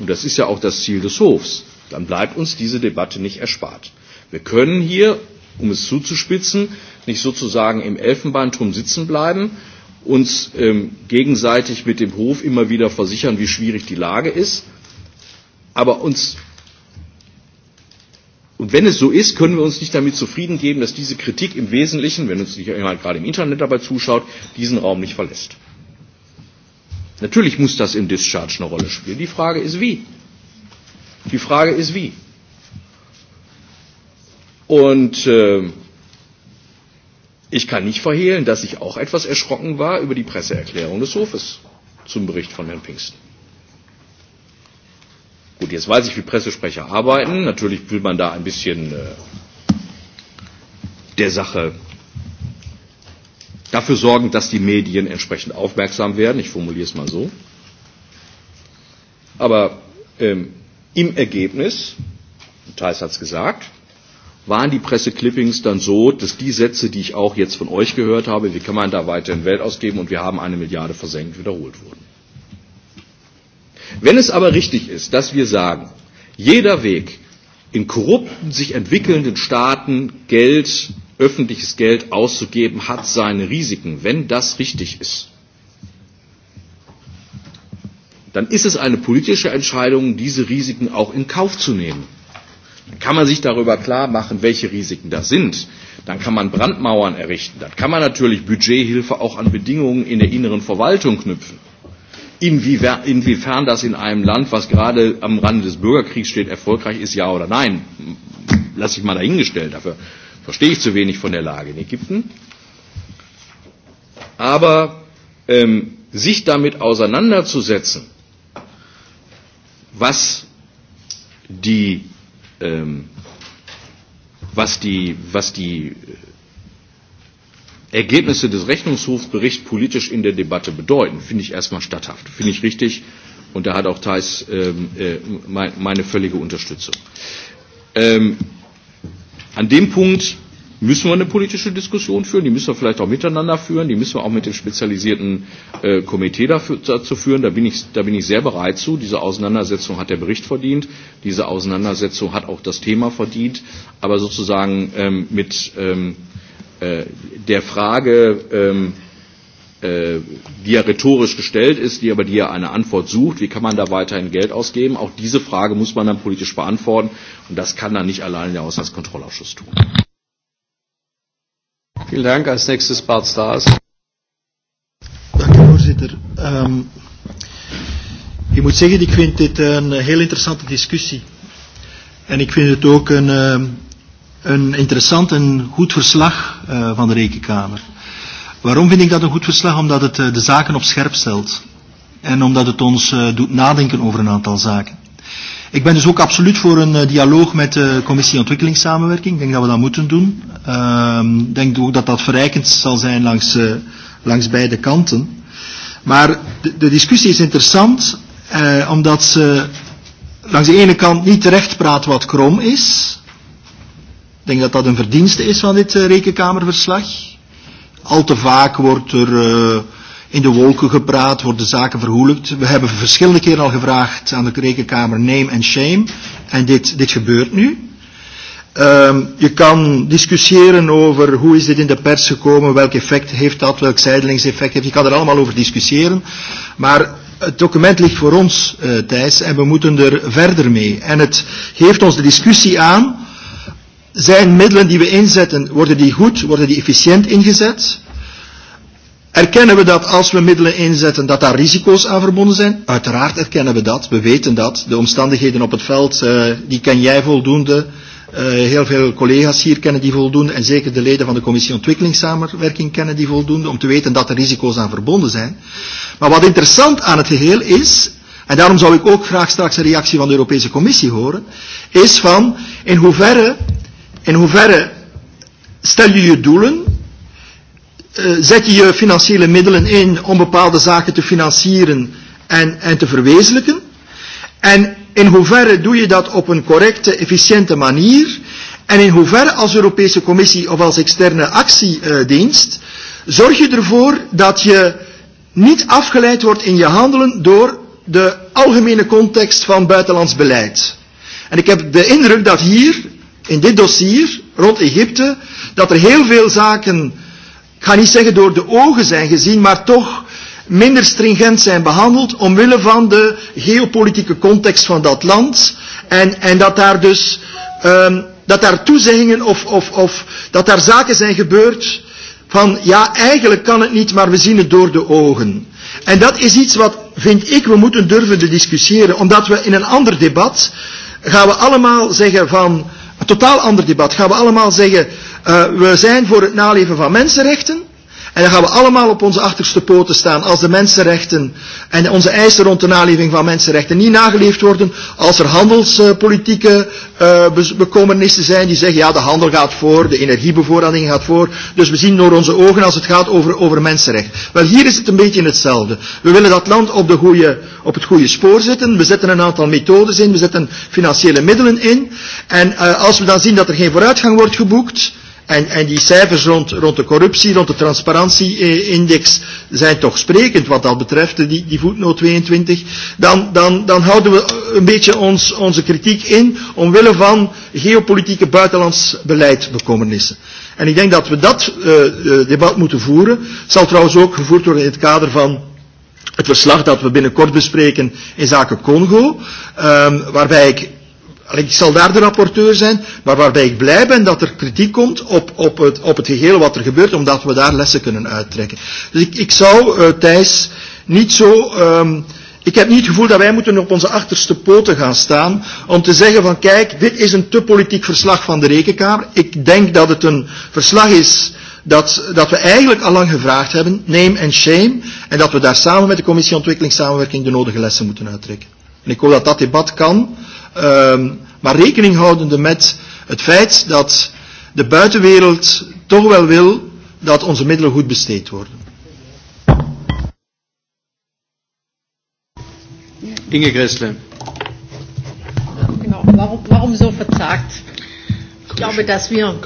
und das ist ja auch das Ziel des Hofs, dann bleibt uns diese Debatte nicht erspart. Wir können hier, um es zuzuspitzen, nicht sozusagen im Elfenbeinturm sitzen bleiben, uns ähm, gegenseitig mit dem Hof immer wieder versichern, wie schwierig die Lage ist, aber uns Und wenn es so ist, können wir uns nicht damit zufrieden geben, dass diese Kritik im Wesentlichen, wenn uns nicht jemand gerade im Internet dabei zuschaut, diesen Raum nicht verlässt. Natürlich muss das im Discharge eine Rolle spielen. Die Frage ist wie. Die Frage ist wie. Und äh, Ich kann nicht verhehlen, dass ich auch etwas erschrocken war über die Presseerklärung des Hofes zum Bericht von Herrn Pingsten. Gut, jetzt weiß ich, wie Pressesprecher arbeiten. Natürlich will man da ein bisschen äh, der Sache dafür sorgen, dass die Medien entsprechend aufmerksam werden. Ich formuliere es mal so. Aber ähm, im Ergebnis, Thais hat es gesagt, waren die Presseclippings dann so, dass die Sätze, die ich auch jetzt von euch gehört habe, wie kann man da weiterhin Welt ausgeben und wir haben eine Milliarde versenkt, wiederholt wurden. Wenn es aber richtig ist, dass wir sagen, jeder Weg, in korrupten, sich entwickelnden Staaten Geld, öffentliches Geld auszugeben, hat seine Risiken, wenn das richtig ist dann ist es eine politische Entscheidung, diese Risiken auch in Kauf zu nehmen. Dann kann man sich darüber klar machen, welche Risiken das sind. Dann kann man Brandmauern errichten. Dann kann man natürlich Budgethilfe auch an Bedingungen in der inneren Verwaltung knüpfen. Inwiefer, inwiefern das in einem Land, was gerade am Rande des Bürgerkriegs steht, erfolgreich ist, ja oder nein, lasse ich mal dahingestellt. Dafür verstehe ich zu wenig von der Lage in Ägypten. Aber ähm, sich damit auseinanderzusetzen, was die ähm, was die, was die äh, Ergebnisse des Rechnungshofberichts politisch in der Debatte bedeuten, finde ich erstmal statthaft, finde ich richtig. Und da hat auch Thais ähm, äh, mein, meine völlige Unterstützung. Ähm, an dem Punkt müssen wir eine politische Diskussion führen, die müssen wir vielleicht auch miteinander führen, die müssen wir auch mit dem spezialisierten äh, Komitee dafür, dazu führen. Da bin, ich, da bin ich sehr bereit zu. Diese Auseinandersetzung hat der Bericht verdient, diese Auseinandersetzung hat auch das Thema verdient, aber sozusagen ähm, mit ähm, äh, der Frage, ähm, äh, die ja rhetorisch gestellt ist, die aber die ja eine Antwort sucht, wie kann man da weiterhin Geld ausgeben? Auch diese Frage muss man dann politisch beantworten und das kann dann nicht allein der Haushaltskontrollausschuss tun. Vielen Dank. Als nächstes Bart Staes. Dank u, voorzitter. Um, ik moet zeggen, ik vind dit een heel interessante discussie. En ik vind het ook een, ehm, een interessant en goed verslag uh, van de Rekenkamer. Waarom vind ik dat een goed verslag? Omdat het uh, de zaken op scherp stelt. En omdat het ons uh, doet nadenken over een aantal zaken. Ik ben dus ook absoluut voor een uh, dialoog met de Commissie Ontwikkelingssamenwerking. Ik denk dat we dat moeten doen. Ik ehm, uh, denk ook dat dat verrijkend zal zijn langs, uh, langs beide kanten. Maar de, de discussie is interessant uh, omdat ze langs de ene kant niet terecht praat wat krom is. Ik denk dat dat een verdienste is van dit uh, rekenkamerverslag. Al te vaak wordt er... Uh, in de wolken gepraat, worden zaken verhoelijkt. We hebben verschillende keren al gevraagd aan de rekenkamer name and shame. En dit, dit gebeurt nu. Um, je kan discussiëren over hoe is dit in de pers gekomen, welk effect heeft dat, welk zijdelingseffect heeft. Je kan er allemaal over discussiëren. Maar het document ligt voor ons, uh, Thijs, en we moeten er verder mee. En het geeft ons de discussie aan, zijn middelen die we inzetten, worden die goed, worden die efficiënt ingezet? Erkennen we dat als we middelen inzetten, dat daar risico's aan verbonden zijn? Uiteraard erkennen we dat. We weten dat. De omstandigheden op het veld, uh, die ken jij voldoende. Uh, heel veel collega's hier kennen die voldoende. En zeker de leden van de Commissie Ontwikkelingssamenwerking kennen die voldoende. Om te weten dat er risico's aan verbonden zijn. Maar wat interessant aan het geheel is, en daarom zou ik ook graag straks een reactie van de Europese Commissie horen, is van in hoeverre, in hoeverre stel je je doelen uh, zet je je financiële middelen in om bepaalde zaken te financieren en, en te verwezenlijken? En in hoeverre doe je dat op een correcte, efficiënte manier? En in hoeverre als Europese Commissie of als externe actiedienst zorg je ervoor dat je niet afgeleid wordt in je handelen door de algemene context van buitenlands beleid. En ik heb de indruk dat hier, in dit dossier, rond Egypte, dat er heel veel zaken ik ga niet zeggen door de ogen zijn gezien, maar toch minder stringent zijn behandeld omwille van de geopolitieke context van dat land. En, en dat daar dus um, dat daar toezeggingen of, of, of dat daar zaken zijn gebeurd van ja, eigenlijk kan het niet, maar we zien het door de ogen. En dat is iets wat, vind ik, we moeten durven te discussiëren. Omdat we in een ander debat gaan we allemaal zeggen van, een totaal ander debat, gaan we allemaal zeggen Uh, we zijn voor het naleven van mensenrechten. En dan gaan we allemaal op onze achterste poten staan als de mensenrechten en onze eisen rond de naleving van mensenrechten niet nageleefd worden. Als er handelspolitieke uh, bekommernissen zijn die zeggen, ja de handel gaat voor, de energiebevoorrading gaat voor. Dus we zien door onze ogen als het gaat over, over mensenrechten. Wel hier is het een beetje hetzelfde. We willen dat land op, de goede, op het goede spoor zetten. We zetten een aantal methodes in, we zetten financiële middelen in. En uh, als we dan zien dat er geen vooruitgang wordt geboekt, uh, En, en die cijfers rond, rond de corruptie, rond de transparantieindex eh, zijn toch sprekend wat dat betreft, eh, die, die voetnoot 22. Dan, dan, dan houden we een beetje ons, onze kritiek in omwille van geopolitieke buitenlands beleid bekommernissen. En ik denk dat we dat uh, debat moeten voeren. Het zal trouwens ook gevoerd worden in het kader van het verslag dat we binnenkort bespreken in zaken Congo, um, waarbij ik ik zal daar de rapporteur zijn, maar waarbij ik blij ben dat er kritiek komt op, op, het, op het geheel wat er gebeurt, omdat we daar lessen kunnen uittrekken. Dus ik, ik zou, uh, Thijs, niet zo... Um, ik heb niet het gevoel dat wij moeten op onze achterste poten gaan staan om te zeggen van kijk, dit is een te politiek verslag van de Rekenkamer. Ik denk dat het een verslag is dat, dat we eigenlijk al lang gevraagd hebben, name and shame, en dat we daar samen met de Commissie Ontwikkelingssamenwerking de nodige lessen moeten uittrekken. En ik hoop dat dat debat kan. Um, maar rekening houdende met het feit dat de buitenwereld toch wel wil dat onze middelen goed besteed worden. Inge Gressle. Genau. Warum, warum so verzagt? glaube, dass wir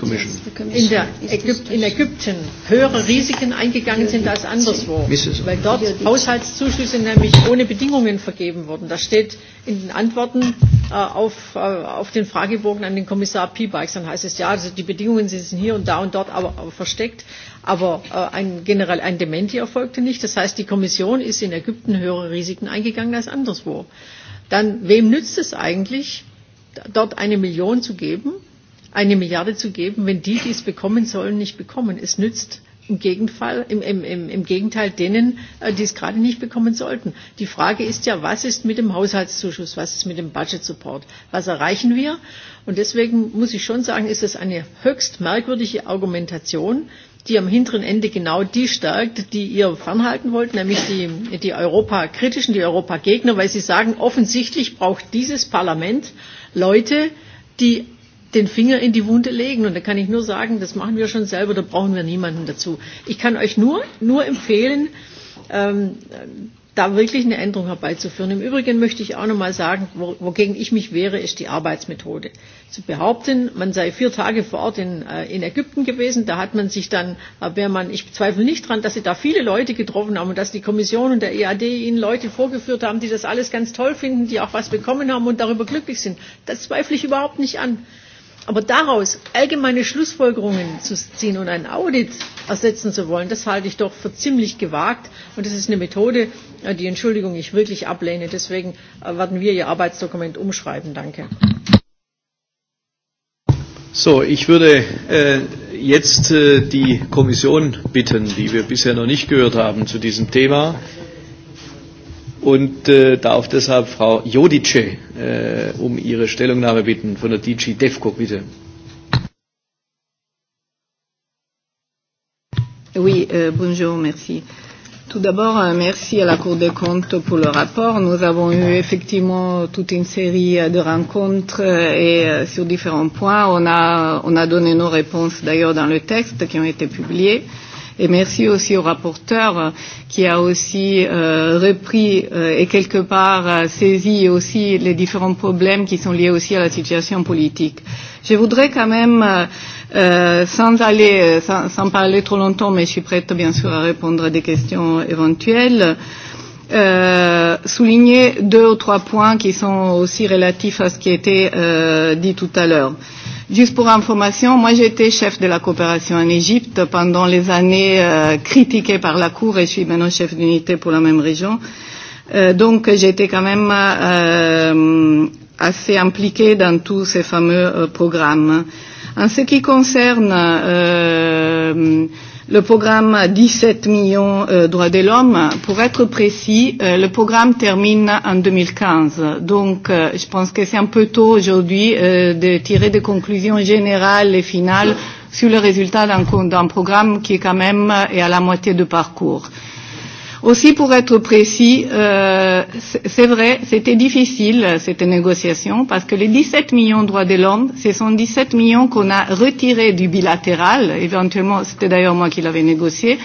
in, der Ägypt, in Ägypten höhere Risiken eingegangen sind als anderswo, weil dort Haushaltszuschüsse nämlich ohne Bedingungen vergeben wurden. Das steht in den Antworten äh, auf, äh, auf den Fragebogen an den Kommissar Piebalgs. Dann heißt es, ja, also die Bedingungen sind hier und da und dort aber, aber versteckt, aber äh, ein, generell ein Dementi erfolgte nicht. Das heißt, die Kommission ist in Ägypten höhere Risiken eingegangen als anderswo. Dann, wem nützt es eigentlich, dort eine Million zu geben, eine Milliarde zu geben, wenn die, die es bekommen sollen, nicht bekommen. Es nützt im, Gegenfall, im, im, im Gegenteil denen, äh, die es gerade nicht bekommen sollten. Die Frage ist ja, was ist mit dem Haushaltszuschuss, was ist mit dem Budget Support, was erreichen wir? Und deswegen muss ich schon sagen, ist es eine höchst merkwürdige Argumentation, die am hinteren Ende genau die stärkt, die ihr fernhalten wollt, nämlich die, die Europakritischen, die Europagegner, weil sie sagen, offensichtlich braucht dieses Parlament Leute, die den Finger in die Wunde legen. Und da kann ich nur sagen, das machen wir schon selber, da brauchen wir niemanden dazu. Ich kann euch nur, nur empfehlen, ähm, da wirklich eine Änderung herbeizuführen. Im Übrigen möchte ich auch nochmal sagen, wo, wogegen ich mich wehre, ist die Arbeitsmethode. Zu behaupten, man sei vier Tage vor Ort in, äh, in Ägypten gewesen, da hat man sich dann, äh, wäre man, ich zweifle nicht dran, dass sie da viele Leute getroffen haben und dass die Kommission und der EAD ihnen Leute vorgeführt haben, die das alles ganz toll finden, die auch was bekommen haben und darüber glücklich sind. Das zweifle ich überhaupt nicht an. Aber daraus allgemeine Schlussfolgerungen zu ziehen und ein Audit ersetzen zu wollen, das halte ich doch für ziemlich gewagt. Und das ist eine Methode, äh, die Entschuldigung ich wirklich ablehne. Deswegen äh, werden wir Ihr Arbeitsdokument umschreiben. Danke. So, ich würde äh, jetzt äh, die Kommission bitten, die wir bisher noch nicht gehört haben zu diesem Thema und äh, darf deshalb Frau Jodice äh, um ihre Stellungnahme bitten von der DG DEFCO, bitte. Oui, euh, bonjour, merci. Tout d'abord, euh, merci à la Cour des comptes pour le rapport. Nous avons eu effectivement toute une série euh, de rencontres euh, et euh, sur différents points. On a, on a donné nos réponses d'ailleurs dans le texte qui ont été publiés. Euh, Et merci aussi au rapporteur euh, qui a aussi euh, repris euh, et quelque part euh, saisi aussi les différents problèmes qui sont liés aussi à la situation politique. Je voudrais quand même euh, Euh, sans aller, euh, sans, sans parler trop longtemps, mais je suis prête bien sûr à répondre à des questions éventuelles, euh, souligner deux ou trois points qui sont aussi relatifs à ce qui a été euh, dit tout à l'heure. Euh, Juste pour information, moi j'étais chef de la coopération en Égypte pendant les années euh, critiquées par la Cour et je suis maintenant chef d'unité pour la même région. Euh, donc j'étais quand même euh, assez impliquée dans tous ces fameux euh, programmes. En ce qui concerne euh, le programme 17 millions euh, droits de l'homme. Pour être précis, euh, le programme termine en 2015. Donc, euh, je pense que c'est un peu tôt aujourd'hui euh, de tirer des conclusions générales et finales sur le résultat d'un programme qui est quand même euh, est à la moitié de parcours. Euh, Aussi, pour être précis, euh, c'est vrai, c'était difficile, cette négociation, parce que les 17 millions de droits de l'homme, ce sont 17 millions qu'on a retirés du bilatéral, éventuellement, c'était d'ailleurs moi qui l'avais négocié,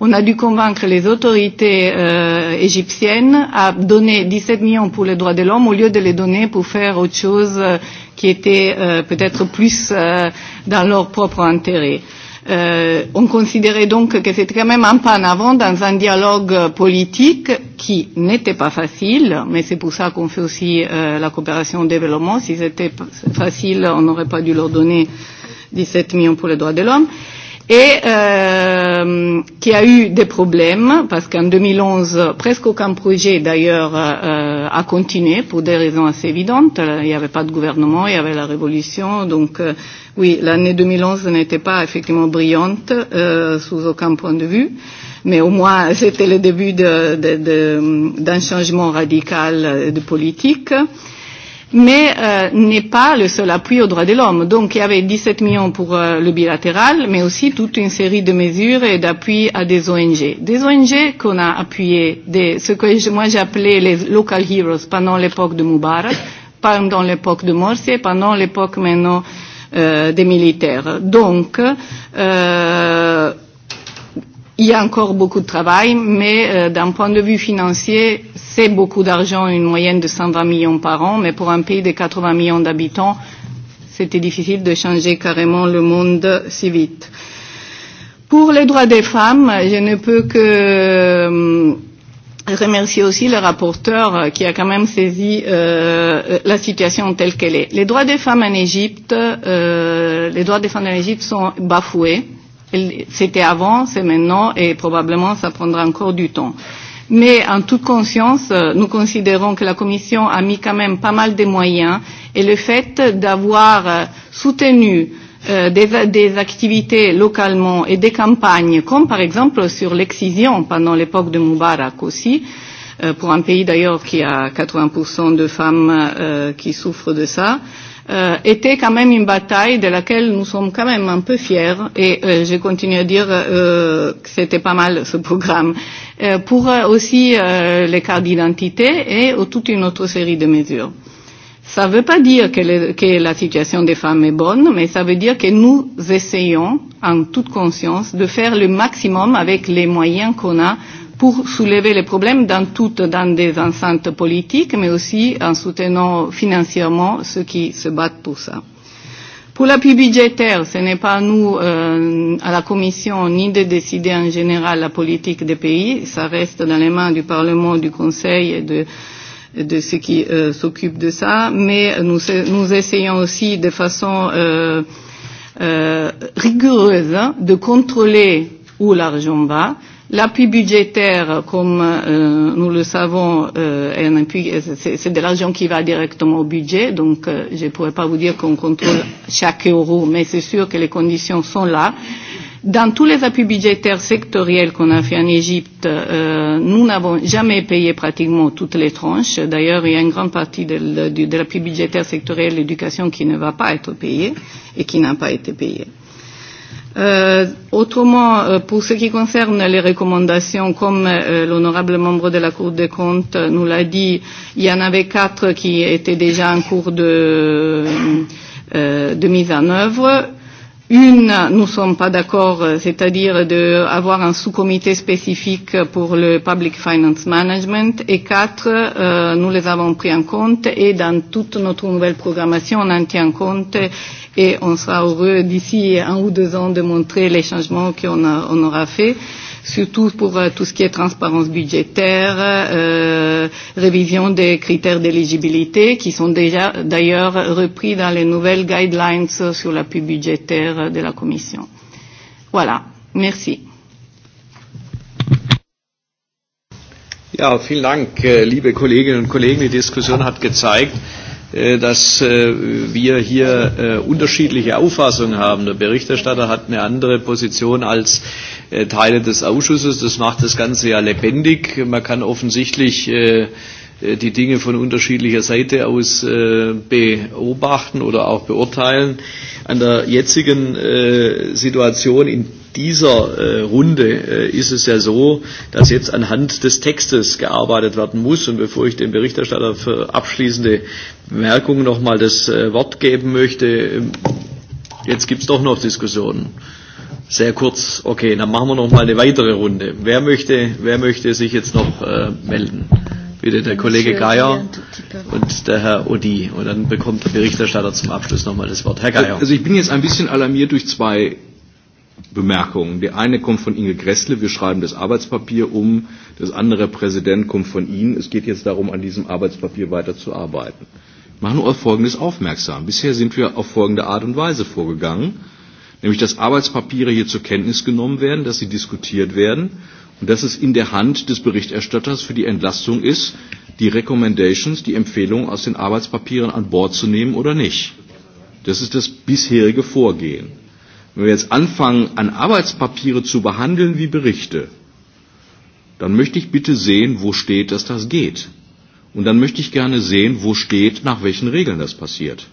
on a dû convaincre les autorités euh, égyptiennes à donner 17 millions pour les droits de l'homme au lieu de les donner pour faire autre chose euh, qui était euh, peut-être plus euh, dans leur propre intérêt. Euh, Euh, on considérait donc que c'était quand même un pas en avant dans un dialogue politique qui n'était pas facile, mais c'est pour ça qu'on fait aussi euh, la coopération au développement. Si c'était facile, on n'aurait pas dû leur donner 17 millions pour les droits de l'homme. Euh, et euh, qui a eu des problèmes parce qu'en 2011, presque aucun projet d'ailleurs euh, a continué pour des raisons assez évidentes. Il n'y avait pas de gouvernement, il y avait la révolution. Donc euh, oui, l'année 2011 n'était pas effectivement brillante euh, sous aucun point de vue. Mais au moins, c'était le début d'un de, de, de, changement radical euh, de politique. Euh, mais euh, n'est pas le seul appui aux droits de l'homme. Donc il y avait 17 millions pour euh, le bilatéral, mais aussi toute une série de mesures et d'appui à des ONG. Des ONG qu'on a appuyées, des, ce que je, moi j'appelais les local heroes pendant l'époque de Moubarak, pendant l'époque de Morsi et pendant l'époque maintenant euh, des militaires. Donc, euh, Il y a encore beaucoup de travail, mais euh, d'un point de vue financier, c'est beaucoup d'argent, une moyenne de 120 millions par an, mais pour un pays de 80 millions d'habitants, c'était difficile de changer carrément le monde si vite. Pour les droits des femmes, je ne peux que euh, remercier aussi le rapporteur qui a quand même saisi euh, la situation telle qu'elle est. Les droits des femmes en Égypte, euh, les droits des femmes en Égypte sont bafoués. Euh, C'était avant, c'est maintenant et probablement ça prendra encore du temps. Mais en toute conscience, euh, nous considérons que la Commission a mis quand même pas mal de moyens et le fait d'avoir euh, soutenu euh, des, des activités localement et des campagnes, comme par exemple sur l'excision pendant l'époque de Moubarak aussi, euh, pour un pays d'ailleurs qui a 80% de femmes euh, qui souffrent de ça, euh, euh, était quand même une bataille de laquelle nous sommes quand même un peu fiers et euh, je continue à dire euh, que c'était pas mal ce programme euh, pour euh, aussi euh, les cartes d'identité et euh, toute une autre série de mesures. Ça ne veut pas dire que, le, que la situation des femmes est bonne, mais ça veut dire que nous essayons, en toute conscience, de faire le maximum avec les moyens qu'on a pour soulever les problèmes dans toutes, dans des enceintes politiques, mais aussi en soutenant financièrement ceux qui se battent pour ça. Pour l'appui budgétaire, ce n'est pas à nous, euh, à la Commission, ni de décider en général la politique des pays. Ça reste dans les mains du Parlement, du Conseil et de, de ceux qui euh, s'occupent de ça. Mais nous, nous essayons aussi de façon euh, euh, rigoureuse de contrôler où l'argent va, euh, L'appui budgétaire, comme euh, nous le savons, euh, est un appui, c'est de l'argent qui va directement au budget, donc euh, je ne pourrais pas vous dire qu'on contrôle chaque euro, mais c'est sûr que les conditions sont là. Dans tous les appuis budgétaires sectoriels qu'on a fait en Égypte, euh, nous n'avons jamais payé pratiquement toutes les tranches. D'ailleurs, il y a une grande partie de, de, de l'appui budgétaire sectoriel l'éducation qui ne va pas être payée et qui n'a pas été payée. Euh, Euh, autrement, euh, pour ce qui concerne les recommandations, comme euh, l'honorable membre de la Cour des comptes nous l'a dit, il y en avait quatre qui étaient déjà en cours de, euh, de mise en œuvre. Une, nous ne sommes pas d'accord, c'est-à-dire d'avoir un sous-comité spécifique pour le public finance management. Et quatre, euh, nous les avons pris en compte et dans toute notre nouvelle programmation, on en tient compte et on sera heureux d'ici un ou deux ans de montrer les changements qu'on a, on aura faits surtout pour euh, tout ce qui est transparence budgétaire, euh, révision des critères d'éligibilité qui sont déjà d'ailleurs repris dans les nouvelles guidelines sur l'appui budgétaire de la Commission. Voilà, merci. Ja, vielen Dank, äh, liebe Kolleginnen und Kollegen. Die Diskussion hat gezeigt, Äh, dass äh, wir hier äh, unterschiedliche Auffassungen haben. Der Berichterstatter hat eine andere Position als Teile des Ausschusses. Das macht das Ganze ja lebendig. Man kann offensichtlich die Dinge von unterschiedlicher Seite aus äh, beobachten oder auch beurteilen. An der jetzigen äh, Situation in dieser äh, Runde äh, ist es ja so, dass jetzt anhand des Textes gearbeitet werden muss. Und bevor ich dem Berichterstatter für abschließende Bemerkungen nochmal das äh, Wort geben möchte, äh, jetzt gibt es doch noch Diskussionen. Sehr kurz. Okay, dann machen wir noch mal eine weitere Runde. Wer möchte, wer möchte sich jetzt noch äh, melden? Bitte der Kollege Geier und der Herr Odi. Und dann bekommt der Berichterstatter zum Abschluss nochmal das Wort. Herr Geier. Also ich bin jetzt ein bisschen alarmiert durch zwei Bemerkungen. Der eine kommt von Inge Gressle, wir schreiben das Arbeitspapier um, das andere Präsident kommt von Ihnen. Es geht jetzt darum, an diesem Arbeitspapier weiterzuarbeiten. Ich mache nur auf Folgendes aufmerksam. Bisher sind wir auf folgende Art und Weise vorgegangen, nämlich dass Arbeitspapiere hier zur Kenntnis genommen werden, dass sie diskutiert werden und dass es in der Hand des Berichterstatters für die Entlastung ist, die Recommendations, die Empfehlungen aus den Arbeitspapieren an Bord zu nehmen oder nicht. Das ist das bisherige Vorgehen. Wenn wir jetzt anfangen, an Arbeitspapiere zu behandeln wie Berichte, dann möchte ich bitte sehen, wo steht, dass das geht. Und dann möchte ich gerne sehen, wo steht, nach welchen Regeln das passiert.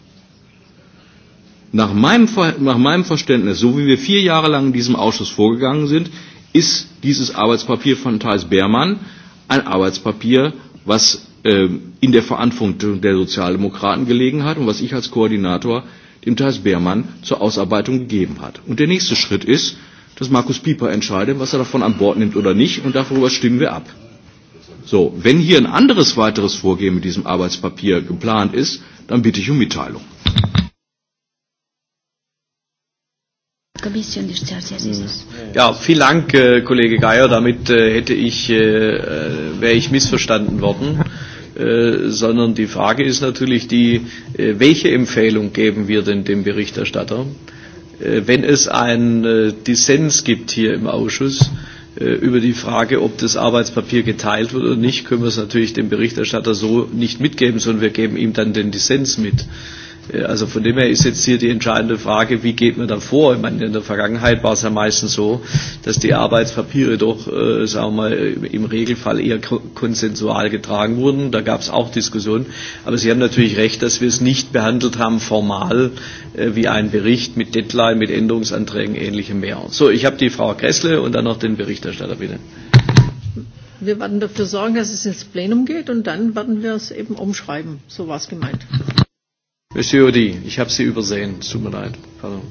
Nach meinem, nach meinem Verständnis, so wie wir vier Jahre lang in diesem Ausschuss vorgegangen sind, ist dieses Arbeitspapier von Thais Beermann ein Arbeitspapier, was äh, in der Verantwortung der Sozialdemokraten gelegen hat und was ich als Koordinator dem Thais Beermann zur Ausarbeitung gegeben hat. Und der nächste Schritt ist, dass Markus Pieper entscheidet, was er davon an Bord nimmt oder nicht, und darüber stimmen wir ab. So, wenn hier ein anderes weiteres Vorgehen mit diesem Arbeitspapier geplant ist, dann bitte ich um Mitteilung. Mm. Ja, vielen Dank, äh, Kollege Geier. Damit äh, hätte ich, äh, äh wäre ich missverstanden worden äh, sondern die Frage ist natürlich die, äh, welche Empfehlung geben wir denn dem Berichterstatter? Äh, wenn es einen äh, Dissens gibt hier im Ausschuss, äh, über die Frage, ob das Arbeitspapier geteilt wird oder nicht, können wir es natürlich dem Berichterstatter so nicht mitgeben, sondern wir geben ihm dann den Dissens mit. Äh, Äh, also von dem her ist jetzt hier die entscheidende Frage, wie geht man da vor? Ich meine, in der Vergangenheit war es ja meistens so, dass die Arbeitspapiere doch, äh, sagen wir mal, äh, im Regelfall eher konsensual getragen wurden. Da gab es auch Diskussionen. Aber Sie haben natürlich recht, dass wir es nicht behandelt haben formal äh, wie ein Bericht mit Deadline, mit Änderungsanträgen, ähnlichem mehr. So, ich habe die Frau Kressle und dann noch den Berichterstatter, bitte. Wir werden dafür sorgen, dass es ins Plenum geht und dann werden wir es eben umschreiben. So war es gemeint. Monsieur Audi, ich habe Sie übersehen, tut mir leid. Pardon.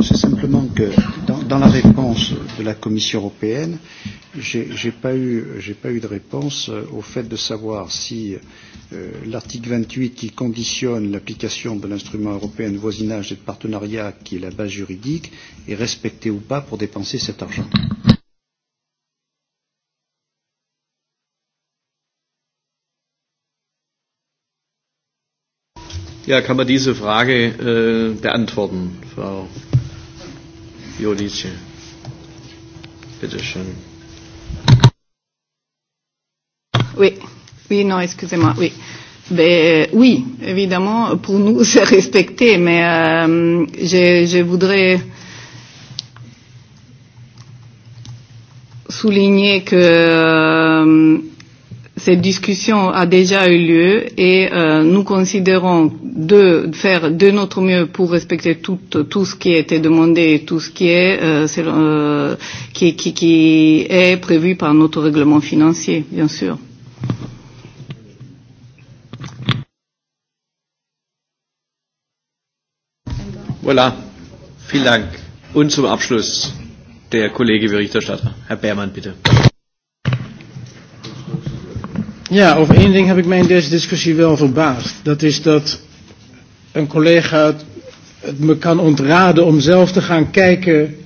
C'est simplement que dans, dans la réponse de la Commission européenne, j'ai pas eu j'ai pas eu de réponse euh, au fait de savoir si euh, l'article 28 qui conditionne l'application de l'instrument européen de voisinage et de partenariat, qui est la base juridique, est respecté ou pas pour dépenser cet argent. Euh, Ja, kann man diese Frage äh, beantworten, Frau Jodice? Bitte schön. Oui, oui, non, excusez-moi, oui. Ben, euh, oui, évidemment, pour nous, c'est respecté, mais euh, je, je voudrais souligner que euh, Cette discussion a déjà eu lieu et euh, nous considérons de faire de notre mieux pour respecter tout, tout ce qui a été demandé et tout ce qui est, euh, est euh, qui, qui, qui est prévu par notre règlement financier, bien sûr. Voilà. Vielen Dank. Und zum Abschluss der Kollege Berichterstatter, Herr Beermann, bitte. Ja, over één ding heb ik mij in deze discussie wel verbaasd. Dat is dat een collega het, het me kan ontraden om zelf te gaan kijken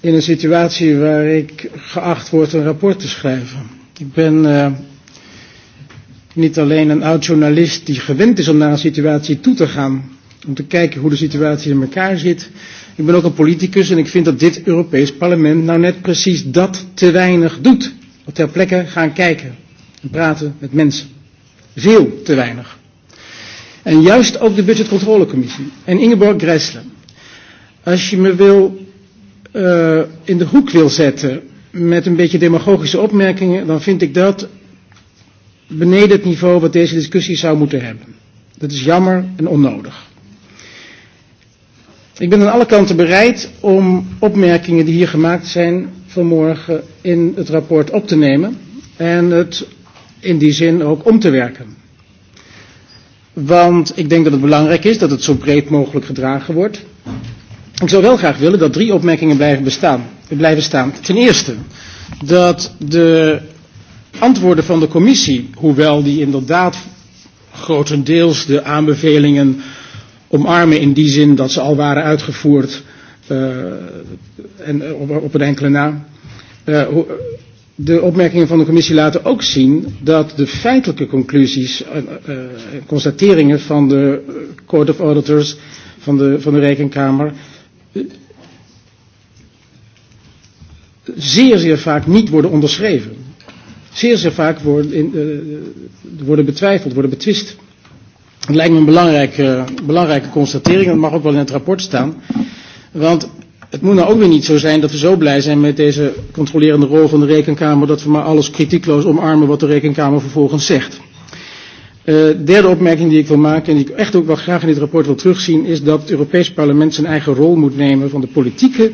in een situatie waar ik geacht word een rapport te schrijven. Ik ben uh, niet alleen een oud journalist die gewend is om naar een situatie toe te gaan, om te kijken hoe de situatie in elkaar zit. Ik ben ook een politicus en ik vind dat dit Europees parlement nou net precies dat te weinig doet. Ter plekke gaan kijken en praten met mensen. Veel te weinig. En juist ook de budgetcontrolecommissie en Ingeborg Gressle. Als je me wil, uh, in de hoek wil zetten met een beetje demagogische opmerkingen, dan vind ik dat beneden het niveau wat deze discussie zou moeten hebben. Dat is jammer en onnodig. Ik ben aan alle kanten bereid om opmerkingen die hier gemaakt zijn vanmorgen in het rapport op te nemen en het in die zin ook om te werken. Want ik denk dat het belangrijk is dat het zo breed mogelijk gedragen wordt. Ik zou wel graag willen dat drie opmerkingen blijven, bestaan, blijven staan. Ten eerste, dat de antwoorden van de commissie, hoewel die inderdaad grotendeels de aanbevelingen omarmen in die zin dat ze al waren uitgevoerd uh, en op, op een enkele na, uh, de opmerkingen van de commissie laten ook zien dat de feitelijke conclusies en uh, uh, eh, eh, constateringen van de eh, Court of Auditors, van de, van de Rekenkamer, uh, zeer, zeer vaak niet worden onderschreven. Zeer, zeer vaak worden, in, uh, worden betwijfeld, worden betwist. Het lijkt me een belangrijke, belangrijke constatering, dat mag ook wel in het rapport staan. Want Het moet nou ook weer niet zo zijn dat we zo blij zijn met deze controlerende rol van de Rekenkamer dat we maar alles kritiekloos omarmen wat de Rekenkamer vervolgens zegt. Uh, derde opmerking die ik wil maken en die ik echt ook wel graag in dit rapport wil terugzien is dat het Europees Parlement zijn eigen rol moet nemen van de politieke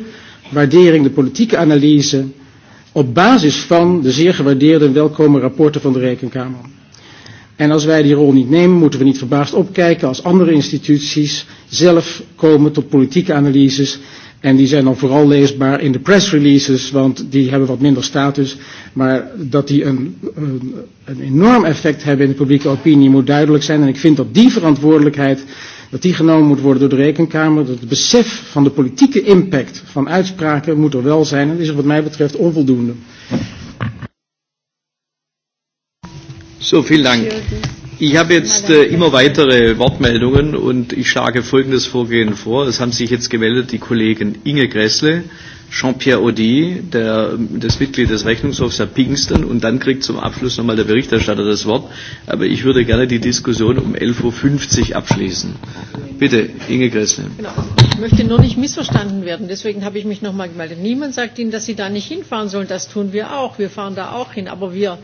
waardering, de politieke analyse op basis van de zeer gewaardeerde en welkome rapporten van de Rekenkamer. En als wij die rol niet nemen, moeten we niet verbaasd opkijken als andere instituties zelf komen tot politieke analyses En die zijn dan vooral leesbaar in de press releases, want die hebben wat minder status. Maar dat die een, een, een enorm effect hebben in de publieke opinie moet duidelijk zijn. En ik vind dat die verantwoordelijkheid, dat die genomen moet worden door de Rekenkamer. Dat het besef van de politieke impact van uitspraken moet er wel zijn. En dat is er wat mij betreft onvoldoende. Zo, so, veel dank. Ich habe jetzt äh, immer weitere Wortmeldungen und ich schlage folgendes Vorgehen vor. Es haben sich jetzt gemeldet die Kollegen Inge Gressle, Jean-Pierre Audi, der, ähm, das Mitglied des Rechnungshofs, Herr Pingsten, und dann kriegt zum Abschluss nochmal der Berichterstatter das Wort. Aber ich würde gerne die Diskussion um 11.50 Uhr abschließen. Bitte, Inge Gressle. Genau. Ich möchte nur nicht missverstanden werden, deswegen habe ich mich nochmal gemeldet. Niemand sagt Ihnen, dass Sie da nicht hinfahren sollen. Das tun wir auch. Wir fahren da auch hin. Aber wir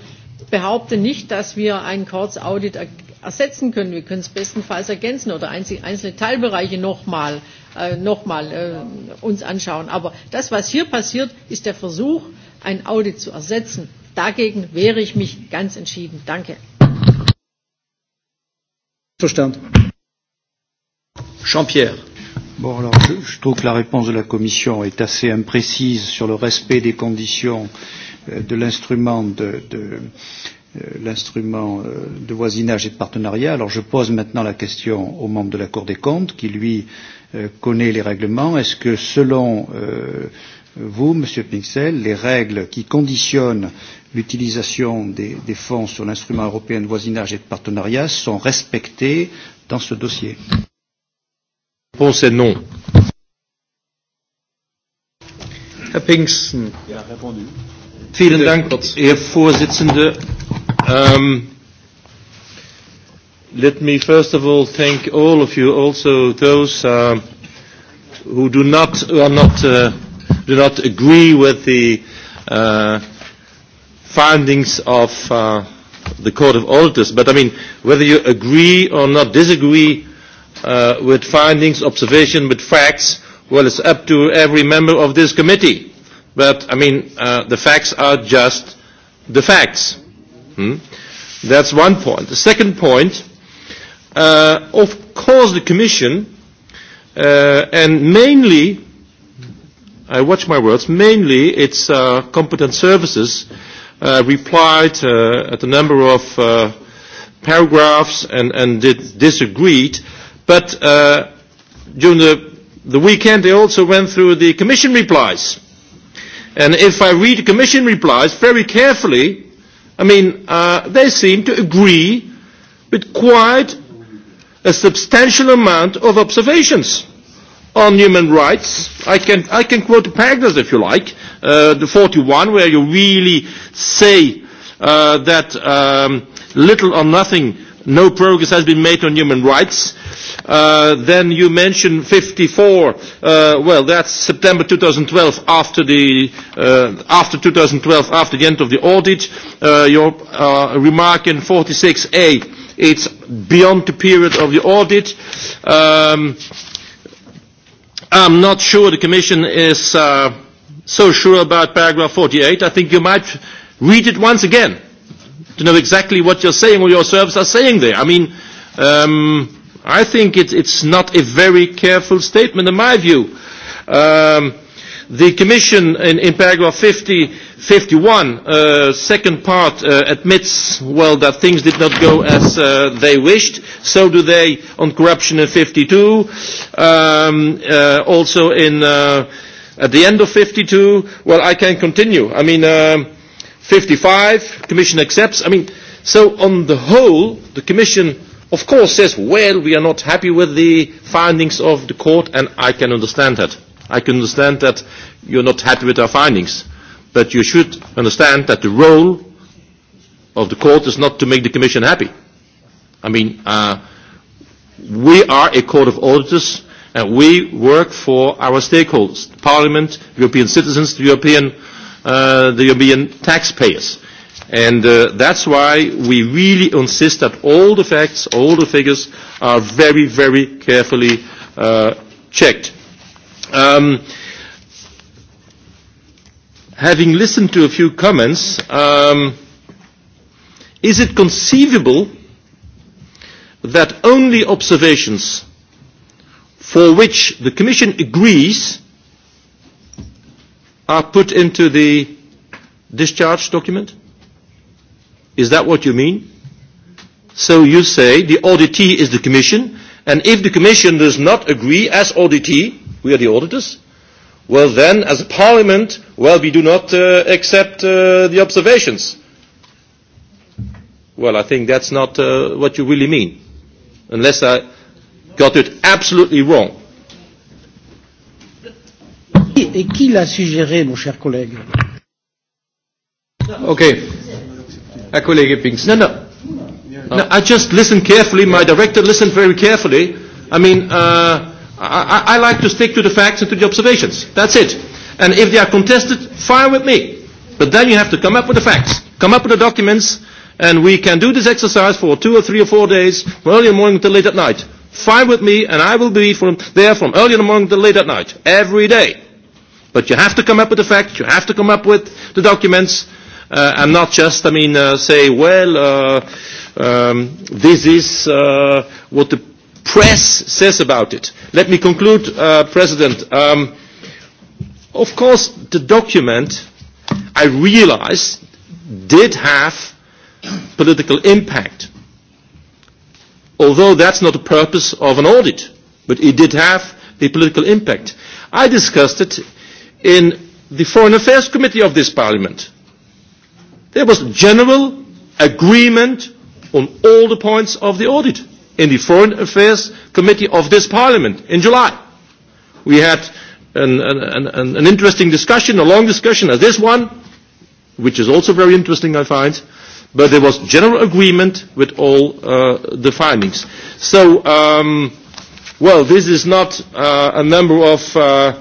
behaupte nicht, dass wir einen Courts Audit er-, ersetzen können. Wir können es bestenfalls ergänzen oder einzelne Teilbereiche nochmal äh, noch mal, äh, uns anschauen. Aber das, was hier passiert, ist der Versuch, ein Audit zu ersetzen. Dagegen wehre ich mich ganz entschieden. Danke. Verstand. Jean-Pierre. Bon, alors, je, je trouve que la réponse de la Commission est assez imprécise sur le respect des conditions euh, de l'instrument de, de euh, l'instrument euh, de voisinage et de partenariat. Alors je pose maintenant la question aux membres de la Cour des comptes qui, lui, euh, connaît les règlements. Est-ce que selon euh, vous, Monsieur Pinksel, les règles qui conditionnent l'utilisation des, des fonds sur l'instrument européen de voisinage et de partenariat sont respectées dans ce dossier La réponse est non. Herr Pinksten. Il a répondu. Vielen de, Dank, wat... heer voorzitter. Um, let me first of all thank all of you, also those uh, who do not, who are not, uh, do not agree with the uh, findings of uh, the Court of Auditors. But I mean, whether you agree or not disagree uh, with findings, observation, with facts, well, it's up to every member of this committee But, I mean, uh, the facts are just the facts. Hmm? That's one point. The second point, uh, of course, the Commission, uh, and mainly, I watch my words, mainly its uh, competent services uh, replied uh, at a number of uh, paragraphs and, and did, disagreed. But uh, during the, the weekend, they also went through the Commission replies And if I read the Commission replies very carefully, I mean, uh, they seem to agree with quite a substantial amount of observations on human rights. I can, I can quote the paragraphs if you like, uh, the 41, where you really say uh, that um, little or nothing no progress has been made on human rights. Uh, then you mentioned 54. Uh, well, that's September 2012, after the uh, after 2012, after the end of the audit. Uh, your uh, remark in 46A, it's beyond the period of the audit. Um, I'm not sure the Commission is uh, so sure about paragraph 48. I think you might read it once again to know exactly what you're saying or your servers are saying there. I mean, um, I think it, it's not a very careful statement in my view. Um, the Commission in, in paragraph 50, 51, uh, second part, uh, admits, well, that things did not go as uh, they wished. So do they on corruption in 52, um, uh, also in, uh, at the end of 52. Well, I can continue. I mean, um, 55, Commission accepts. I mean, so on the whole, the Commission, of course, says, well, we are not happy with the findings of the court, and I can understand that. I can understand that you're not happy with our findings. But you should understand that the role of the court is not to make the Commission happy. I mean, uh, we are a court of auditors, and we work for our stakeholders, Parliament, European citizens, the European uh, the European taxpayers. And uh, that's why we really insist that all the facts, all the figures are very, very carefully uh, checked. Um, having listened to a few comments, um, is it conceivable that only observations for which the Commission agrees are put into the discharge document? Is that what you mean? So you say the auditee is the commission, and if the commission does not agree as auditee, we are the auditors, well then, as a parliament, well, we do not uh, accept uh, the observations. Well, I think that's not uh, what you really mean, unless I got it absolutely wrong. Et qui l'a suggéré, mon cher collègue Okay. Herr Kollege Pinks. No, no. no. I just listened carefully. My director listened very carefully. I mean, uh, I, I like to stick to the facts and to the observations. That's it. And if they are contested, fire with me. But then you have to come up with the facts, come up with the documents, and we can do this exercise for two or three or four days, from early in the morning until late at night. Fine with me, and I will be from there from early in the morning until late at night, every day. But you have to come up with the facts, you have to come up with the documents, uh, and not just, I mean, uh, say, well, uh, um, this is uh, what the press says about it. Let me conclude, uh, President. Um, of course, the document, I realize, did have political impact. Although that's not the purpose of an audit, but it did have a political impact. I discussed it in the Foreign Affairs Committee of this Parliament. There was general agreement on all the points of the audit in the Foreign Affairs Committee of this Parliament in July. We had an, an, an, an interesting discussion, a long discussion as this one, which is also very interesting, I find, but there was general agreement with all uh, the findings. So, um, well, this is not uh, a number of uh,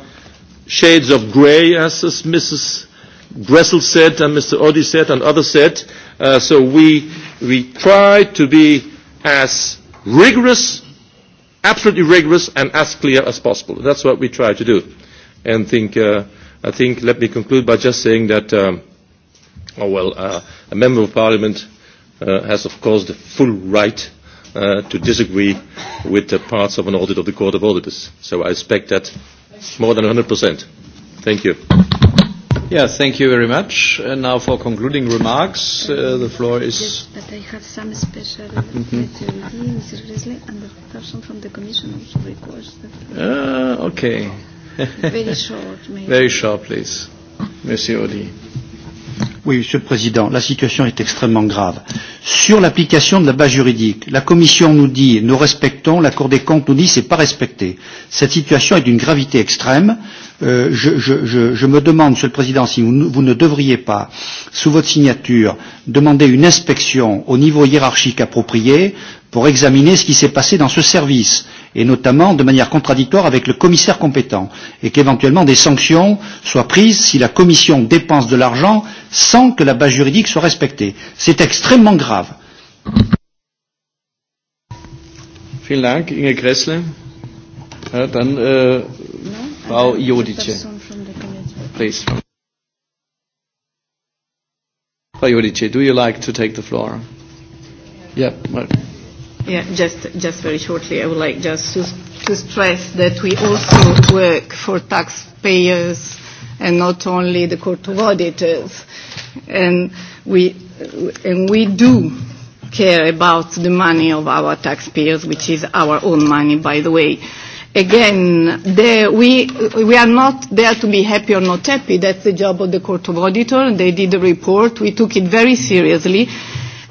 shades of grey, as, as Mrs. Gressel said and Mr. Odi said and others said. Uh, so we, we try to be as rigorous, absolutely rigorous, and as clear as possible. That's what we try to do. And think, uh, I think, let me conclude by just saying that, um, oh well, uh, a member of parliament uh, has, of course, the full right uh, to disagree with the parts of an audit of the Court of Auditors. So I expect that more than 100%. Thank you. Yeah, thank you very much. And now for concluding remarks, uh, the floor is... Yes, but I have some special mm-hmm. Mr. Grizzly, and the person from the Commission also requests that... Uh, okay. very short, maybe. Very short, please. Monsieur Audi. Oui, Monsieur le Président, la situation est extrêmement grave. Sur l'application de la base juridique, la Commission nous dit nous respectons, la Cour des comptes nous dit c'est pas respecté. Cette situation est d'une gravité extrême. Euh, je, je, je, je me demande, Monsieur le Président, si vous, vous ne devriez pas, sous votre signature, demander une inspection au niveau hiérarchique approprié pour examiner ce qui s'est passé dans ce service et notamment de manière contradictoire avec le commissaire compétent, et qu'éventuellement des sanctions soient prises si la Commission dépense de l'argent sans que la base juridique soit respectée. C'est extrêmement grave. Vielen Dank, Inge Kressle. Ja, dann äh, no, Frau Jodice. Please. Frau Jodice, do you like to take the floor? Yeah. Well. Yeah, just, just very shortly, I would like just to, to stress that we also work for taxpayers and not only the Court of Auditors. And we, and we do care about the money of our taxpayers, which is our own money, by the way. Again, there, we, we are not there to be happy or not happy. That's the job of the Court of Auditor. They did a report. We took it very seriously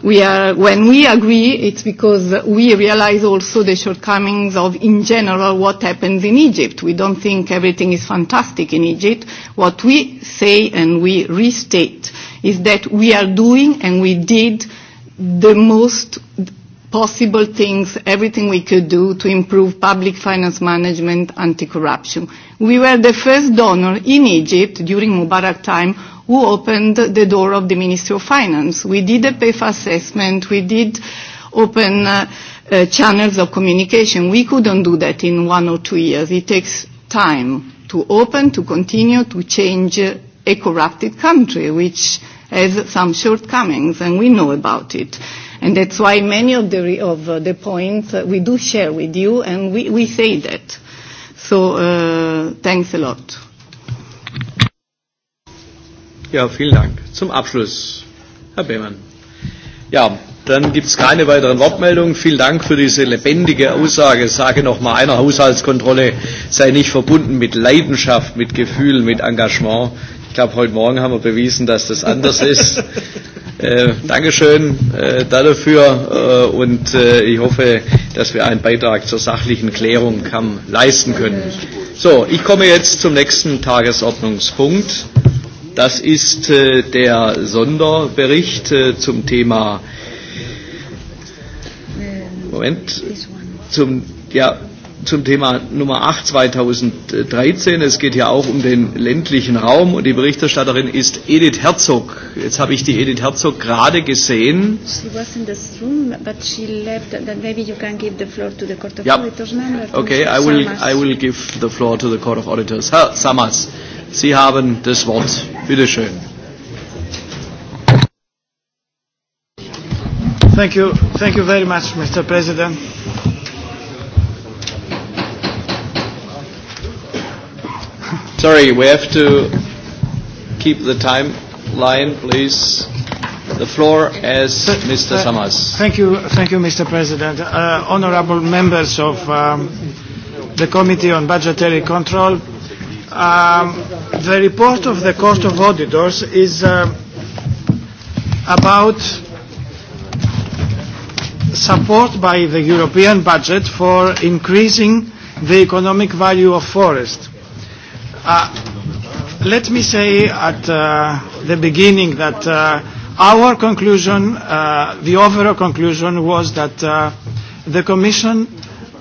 we are, when we agree, it's because we realize also the shortcomings of, in general, what happens in Egypt. We don't think everything is fantastic in Egypt. What we say and we restate is that we are doing and we did the most possible things, everything we could do to improve public finance management, anti-corruption. We were the first donor in Egypt during Mubarak time who opened the door of the Ministry of Finance. We did a PEF assessment. We did open uh, uh, channels of communication. We couldn't do that in one or two years. It takes time to open, to continue, to change uh, a corrupted country, which has some shortcomings, and we know about it. And that's why many of the, re- of, uh, the points uh, we do share with you, and we, we say that. So uh, thanks a lot. Ja, vielen Dank. Zum Abschluss, Herr Behmann. Ja, dann gibt es keine weiteren Wortmeldungen. Vielen Dank für diese lebendige Aussage. Ich sage nochmal, einer Haushaltskontrolle sei nicht verbunden mit Leidenschaft, mit Gefühl, mit Engagement. Ich glaube, heute Morgen haben wir bewiesen, dass das anders ist. Äh, Dankeschön äh, dafür äh, und äh, ich hoffe, dass wir einen Beitrag zur sachlichen Klärung haben leisten können. So, ich komme jetzt zum nächsten Tagesordnungspunkt. Das ist äh, der Sonderbericht äh, zum Thema ähm, Moment zum ja zum Thema Nummer 8 2013. Es geht ja auch um den ländlichen Raum und die Berichterstatterin ist Edith Herzog. Jetzt habe ich die Edith Herzog gerade gesehen. She was in this room, but she left. Then maybe you can give the floor to the Court of yep. Auditors member. Okay, I will, Samas. I will give the floor to the Court of Auditors. Herr Sammers, Sie haben das Wort. Bitte schön. Thank you. Thank you very much, Mr. President. Sorry, we have to keep the timeline, please. The floor as Mr. Uh, Samas. Thank you, thank you, Mr. President. Uh, honorable members of um, the Committee on Budgetary Control, um, the report of the Court of Auditors is uh, about support by the European budget for increasing the economic value of forests. Uh, let me say at uh, the beginning that uh, our conclusion, uh, the overall conclusion was that uh, the Commission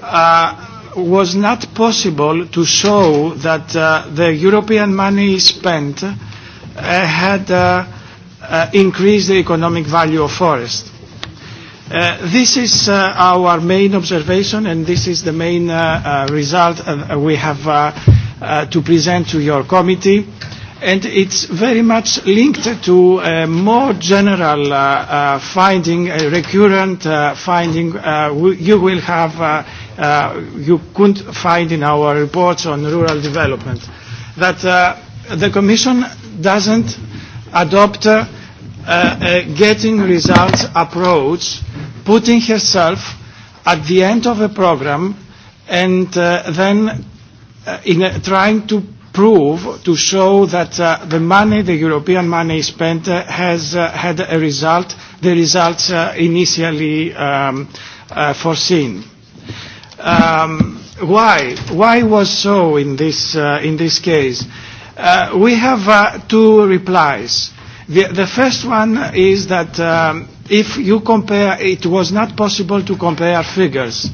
uh, was not possible to show that uh, the European money spent uh, had uh, uh, increased the economic value of forests. Uh, this is uh, our main observation, and this is the main uh, uh, result uh, uh, we have uh, uh, to present to your committee. And it's very much linked to a more general uh, uh, finding, a recurrent uh, finding uh, you will have, uh, uh, you couldn't find in our reports on rural development, that uh, the Commission doesn't adopt uh, uh, a getting results approach putting herself at the end of a program and uh, then uh, in uh, trying to prove, to show that uh, the money, the European money spent, uh, has uh, had a result, the results uh, initially um, uh, foreseen. Um, why? Why was so in this, uh, in this case? Uh, we have uh, two replies. The, the first one is that um, if you compare, it was not possible to compare figures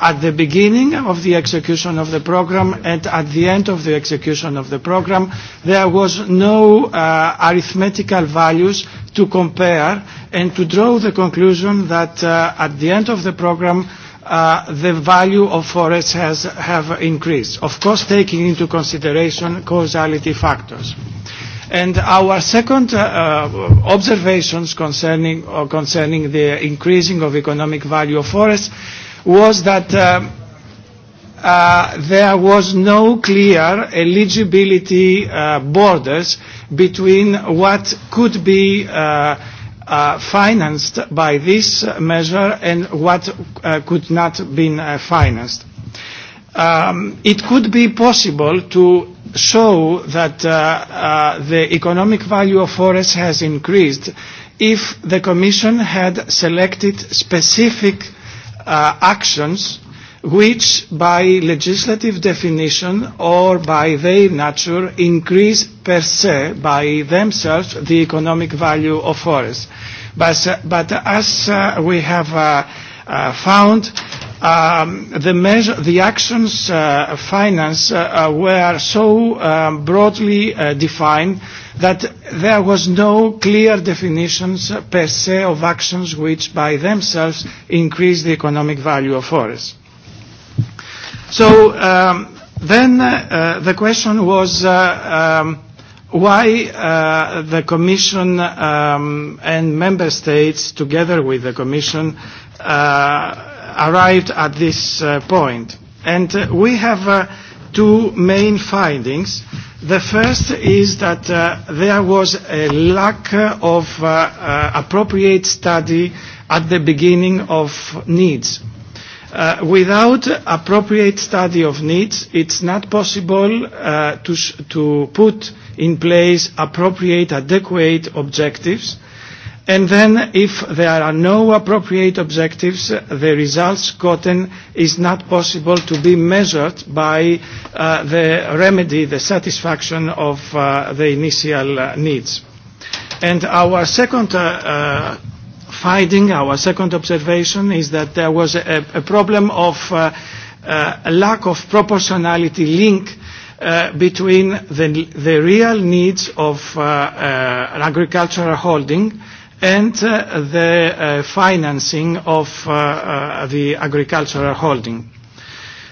at the beginning of the execution of the program and at the end of the execution of the program. There was no uh, arithmetical values to compare and to draw the conclusion that uh, at the end of the program uh, the value of forests has have increased, of course taking into consideration causality factors. Uh, And our second uh, uh, observations concerning, uh, concerning the increasing of economic value of forests was that um, uh, there was no clear eligibility uh, borders between what could be uh, uh, financed by this measure and what uh, could not be uh, financed. Um, it could be possible to show that uh, uh, the economic value of forests has increased if the Commission had selected specific uh, actions which by legislative definition or by their nature increase per se by themselves the economic value of forests. But, uh, but as uh, we have uh, uh, found, uh, um, the, measure, the actions uh, financed uh, uh, were so um, broadly uh, defined that there was no clear definitions uh, per se of actions which by themselves increase the economic value of forests. So um, then uh, uh, the question was uh, um, why uh, the Commission um, and Member States, together with the Commission, uh, arrived at this uh, point. And uh, we have uh, two main findings. The first is that uh, there was a lack of uh, uh, appropriate study at the beginning of needs. Uh, without appropriate study of needs, it's not possible uh, to, sh- to put in place appropriate, adequate objectives uh, and then if there are no appropriate objectives, the results gotten is not possible to be measured by uh, the remedy, the satisfaction of uh, the initial uh, needs. And our second uh, uh, finding, our second observation is that there was a, a problem of uh, uh, a lack of proportionality link uh, between the, the real needs of uh, uh, agricultural holding uh, and uh, the uh, financing of uh, uh, the agricultural holding.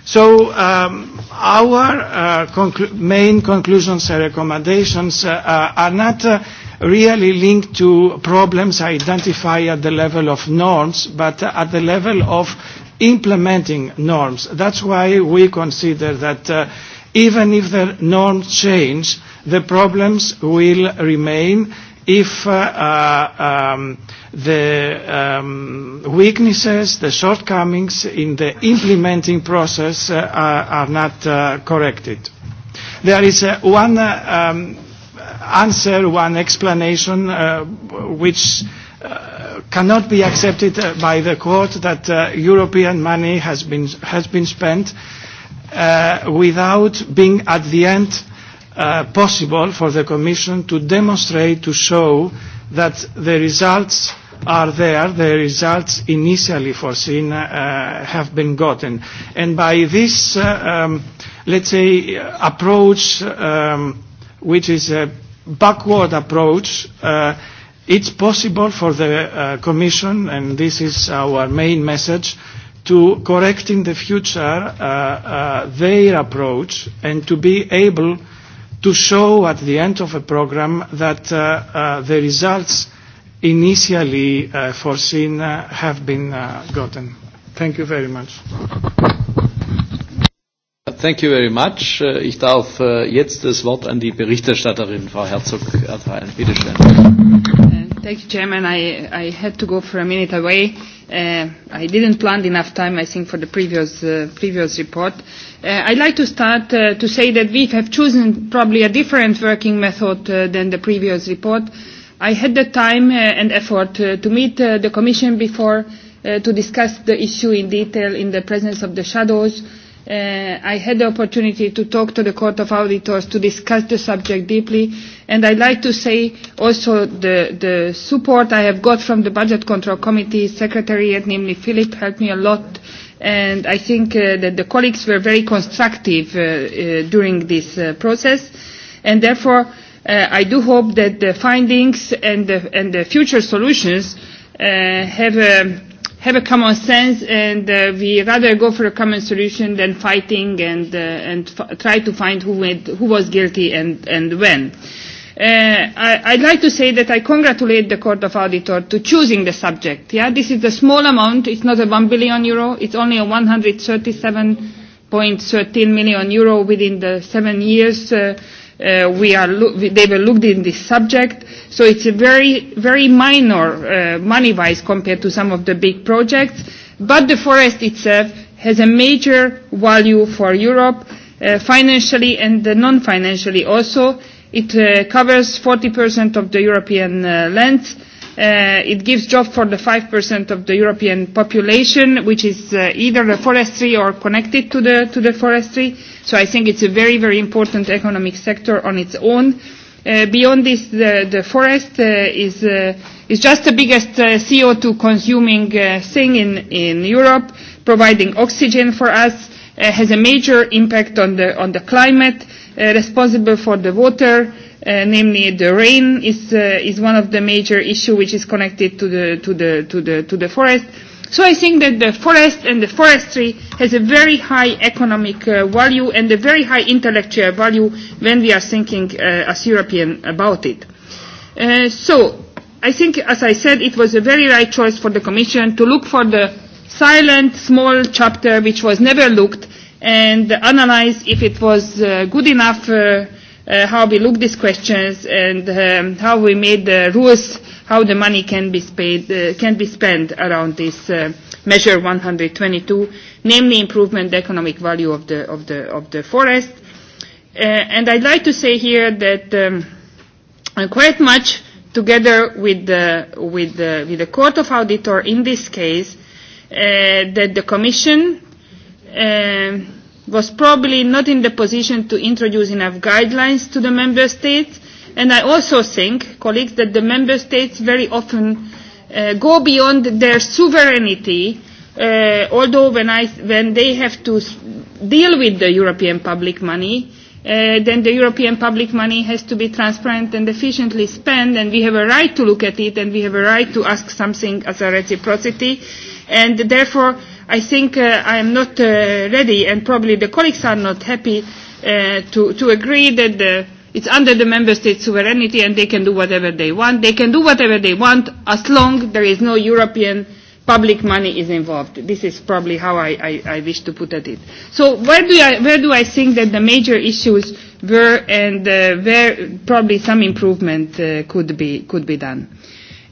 So um, our uh, conclu main conclusions and recommendations uh, uh, are not uh, really linked to problems identified at the level of norms, but at the level of implementing norms. That's why we consider that uh, even if the norms change, the problems will remain if uh, uh, um, the um, weaknesses, the shortcomings in the implementing process uh, are, are not uh, corrected. There is uh, one uh, um, answer, one explanation uh, which uh, cannot be accepted uh, by the court that uh, European money has been, has been spent uh, without being at the end uh, uh, possible for the Commission to demonstrate, to show that the results are there, the results initially foreseen uh, have been gotten. And by this, uh, um, let's say, approach, um, which is a backward approach, uh, it's possible for the uh, Commission, and this is our main message, to correct in the future uh, uh, their approach and to be able to show at the end of a program that uh, uh, the results initially uh, foreseen uh, have been uh, gotten. Thank you very much. Thank you very much. Uh, ich darf uh, jetzt das Wort an die Berichterstatterin, Frau Herzog, erteilen. Bitte schön. Thank you, Chairman. I, I had to go for a minute away. Uh, I didn't plan enough time, I think, for the previous, uh, previous report. Uh, I'd like to start uh, to say that we have chosen probably a different working method uh, than the previous report. I had the time uh, and effort uh, to meet uh, the Commission before uh, to discuss the issue in detail in the presence of the shadows. Uh, Uh, I had the opportunity to talk to the Court of Auditors to discuss the subject deeply, and I'd like to say also the, the support I have got from the Budget Control Committee Secretariat, namely Philip, helped me a lot, and I think uh, that the colleagues were very constructive uh, uh, during this uh, process, and therefore uh, I do hope that the findings and the, and the future solutions uh, have uh, have a common sense and uh, we rather go for a common solution than fighting and, uh, and f- try to find who, made, who was guilty and, and when. Uh, I, I'd like to say that I congratulate the Court of Auditor to choosing the subject. Yeah, this is a small amount. It's not a 1 billion euro. It's only a 137.13 million euro within the seven years uh, uh, we are lo- they were looked in this subject. So it's a very very minor uh, money wise compared to some of the big projects, but the forest itself has a major value for Europe uh, financially and uh, non-financially also. It uh, covers 40% of the European uh, lands Uh, it gives jobs for the 5% of the European population, which is uh, either the forestry or connected to the, to the forestry. So I think it's a very, very important economic sector on its own. Uh, beyond this, the, the forest uh, is, uh, is just the biggest uh, CO2 consuming uh, thing in, in Europe, providing oxygen for us, uh, has a major impact on the, on the climate, uh, responsible for the water, uh, uh, namely the rain is uh, is one of the major issue which is connected to the to the to the to the forest. So I think that the forest and the forestry has a very high economic uh, value and a very high intellectual value when we are thinking uh, as European about it. Uh, so I think, as I said, it was a very right choice for the Commission to look for the silent small chapter which was never looked and analyze if it was uh, good enough uh, uh, how we look these questions and um, how we made the rules how the money can be, spaid, uh, can be spent around this uh, measure 122, namely improvement the economic value of the, of the, of the forest. Uh, and I'd like to say here that um, uh, quite much together with the, with, the, with the Court of Auditor in this case, uh, that the Commission uh, was probably not in the position to introduce enough guidelines to the member states. And I also think, colleagues, that the member states very often uh, go beyond their sovereignty, uh, although when, I, when they have to deal with the European public money, uh, then the European public money has to be transparent and efficiently spent, and we have a right to look at it, and we have a right to ask something as a reciprocity. And therefore, uh, I think uh, I am not uh, ready, and probably the colleagues are not happy uh, to, to agree that the, it's under the member state sovereignty and they can do whatever they want. They can do whatever they want as long there is no European public money is involved. This is probably how I, I, I wish to put at it. So where do, I, where do I think that the major issues were and uh, where probably some improvement uh, could, be, could be done? Uh,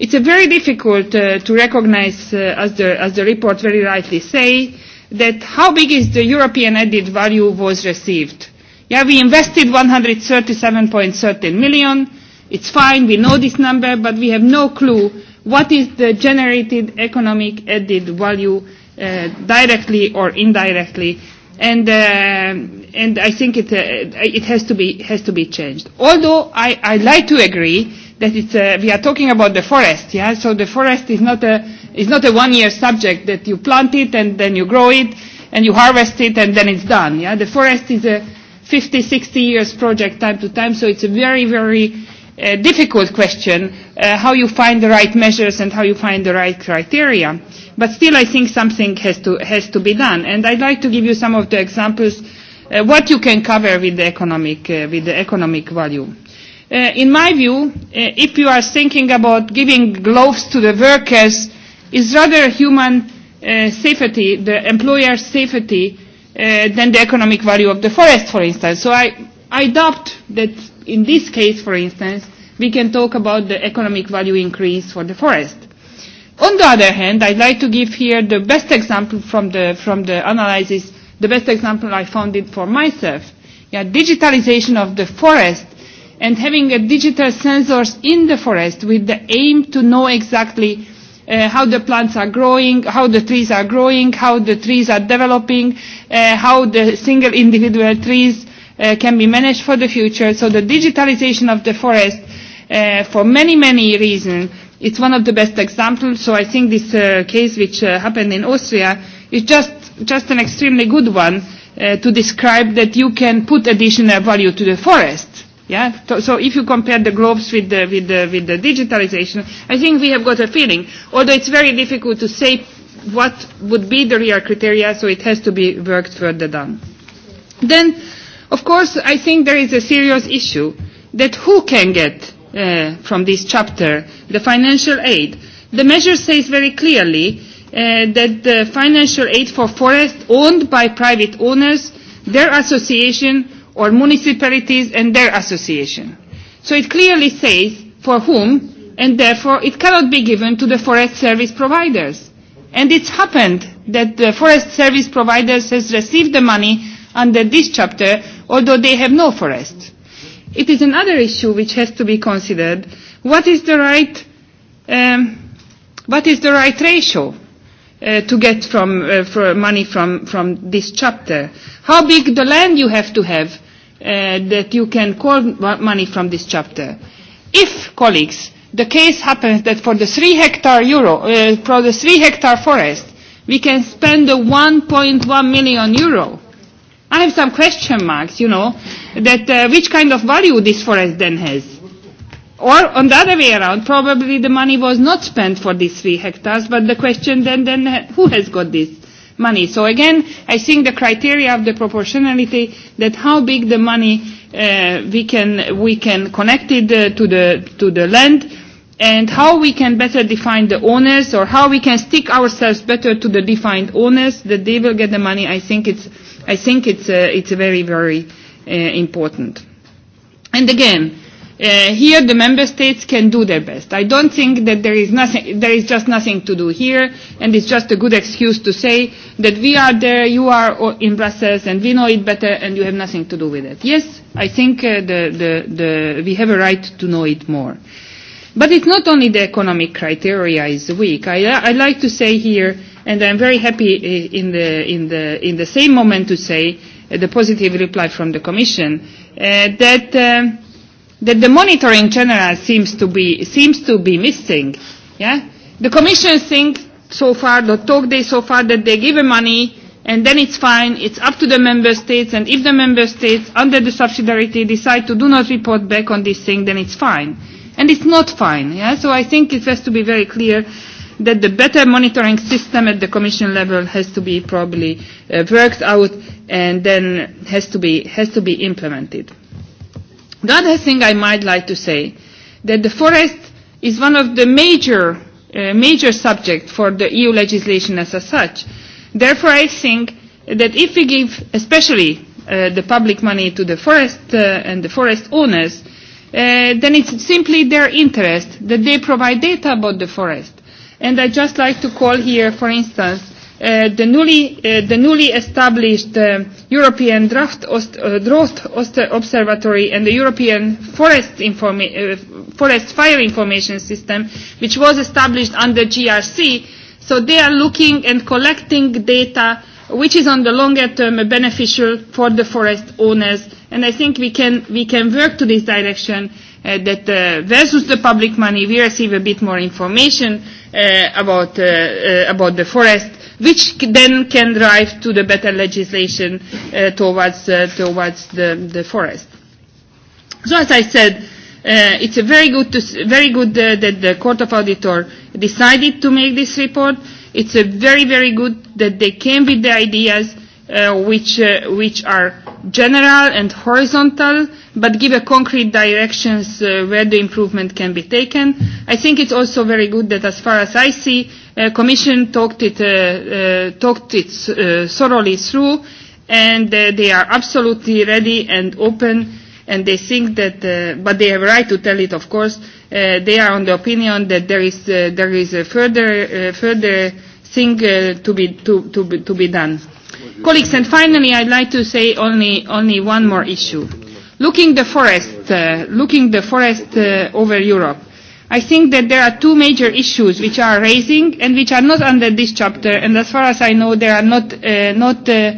It's a very difficult uh, to recognize, uh, as, the, as the report very rightly say, that how big is the European added value was received. Yeah, we invested 137.13 million. It's fine, we know this number, but we have no clue what is the generated economic added value uh, directly or indirectly. And, uh, and I think it, uh, it has, to be, has to be changed. Although I, I like to agree that it's, uh, we are talking about the forest, yeah? So the forest is not a, is not a one-year subject that you plant it and then you grow it and you harvest it and then it's done, yeah? The forest is a 50, 60 years project time to time, so it's a very, very uh, difficult question uh, how you find the right measures and how you find the right criteria. But still, I think something has to, has to be done. And I'd like to give you some of the examples uh, what you can cover with the economic, uh, with the economic value uh, in my view, uh, if you are thinking about giving gloves to the workers, is rather human uh, safety, the employer's safety, uh, than the economic value of the forest, for instance. So I, I doubt that in this case, for instance, we can talk about the economic value increase for the forest. On the other hand, I'd like to give here the best example from the, from the analysis, the best example I found it for myself. Yeah, digitalization of the forest and having a digital sensors in the forest with the aim to know exactly uh, how the plants are growing, how the trees are growing, how the trees are developing, uh, how the single individual trees uh, can be managed for the future. So the digitalization of the forest uh, for many, many reasons, it's one of the best examples. So I think this uh, case which uh, happened in Austria is just, just an extremely good one uh, to describe that you can put additional value to the forest Yeah? So, so if you compare the globes with the, with, the, with the digitalization, I think we have got a feeling, although it's very difficult to say what would be the real criteria, so it has to be worked further down. Then, of course, I think there is a serious issue that who can get uh, from this chapter the financial aid. The measure says very clearly uh, that the financial aid for forests owned by private owners, their association, or municipalities and their association. So it clearly says for whom, and therefore it cannot be given to the forest service providers. And it's happened that the forest service providers has received the money under this chapter, although they have no forest. It is another issue which has to be considered. What is the right, um, what is the right ratio? Uh, to get from, uh, for money from, from this chapter. How big the land you have to have uh, that you can call money from this chapter. If, colleagues, the case happens that for the three hectare euro, uh, for the three hectare forest, we can spend the 1.1 million euro. I have some question marks, you know, that uh, which kind of value this forest then has. Or on the other way around, probably the money was not spent for these three hectares, but the question then, then who has got this? money. So again, I think the criteria of the proportionality that how big the money uh, we can we can connect it uh, to the to the land and how we can better define the owners or how we can stick ourselves better to the defined owners that they will get the money i think it's i think it's uh, it's very very uh, important and again Uh, here, the member states can do their best. I don't think that there is nothing, there is just nothing to do here, and it's just a good excuse to say that we are there, you are in Brussels, and we know it better, and you have nothing to do with it. Yes, I think uh, the, the, the, we have a right to know it more. But it's not only the economic criteria is weak. I, I like to say here, and I'm very happy uh, in the, in the, in the same moment to say uh, the positive reply from the Commission, uh, that. Um, that the monitoring general seems to be, seems to be missing. Yeah? The Commission thinks so far, the talk they so far, that they give money and then it's fine, it's up to the member states, and if the member states under the subsidiarity decide to do not report back on this thing, then it's fine. And it's not fine. Yeah? So I think it has to be very clear that the better monitoring system at the Commission level has to be probably uh, worked out and then has to be, has to be implemented. The other thing I might like to say, that the forest is one of the major, uh, major subject for the EU legislation as a such. Therefore, I think that if we give, especially uh, the public money to the forest uh, and the forest owners, uh, then it's simply their interest that they provide data about the forest. And I'd just like to call here, for instance, Uh, the newly, uh, the newly established uh, European Draft, Ost, uh, Draft Ost Observatory and the European Forest, informi- uh, Forest Fire Information System, which was established under GRC. So they are looking and collecting data which is on the longer term beneficial for the forest owners. And I think we can, we can work to this direction uh, that uh, versus the public money, we receive a bit more information uh, about, uh, uh, about the forest which then can drive to the better legislation uh, towards, uh, towards the, the forest. So as I said, uh, it's a very good, to, very good uh, that the Court of Auditor decided to make this report. It's a very, very good that they came with the ideas uh, which, uh, which are general and horizontal, but give a concrete directions uh, where the improvement can be taken. I think it's also very good that as far as I see, uh, Uh, Commission talked it, uh, uh, talked it uh, thoroughly through, and uh, they are absolutely ready and open. And they think that, uh, but they have a right to tell it, of course. Uh, they are on the opinion that there is uh, there is a further uh, further thing uh, to be to to be, to be done. Colleagues, and finally, I'd like to say only only one more issue. Looking the forest, uh, looking the forest uh, over Europe. Uh, I think that there are two major issues which are raising and which are not under this chapter, and as far as I know, they are not, uh, not uh,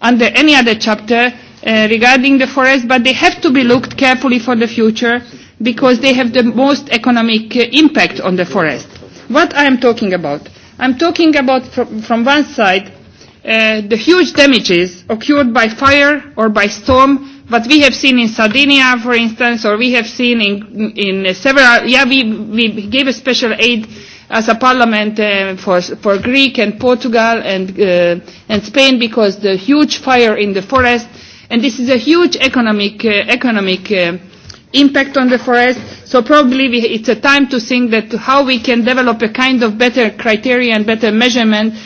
under any other chapter uh, regarding the forest, but they have to be looked carefully for the future because they have the most economic uh, impact on the forest. What I am talking about? I'm talking about, from, from one side, uh, the huge damages occurred by fire or by storm what we have seen in Sardinia, for instance, or we have seen in, in several, yeah, we, we gave a special aid as a parliament uh, for, for Greek and Portugal and, uh, and Spain because the huge fire in the forest, and this is a huge economic, uh, economic uh, impact on the forest. So probably we, it's a time to think that how we can develop a kind of better criteria and better measurement uh,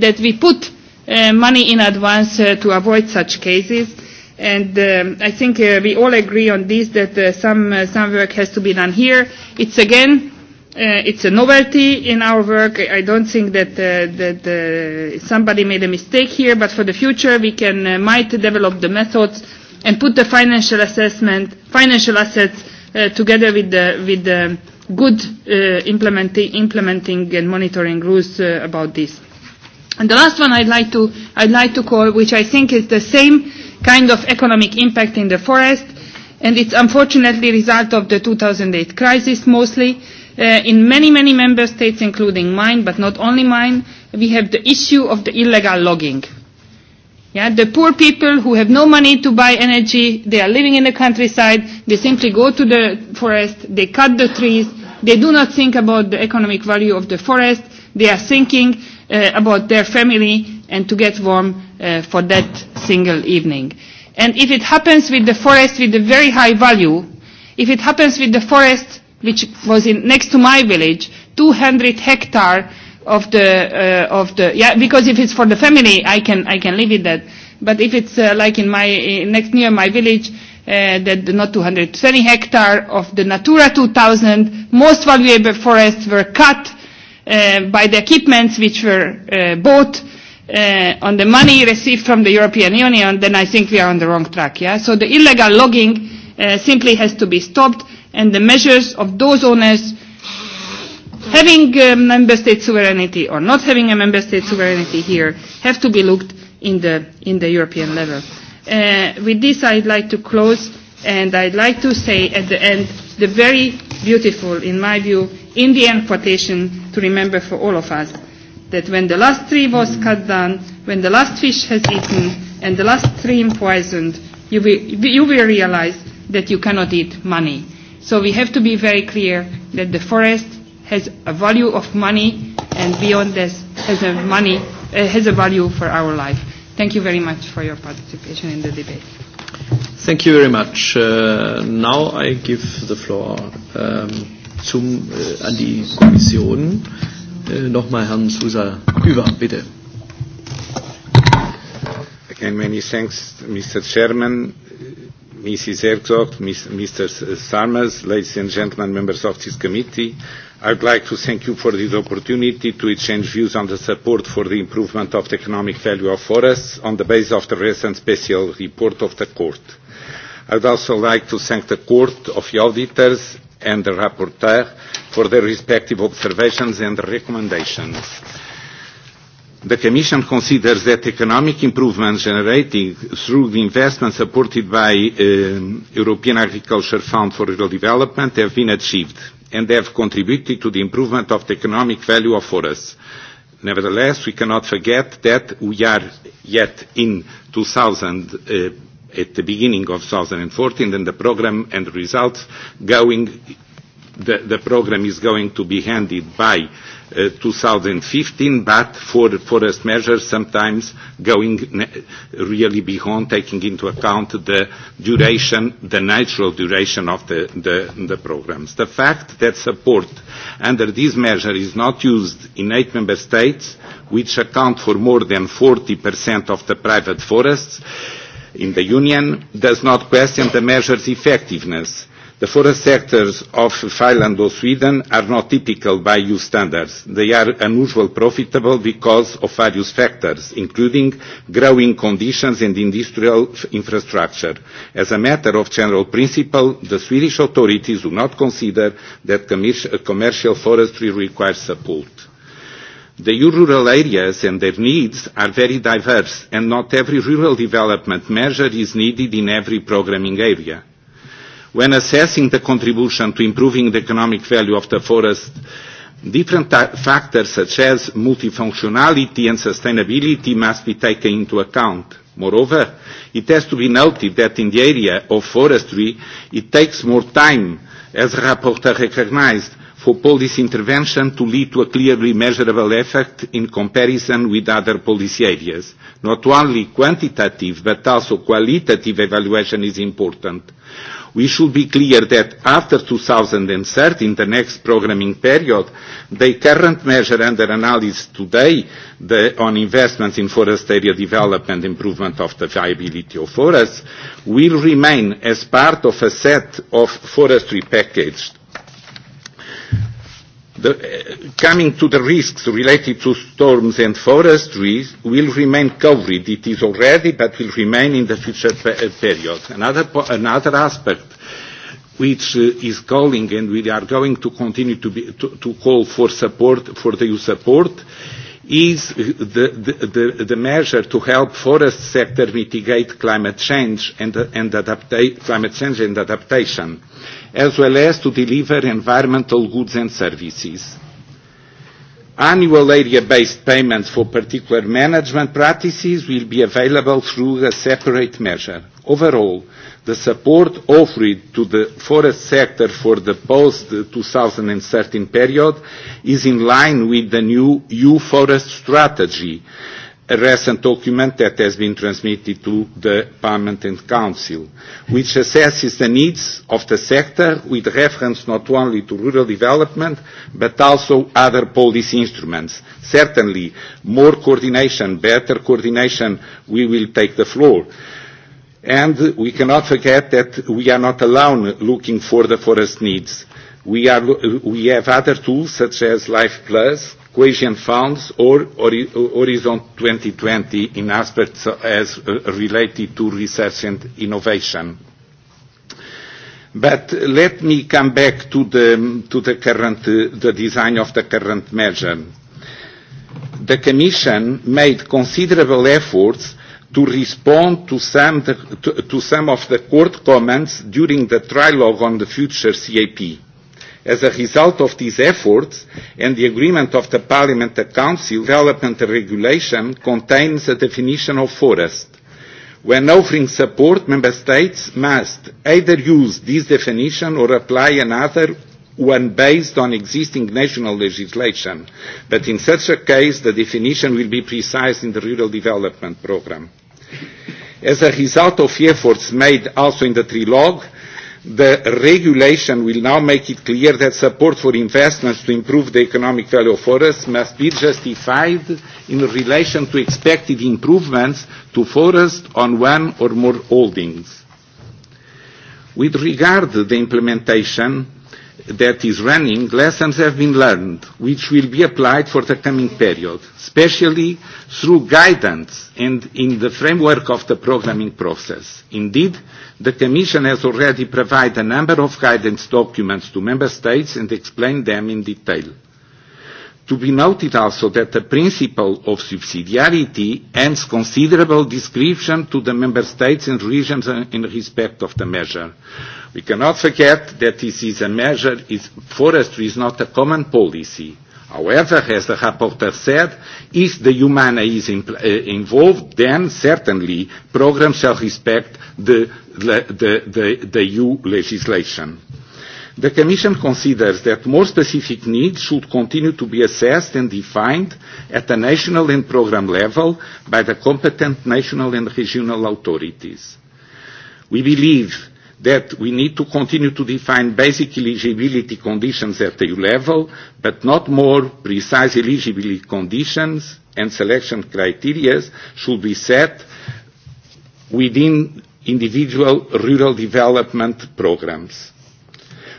that we put uh, money in advance uh, to avoid such cases. And um, I think uh, we all agree on this that uh, some, uh, some work has to be done here. It's again, uh, it's a novelty in our work. I don't think that, uh, that uh, somebody made a mistake here, but for the future we can, uh, might develop the methods and put the financial assessment, financial assets uh, together with the, with the good uh, implementing, implementing and monitoring rules uh, about this. And the last one I'd like to, I'd like to call, which I think is the same kind of economic impact in the forest, and it's unfortunately a result of the 2008 crisis mostly. Uh, in many, many member states, including mine, but not only mine, we have the issue of the illegal logging. Yeah, the poor people who have no money to buy energy, they are living in the countryside, they simply go to the forest, they cut the trees, they do not think about the economic value of the forest, they are thinking uh, about their family and to get warm uh, for that single evening. And if it happens with the forest with a very high value, if it happens with the forest which was in, next to my village, 200 hectare of the, uh, of the, yeah, because if it's for the family, I can, I can live with that. But if it's uh, like in my, uh, next near my village, uh, that not 220 hectare of the Natura 2000 most valuable forests were cut uh, uh, by the equipments which were uh, bought uh, on the money received from the European Union, then I think we are on the wrong track. Yeah? So the illegal logging uh, simply has to be stopped, and the measures of those owners having a member state sovereignty or not having a member state sovereignty here have to be looked in the, in the European level. Uh, with this, I'd like to close And I'd like to say at the end, the very beautiful, in my view, Indian quotation to remember for all of us, that when the last tree was cut down, when the last fish has eaten, and the last stream poisoned, you will, you will realize that you cannot eat money. So we have to be very clear that the forest has a value of money, and beyond this, has a money uh, has a value for our life. Thank you very much for your participation in the debate. Thank you very much. Uh, now I give the floor um, zum, äh, an die Kommission. Äh, Nochmal Herrn Susa Güver, bitte. Again, many thanks, Mr. Chairman, uh, Mrs. Herzog, Mr. Summers, ladies and gentlemen, members of this committee. I would like to thank you for this opportunity to exchange views on the support for the improvement of the economic value of forests on the basis of the recent special report of the Court. Uh, I would also like to thank the Court of the Auditors and the Rapporteur for their respective observations and recommendations. The Commission considers that economic improvements generated through the investment supported by um, European Agriculture Fund for Rural Development have been achieved and have contributed to the improvement of the economic value of forests. Nevertheless, we cannot forget that we are yet in 2000, uh, at the beginning of 2014, and the program and results going, the, the program is going to be handed by uh, 2015, but for forest measures, sometimes going really beyond, taking into account the duration, the natural duration of the, the, the programs. The fact that support under this measure is not used in eight member states, which account for more than 40% of the private forests, uh, in the Union does not question the measure's effectiveness. The forest sectors of Finland or Sweden are not typical by EU standards. They are unusually profitable because of various factors, including growing conditions and industrial infrastructure. As a matter of general principle, the Swedish authorities do not consider that commercial forestry requires support. The rural areas and their needs are very diverse, and not every rural development measure is needed in every programming area. When assessing the contribution to improving the economic value of the forest, different factors such as multifunctionality and sustainability must be taken into account. Moreover, it has to be noted that in the area of forestry, it takes more time, as the rapporteur recognized, for police intervention to lead to a clearly measurable effect in comparison with other policy areas. Not only quantitative but also qualitative evaluation is important. We should be clear that after 2013, the next programming period, the current measure under analysis today the, on investments in forest area development improvement of the viability of forests will remain as part of a set of forestry package The, uh, coming to the risks related to storms and forestries will remain covered. It is already, but will remain in the future pe uh, period. Another, another aspect which uh, is calling, and we are going to continue to, be, to, to call for support, for the EU support, is the, the, the, the measure to help forest sector mitigate climate change and, and adaptate, climate change and adaptation as well as to deliver environmental goods and services. Annual area-based payments for particular management practices will be available through a separate measure. Overall, the support offered to the forest sector for the post-2013 period is in line with the new EU forest strategy, a recent document that has been transmitted to the Parliament and Council, which assesses the needs of the sector with reference not only to rural development, but also other policy instruments. Certainly, more coordination, better coordination, we will take the floor. And we cannot forget that we are not alone looking for the forest needs. We, are, we have other tools such as Life Plus, cohesion funds or Horizon 2020 in aspects as uh, related to research and innovation. But let me come back to the, to the current, uh, the design of the current measure. The Commission made considerable efforts to respond to some, to, to some of the court comments during the trilogue on the future CAP As a result of these efforts and the agreement of the Parliament and Council, development regulation contains a definition of forest. When offering support, Member States must either use this definition or apply another one based on existing national legislation. But in such a case, the definition will be precise in the Rural Development Programme. As a result of efforts made also in the trilogue, the regulation will now make it clear that support for investments to improve the economic value of forests must be justified in relation to expected improvements to forests on one or more holdings. With regard to the implementation, that is running, lessons have been learned, which will be applied for the coming period, especially through guidance and in the framework of the programming process. Indeed, the Commission has already provided a number of guidance documents to Member States and explained them in detail. To be noted also that the principle of subsidiarity ends considerable discretion to the member states and regions in respect of the measure. We cannot forget that this is a measure, is, forestry is not a common policy. However, as the rapporteur said, if the humana is in, uh, involved, then certainly programs shall respect the, the, the, the, the EU legislation. Uh, The Commission considers that more specific needs should continue to be assessed and defined at the national and programme level by the competent national and regional authorities. We believe that we need to continue to define basic eligibility conditions at EU level, but not more precise eligibility conditions and selection criteria should be set within individual rural development programs.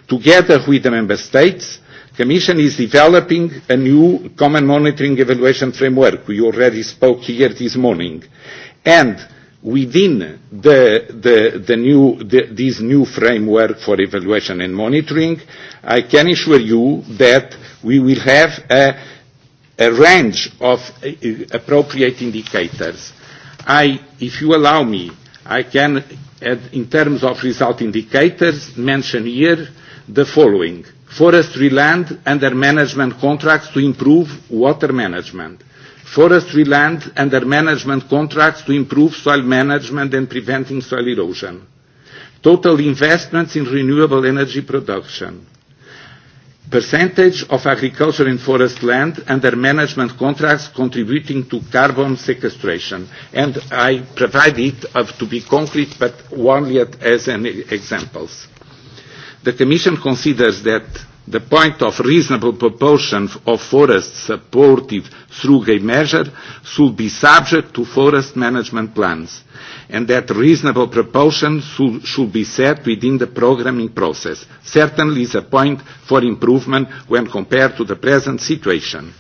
Together with the Member States, Commission is developing a new common monitoring evaluation framework. We already spoke here this morning. And within the, the, the new, the, this new framework for evaluation and monitoring, I can assure you that we will have a, a range of uh, uh appropriate indicators. I, if you allow me, I can, uh, in terms of result indicators, mention here the following: forestry land under management contracts to improve water management, forestry land under management contracts to improve soil management and preventing soil erosion, total investments in renewable energy production, percentage of agriculture and forest land under management contracts contributing to carbon sequestration. And I provide it uh, to be concrete, but only at, as an examples. The Commission considers that the point of reasonable proportion of forests supported through a measure should be subject to forest management plans, and that reasonable proportion should, should be set within the programming process. Certainly is a point for improvement when compared to the present situation.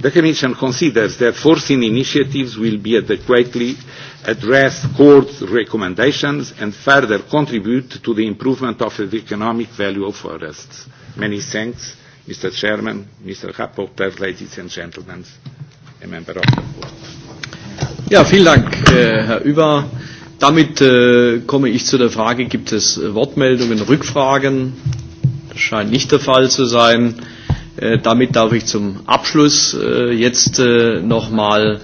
The Commission considers that forcing initiatives will be adequately uh, address court's recommendations and further contribute to the improvement of the economic value of forests. Many thanks, Mr. Chairman, Mr. Rapporteur, ladies and gentlemen, a member of the board. Ja, vielen Dank, äh, Herr Über. Damit äh, komme ich zu der Frage, gibt es Wortmeldungen, Rückfragen? Das scheint nicht der Fall zu sein. Äh, damit darf ich zum Abschluss äh, jetzt äh, nochmal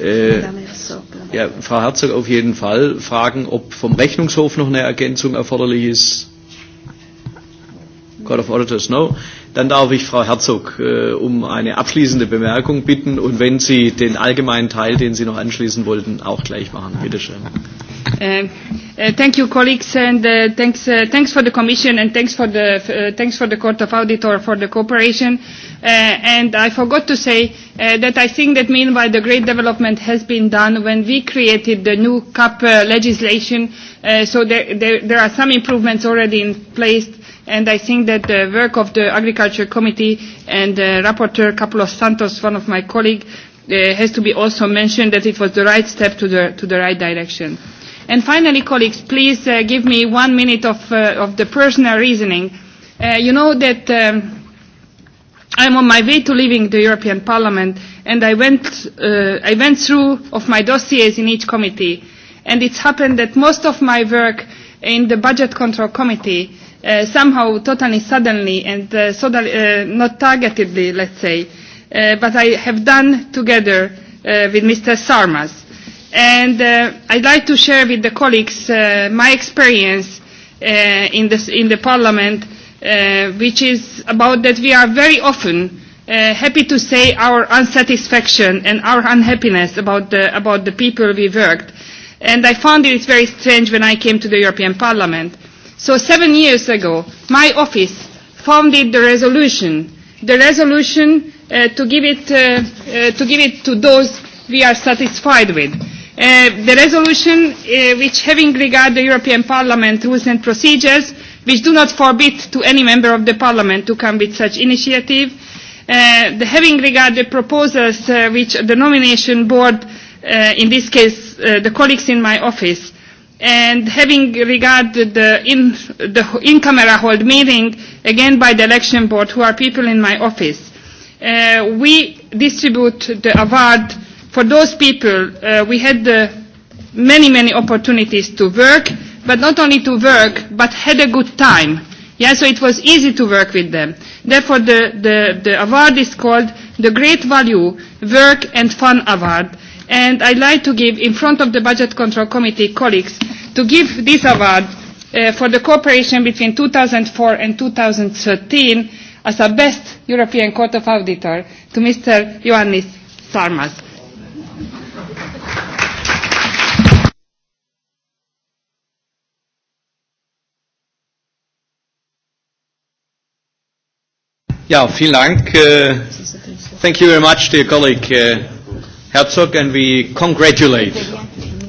äh, Ja, Frau Herzog auf jeden Fall fragen, ob vom Rechnungshof noch eine Ergänzung erforderlich ist. Court of Auditors, no. Dann darf ich Frau Herzog äh, um eine abschließende Bemerkung bitten und wenn Sie den allgemeinen Teil, den Sie noch anschließen wollten, auch gleich machen. Bitte schön. Uh, uh, thank you, colleagues, and uh, thanks, uh, thanks for the Commission and thanks for the, uh, thanks for the Court of Auditor for the cooperation. Uh, and I forgot to say uh, that I think that meanwhile the great development has been done when we created the new CAP uh, legislation. Uh, so there, there, there are some improvements already in place and I think that the work of the Agriculture Committee and the rapporteur Capoulos Santos, one of my colleagues, uh, has to be also mentioned that it was the right step to the, to the right direction. And finally, colleagues, please uh, give me one minute of, uh, of the personal reasoning. Uh, you know that um, I'm on my way to leaving the European Parliament, and I went, uh, I went through of my dossiers in each committee. And it's happened that most of my work in the Budget Control Committee uh, somehow totally suddenly and uh, so that, uh, not targetedly, let's say, uh, but I have done together uh, with Mr. Sarmas. And uh, I'd like to share with the colleagues uh, my experience uh, in, this, in the Parliament, uh, which is about that we are very often uh, happy to say our unsatisfaction and our unhappiness about the, about the people we worked. And I found it very strange when I came to the European Parliament. Uh, So seven years ago, my office founded the resolution, the resolution uh, to, give it, uh, uh, to give it to those we are satisfied with. Uh, the resolution uh, which having regard the European Parliament rules and procedures which do not forbid to any member of the Parliament to come with such initiative, uh, the having regard the proposals uh, which the nomination board, uh, in this case uh, the colleagues in my office, and having regard to the in the in camera hold meeting again by the election board who are people in my office uh, we distribute the award for those people uh, we had uh, many many opportunities to work but not only to work but had a good time yeah so it was easy to work with them therefore the the, the award is called the great value work and fun award and I'd like to give, in front of the Budget Control Committee colleagues, to give this award uh, for the cooperation between 2004 and 2013 as a best European Court of Auditor to Mr. Ioannis Sarmas. Yeah, vielen Dank. Uh, thank you very much, dear colleague. Uh, Herzog, and we congratulate,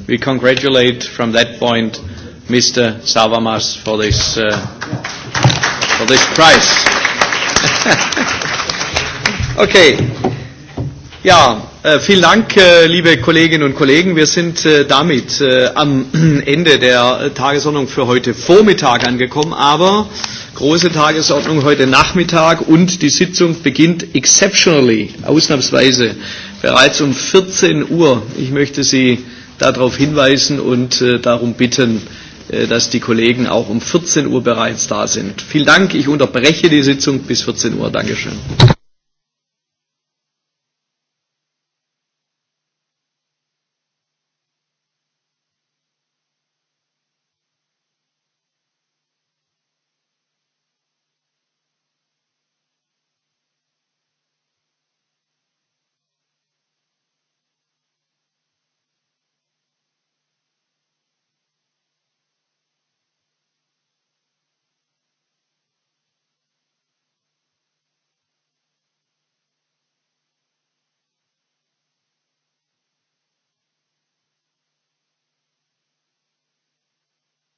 we congratulate from that point Mr. Savamas for this, uh, for this prize. okay. Ja, äh, vielen Dank, äh, liebe Kolleginnen und Kollegen. Wir sind äh, damit äh, am Ende der äh, Tagesordnung für heute Vormittag angekommen, aber große Tagesordnung heute Nachmittag und die Sitzung beginnt exceptionally, ausnahmsweise bereits um 14 Uhr. Ich möchte Sie darauf hinweisen und äh, darum bitten, äh, dass die Kollegen auch um 14 Uhr bereits da sind. Vielen Dank. Ich unterbreche die Sitzung bis 14 Uhr. Dankeschön.